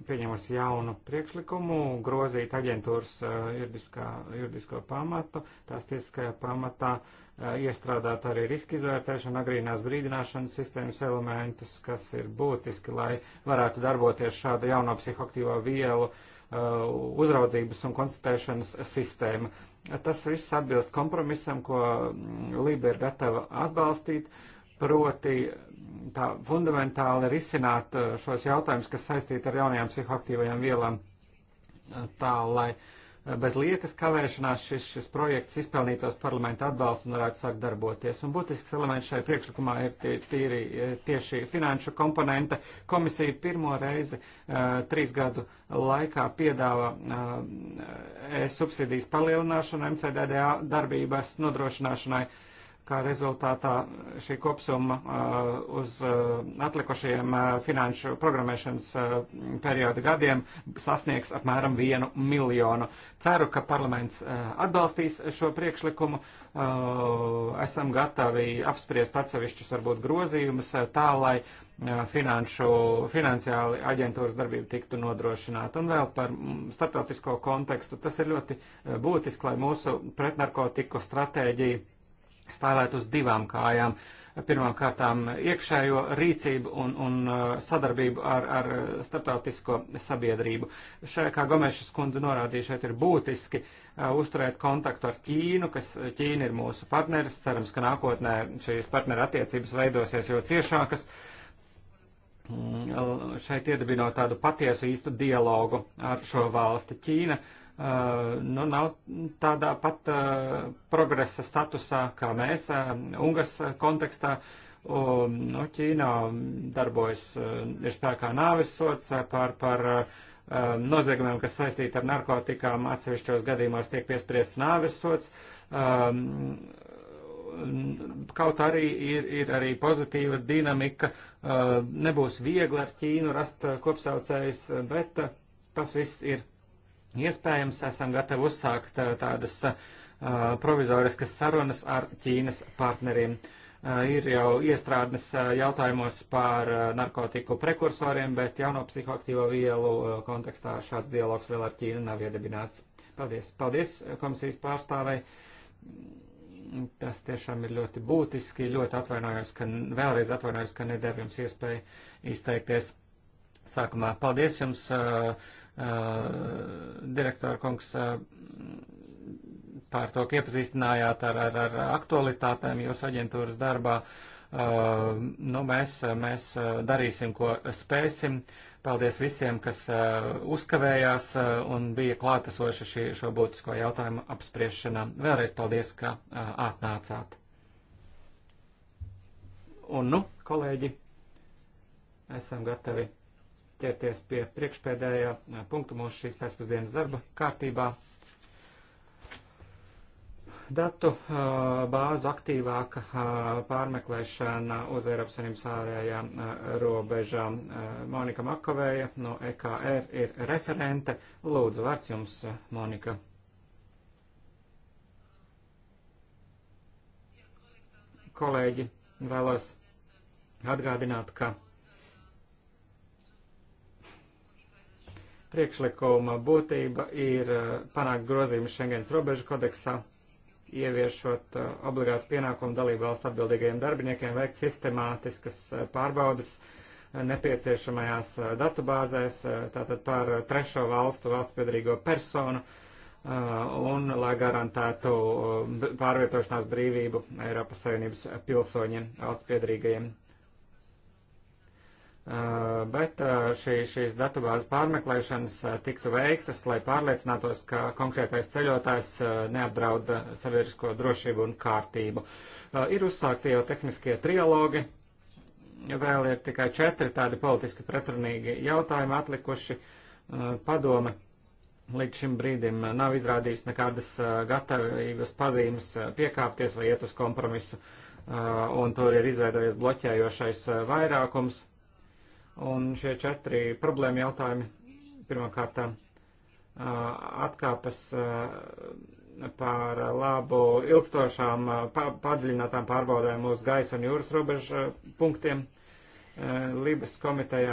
pieņemusi jaunu priekšlikumu grozīt aģentūras juridiskā, juridisko pamatu, tās tiesiskajā pamatā iestrādāt arī riski izvērtēšanu, agrīnās brīdināšanas sistēmas elementus, kas ir būtiski, lai varētu darboties šāda jauno psihoaktīvo vielu uzraudzības un konstatēšanas sistēma tas viss atbilst kompromisam, ko mm, Lība ir gatava atbalstīt, proti mm, tā fundamentāli risināt eh, šos jautājumus, kas saistīti ar jaunajām psihoaktīvajām vielām, eh, tā lai uh, bez liekas kavēšanās šis, šis projekts izpelnītos parlamenta atbalstu un varētu sākt darboties. Un būtisks elements šai priekšlikumā ir tie, tīri e, tieši finanšu komponente. Komisija pirmo reizi uh, trīs gadu laikā piedāvā uh, e subsīdijas palielināšanu MCDDA darbības nodrošināšanai. Uh, kā rezultātā šī kopsumma uh, uz uh, atlikušajiem uh, finanšu programmēšanas perioda gadiem sasniegs apmēram vienu miljonu. Ceru, ka parlaments atbalstīs šo priekšlikumu. Esam gatavi apspriest atsevišķus varbūt grozījumus tā, lai finanšu, finansiāli aģentūras darbība tiktu nodrošināta. Un vēl par mm, starptautisko kontekstu. Tas ir ļoti būtiski, lai mūsu pretnarkotiku stratēģija stāvēt uz divām kājām. Pirmām kārtām iekšējo rīcību un, un uh, sadarbību ar, ar starptautisko sabiedrību. Šai, kā Gomešas kundze norādīja, šeit ir būtiski uh, uzturēt kontaktu ar Ķīnu, kas Ķīna ir mūsu partneris. Cerams, ka nākotnē šīs partneru attiecības veidosies jau ciešākas. Mm, šeit iedibinot tādu patiesu īstu dialogu ar šo valsti Ķīna. Uh, Eh, nu, nav tādā pat eh, progresa statusā kā mēs, eh, Ungas kontekstā. Un, nu, Ķīnā darbojas, ir spēkā nāves sots par, par noziegumiem, kas saistīti ar narkotikām, atsevišķos gadījumos tiek piespriests nāves sots. Ehm, kaut arī ir, ir arī pozitīva dinamika, nebūs viegli ar Ķīnu rast kopsaucējus, bet tas viss ir Iespējams, esam gatavi uzsākt tādas provizoriskas sarunas ar Ķīnas partneriem. Ir jau iestrādnes jautājumos par narkotiku prekursoriem, bet jauno psihoaktīvo vielu kontekstā šāds dialogs vēl ar Ķīnu nav iedibināts. Paldies. Paldies komisijas pārstāvei. Tas tiešām ir ļoti būtiski. Ļoti atvainojos, ka vēlreiz atvainojos, ka nedēļu jums iespēju izteikties. Sākumā paldies jums. Uh, Eh, direktora kungs, eh, par to, ka iepazīstinājāt ar, ar, ar aktualitātēm jūsu aģentūras darbā. Eh, nu, mēs, mēs darīsim, ko spēsim. Paldies visiem, kas uzkavējās un bija klātesoši šī, šo būtisko jautājumu apspriešanā. Vēlreiz paldies, ka atnācāt. Un nu, kolēģi, esam gatavi ķerties pie priekšpēdējā eh, punktu mūsu šīs pēcpusdienas darba kārtībā. Datu eh, bāzu aktīvāka eh, pārmeklēšana uz Eiropas Savienības ārējām robežām. Monika Makavēja no EKR ir referente. Lūdzu, vārds jums, Monika. Kolēģi, vēlos atgādināt, ka Priekšlikuma būtība ir eh, panākt grozījumu Schengens robežu kodeksā, ieviešot eh, obligātu pienākumu dalību valstu atbildīgajiem darbiniekiem veikt sistemātiskas eh, pārbaudas nepieciešamajās datubāzēs, tātad par trešo valstu valstu piedarīgo personu, un lai garantētu pārvietošanās brīvību Eiropas Savienības pilsoņiem, valsts piedarīgajiem Eh, bet eh, šī, šīs datubāzes pārmeklēšanas eh, tiktu veiktas, lai pārliecinātos, ka konkrētais ceļotājs neapdrauda sabiedrisko drošību un kārtību. Ir uzsākti jau tehniskie trialogi, vēl ir tikai četri tādi politiski pretrunīgi jautājumi atlikuši padome. Līdz šim brīdim nav izrādījis nekādas gatavības pazīmes piekāpties vai iet uz kompromisu, un tur ir izveidojies bloķējošais vairākums Un šie četri problēma jautājumi pirmkārt uh, atkāpes uh, par labu ilgstošām uh, padziļinātām pārbaudēm uz gaisa un jūras robežu punktiem. Libas komitejā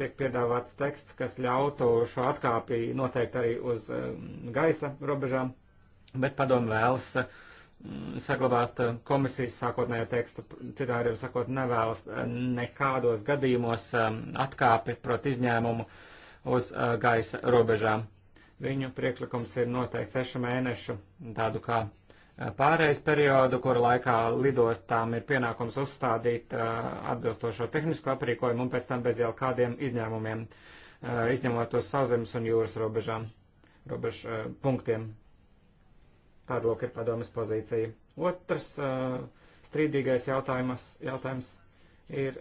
tiek piedāvāts teksts, kas ļautu šo atkāpi noteikt arī uz um, gaisa robežām, bet padomu vēlas uh, saglabāt eh, komisijas sākotnējo tekstu, citiem vārdiem sakot, nevēlas eh, nekādos gadījumos eh, atkāpi prot izņēmumu uz gaisa robežām. Viņu priekšlikums ir noteikti sešu mēnešu tādu kā pārējais periodu, kura laikā lidostām ir pienākums uzstādīt atbilstošo tehnisko aprīkojumu un pēc tam bez jau kādiem izņēmumiem, izņemot uz sauszemes un jūras robežām, robežu punktiem. Tāda lūk ir padomas pozīcija. Otrs strīdīgais jautājums, jautājums ir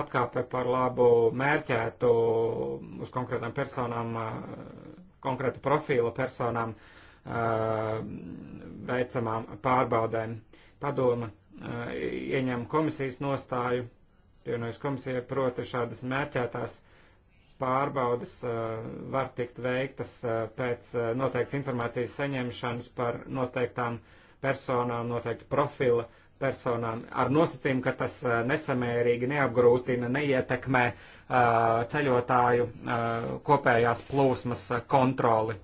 atkāpe par labu mērķētu uz konkrētām personām, konkrēta profila personām veicamām pārbaudēm. Padoma ieņem komisijas nostāju, pievienojas komisijai proti šādas mērķētās uh, pārbaudas eh, var tikt veiktas eh, pēc eh, noteiktas informācijas saņemšanas par noteiktām personām, noteiktu profila personām, ar nosacījumu, ka tas nesamērīgi neapgrūtina, neietekmē ceļotāju kopējās plūsmas kontroli.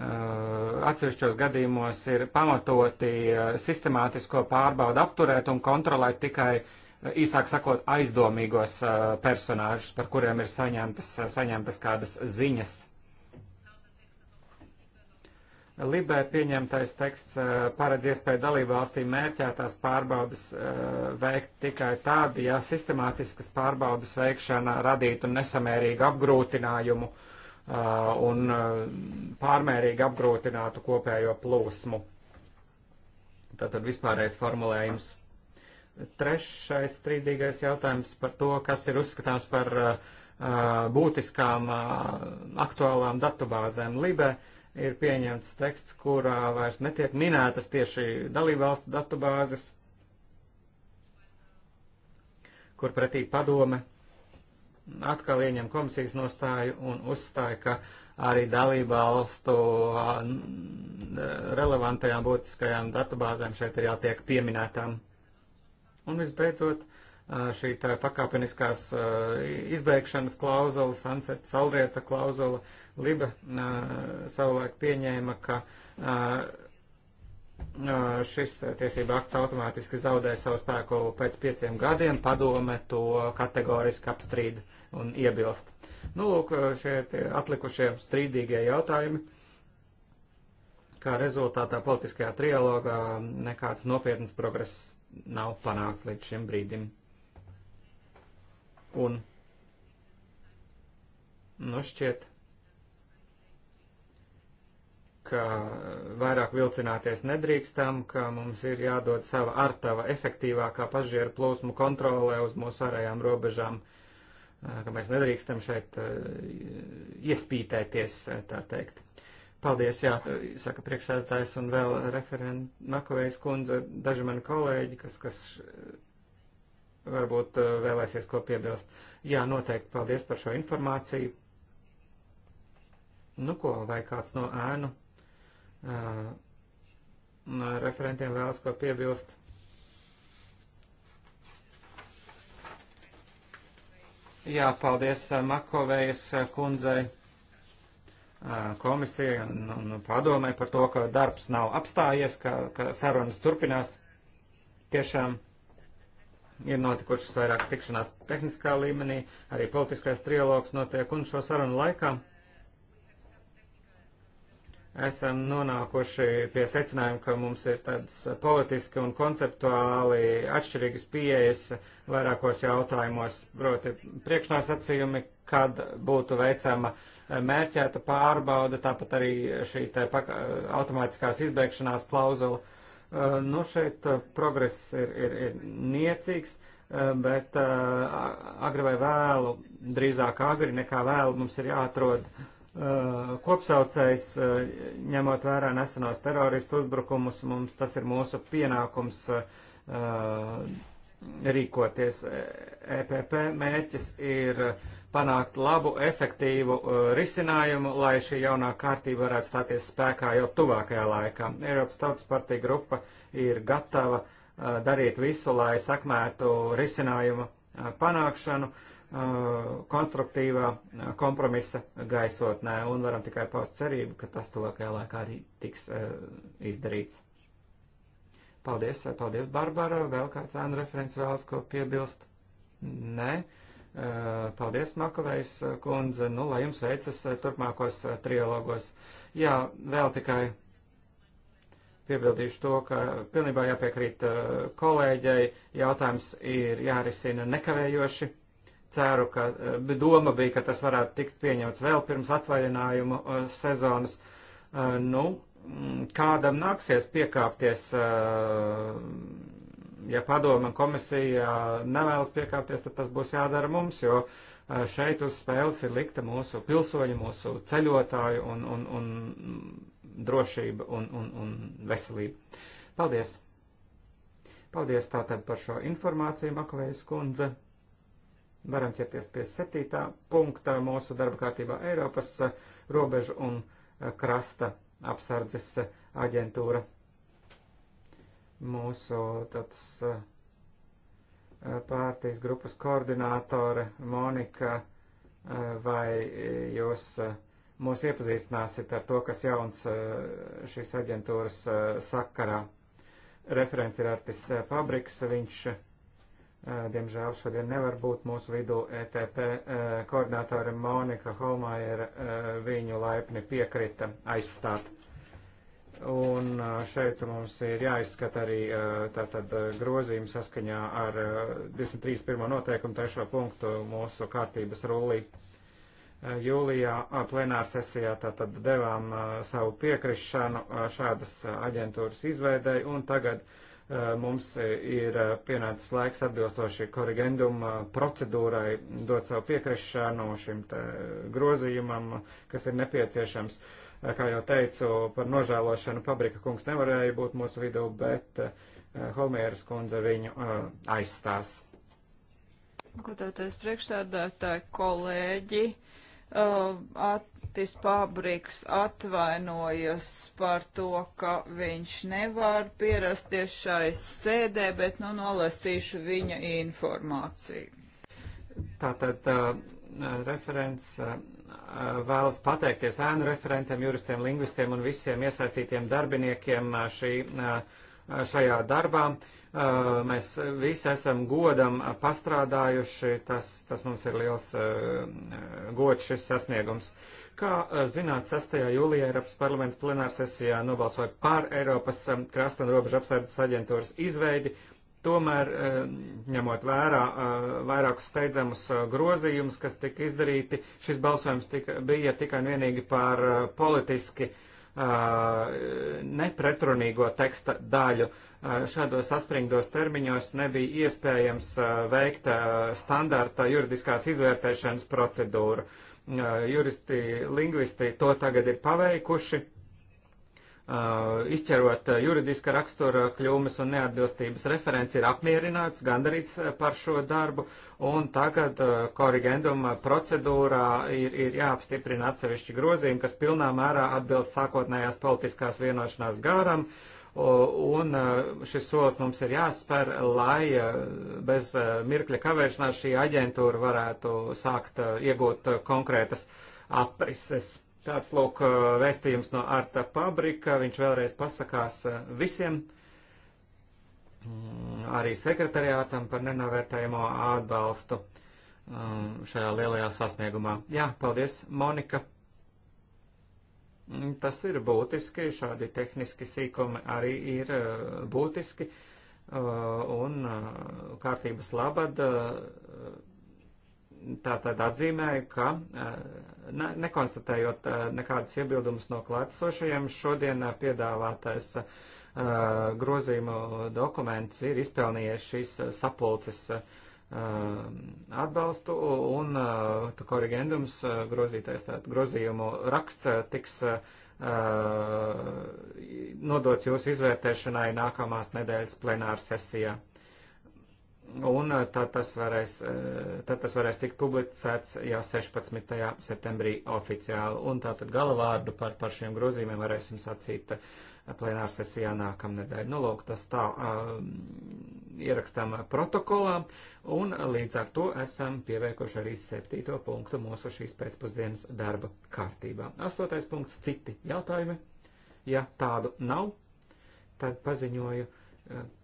Atsevišķos gadījumos ir pamatoti sistemātisko pārbaudu apturēt un kontrolēt tikai uh, īsāk sakot, aizdomīgos uh, personāžus, par kuriem ir saņemtas, uh, saņemtas kādas ziņas. Libē pieņemtais teksts uh, paredz iespēju dalībvalstīm mērķētās pārbaudas veikt tikai tad, ja sistemātiskas pārbaudas veikšana radītu nesamērīgu apgrūtinājumu un pārmērīgi apgrūtinātu kopējo plūsmu. Tātad vispārējais formulējums Trešais strīdīgais jautājums par to, kas ir uzskatāms par uh, uh būtiskām uh, aktuālām datubāzēm. Libē ir pieņemts teksts, kurā vairs netiek minētas tieši dalībvalstu datubāzes, kur pretī padome atkal ieņem komisijas nostāju un uzstāja, ka arī dalībvalstu uh, relevantajām būtiskajām datubāzēm šeit ir jātiek pieminētām. Un visbeidzot, šī tā pakāpeniskās izbeigšanas klauzula, Sunset Salrieta klauzula, Liba savulaik pieņēma, ka šis tiesība akts automātiski zaudē savu spēku pēc pieciem gadiem, padome to kategoriski apstrīd un iebilst. Nu, lūk, šie atlikušie strīdīgie jautājumi. Kā rezultātā politiskajā trialogā nekāds nopietns progress nav panākt līdz šim brīdim. Un, nu šķiet, ka vairāk vilcināties nedrīkstam, ka mums ir jādod sava artava efektīvākā pasažieru plūsmu kontrolē uz mūsu ārējām robežām, ka mēs nedrīkstam šeit eh, iespītēties, eh, tā teikt. Paldies, jā, saka priekšstādātājs un vēl referenta Makovejas kundze, daži mani kolēģi, kas, kas varbūt eh, vēlēsies ko piebilst. Jā, noteikti paldies par šo informāciju. Nu ko, vai kāds no ēnu uh, referentiem vēlas ko piebilst? Jā, paldies eh, Makovejas kundzei komisijai un, un padomē par to, ka darbs nav apstājies, ka, ka sarunas turpinās. Tiešām ir notikušas vairākas tikšanās tehniskā līmenī, arī politiskais trialogs notiek un šo sarunu laikā esam nonākuši pie secinājuma, ka mums ir tādas politiski un konceptuāli atšķirīgas pieejas vairākos jautājumos, proti priekšnosacījumi, kad būtu veicama mērķēta pārbauda, tāpat arī šī tā automātiskās izbēgšanās klauzula. Eh, nu, šeit eh, progress ir, ir, ir niecīgs, eh, bet agri vai vēlu, drīzāk agri nekā vēlu, mums ir jāatrod uh, Eh, kopsaucējs, eh, ņemot vērā nesenos teroristu uzbrukumus, mums tas ir mūsu pienākums eh, rīkoties. EPP mērķis ir panākt labu, efektīvu risinājumu, lai šī jaunā kārtība varētu stāties spēkā jau tuvākajā laikā. Eiropas Tautas partija grupa ir gatava darīt visu, lai sakmētu risinājumu panākšanu. Uh, Uh, konstruktīvā uh, kompromisa gaisotnē un varam tikai paust cerību, ka tas tuvākajā laikā arī tiks uh, izdarīts. Paldies, paldies, Barbara. Vēl kāds ēnu referents vēlas ko piebilst? Nē. Paldies, Makavejs kundze. Nu, lai jums veicas turpmākos trialogos. Jā, vēl tikai piebildīšu to, ka pilnībā jāpiekrīt kolēģei. Jautājums ir jārisina nekavējoši Ceru, ka eh, doma bija, ka tas varētu tikt pieņemts vēl pirms atvaļinājuma eh, sezonas. Eh, nu, mm, kādam nāksies piekāpties, ja padoma komisija nevēlas piekāpties, tad tas būs jādara mums, jo šeit uz spēles ir likta mūsu pilsoņu, mūsu ceļotāju un, un, un drošība un, un, un veselība. Paldies! Paldies tātad par šo informāciju, Makovējas kundze! Varam ķerties pie septītā punktā mūsu darba kārtībā Eiropas eh, robežu un eh, krasta apsardzes eh, aģentūra. Mūsu tāds, pārtīs grupas koordinātore Monika, vai jūs mūs iepazīstināsiet ar to, kas jauns šīs aģentūras sakarā? Referents ir Artis Pabriks, viņš ir Diemžēl šodien nevar būt mūsu vidū ETP koordinātore Monika Holmaier viņu laipni piekrita aizstāt. Un šeit mums ir jāizskata arī tātad grozījumi saskaņā ar 23.1. noteikumu trešo punktu mūsu kārtības rullī. Jūlijā plenārsesijā tātad devām savu piekrišanu šādas aģentūras izveidai un tagad uh, Eh, mums ir eh, pienācis laiks atbilstoši korrigenduma eh, procedūrai dot savu piekrišanu šim grozījumam, kas ir nepieciešams. Kā jau teicu, par nožēlošanu Pabrika kungs nevarēja būt mūsu vidū, bet Holmieras kundze viņu aizstās. Godātais priekšstādātāji, kolēģi! Uh, Atis Pabriks atvainojas par to, ka viņš nevar pierasties šai sēdē, bet nu nolasīšu viņa informāciju. Tātad uh, referents uh, uh vēlas pateikties ēnu referentiem, juristiem, lingvistiem un visiem iesaistītiem darbiniekiem uh, šī, uh, šajā darbā. Uh, Mēs visi esam godam pastrādājuši, tas, tas mums ir liels gods šis sasniegums. Kā zināt, 6. jūlijā Eiropas parlaments plenārsesijā nobalsoja par Eiropas krasta un robežu apsardzes aģentūras izveidi, tomēr ņemot vērā vairākus steidzamus grozījumus, kas tika izdarīti, šis balsojums tika, bija tikai un vienīgi par politiski nepretrunīgo teksta daļu. Uh, šādos saspringdos termiņos nebija iespējams veikt standarta juridiskās izvērtēšanas procedūru. Juristi, lingvisti to tagad ir paveikuši, izķerot juridiska rakstura kļūmes un neatbilstības referents ir apmierināts, gandarīts par šo darbu, un tagad korrigenduma procedūrā ir, ir jāapstiprina atsevišķi grozījumi, kas pilnā mērā atbilst sākotnējās politiskās vienošanās gāram. Uh, un e, šis solis mums ir jāspēr, lai e, bez e, mirkļa kavēšanās šī aģentūra varētu sākt iegūt konkrētas aprises. Tāds lūk vēstījums no Arta Pabrika, viņš vēlreiz pasakās visiem mm, arī sekretariātam par nenovērtējamo atbalstu šajā lielajā sasniegumā. Jā, paldies, Monika! Mm, tas ir būtiski, šādi tehniski sīkumi arī ir eh, būtiski, eh, un eh, kārtības labad tā tad atzīmēja, ka ne, nekonstatējot nekādus iebildumus no klātsošajiem, šodien piedāvātais grozījumu dokuments ir izpelnījies šīs sapulces uh, Uh, atbalstu un uh, korrigendums uh, grozītais, tātad grozījumu raksts tiks nodots jūsu izvērtēšanai nākamās nedēļas plenāra sesijā. Un tad tas, varēs, tad tas varēs tikt publicēts jau 16. septembrī oficiāli. Un tātad galvārdu par, par šiem grozījumiem varēsim sacīt uh, plenāra sesijā nākamnedēļ. Nu, lūk, tas tā uh, ierakstām protokolā, un līdz ar to esam pieveikuši arī septīto punktu mūsu šīs pēcpusdienas darba kārtībā. Astotais punkts - citi jautājumi. Ja tādu nav, tad paziņoju,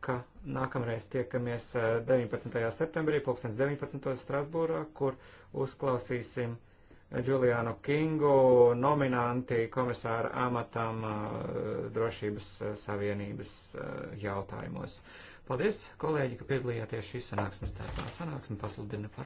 ka nākamreiz tiekamies 19. septembrī, 2019. Strasbūrā, kur uzklausīsim uh, Giuliano Kingu, nominanti komisāra amatam uh, drošības uh, savienības uh, jautājumos. Paldies, kolēģi, ka piedalījāties šīs sanāksmes darbā. Sanāksme pasludina par.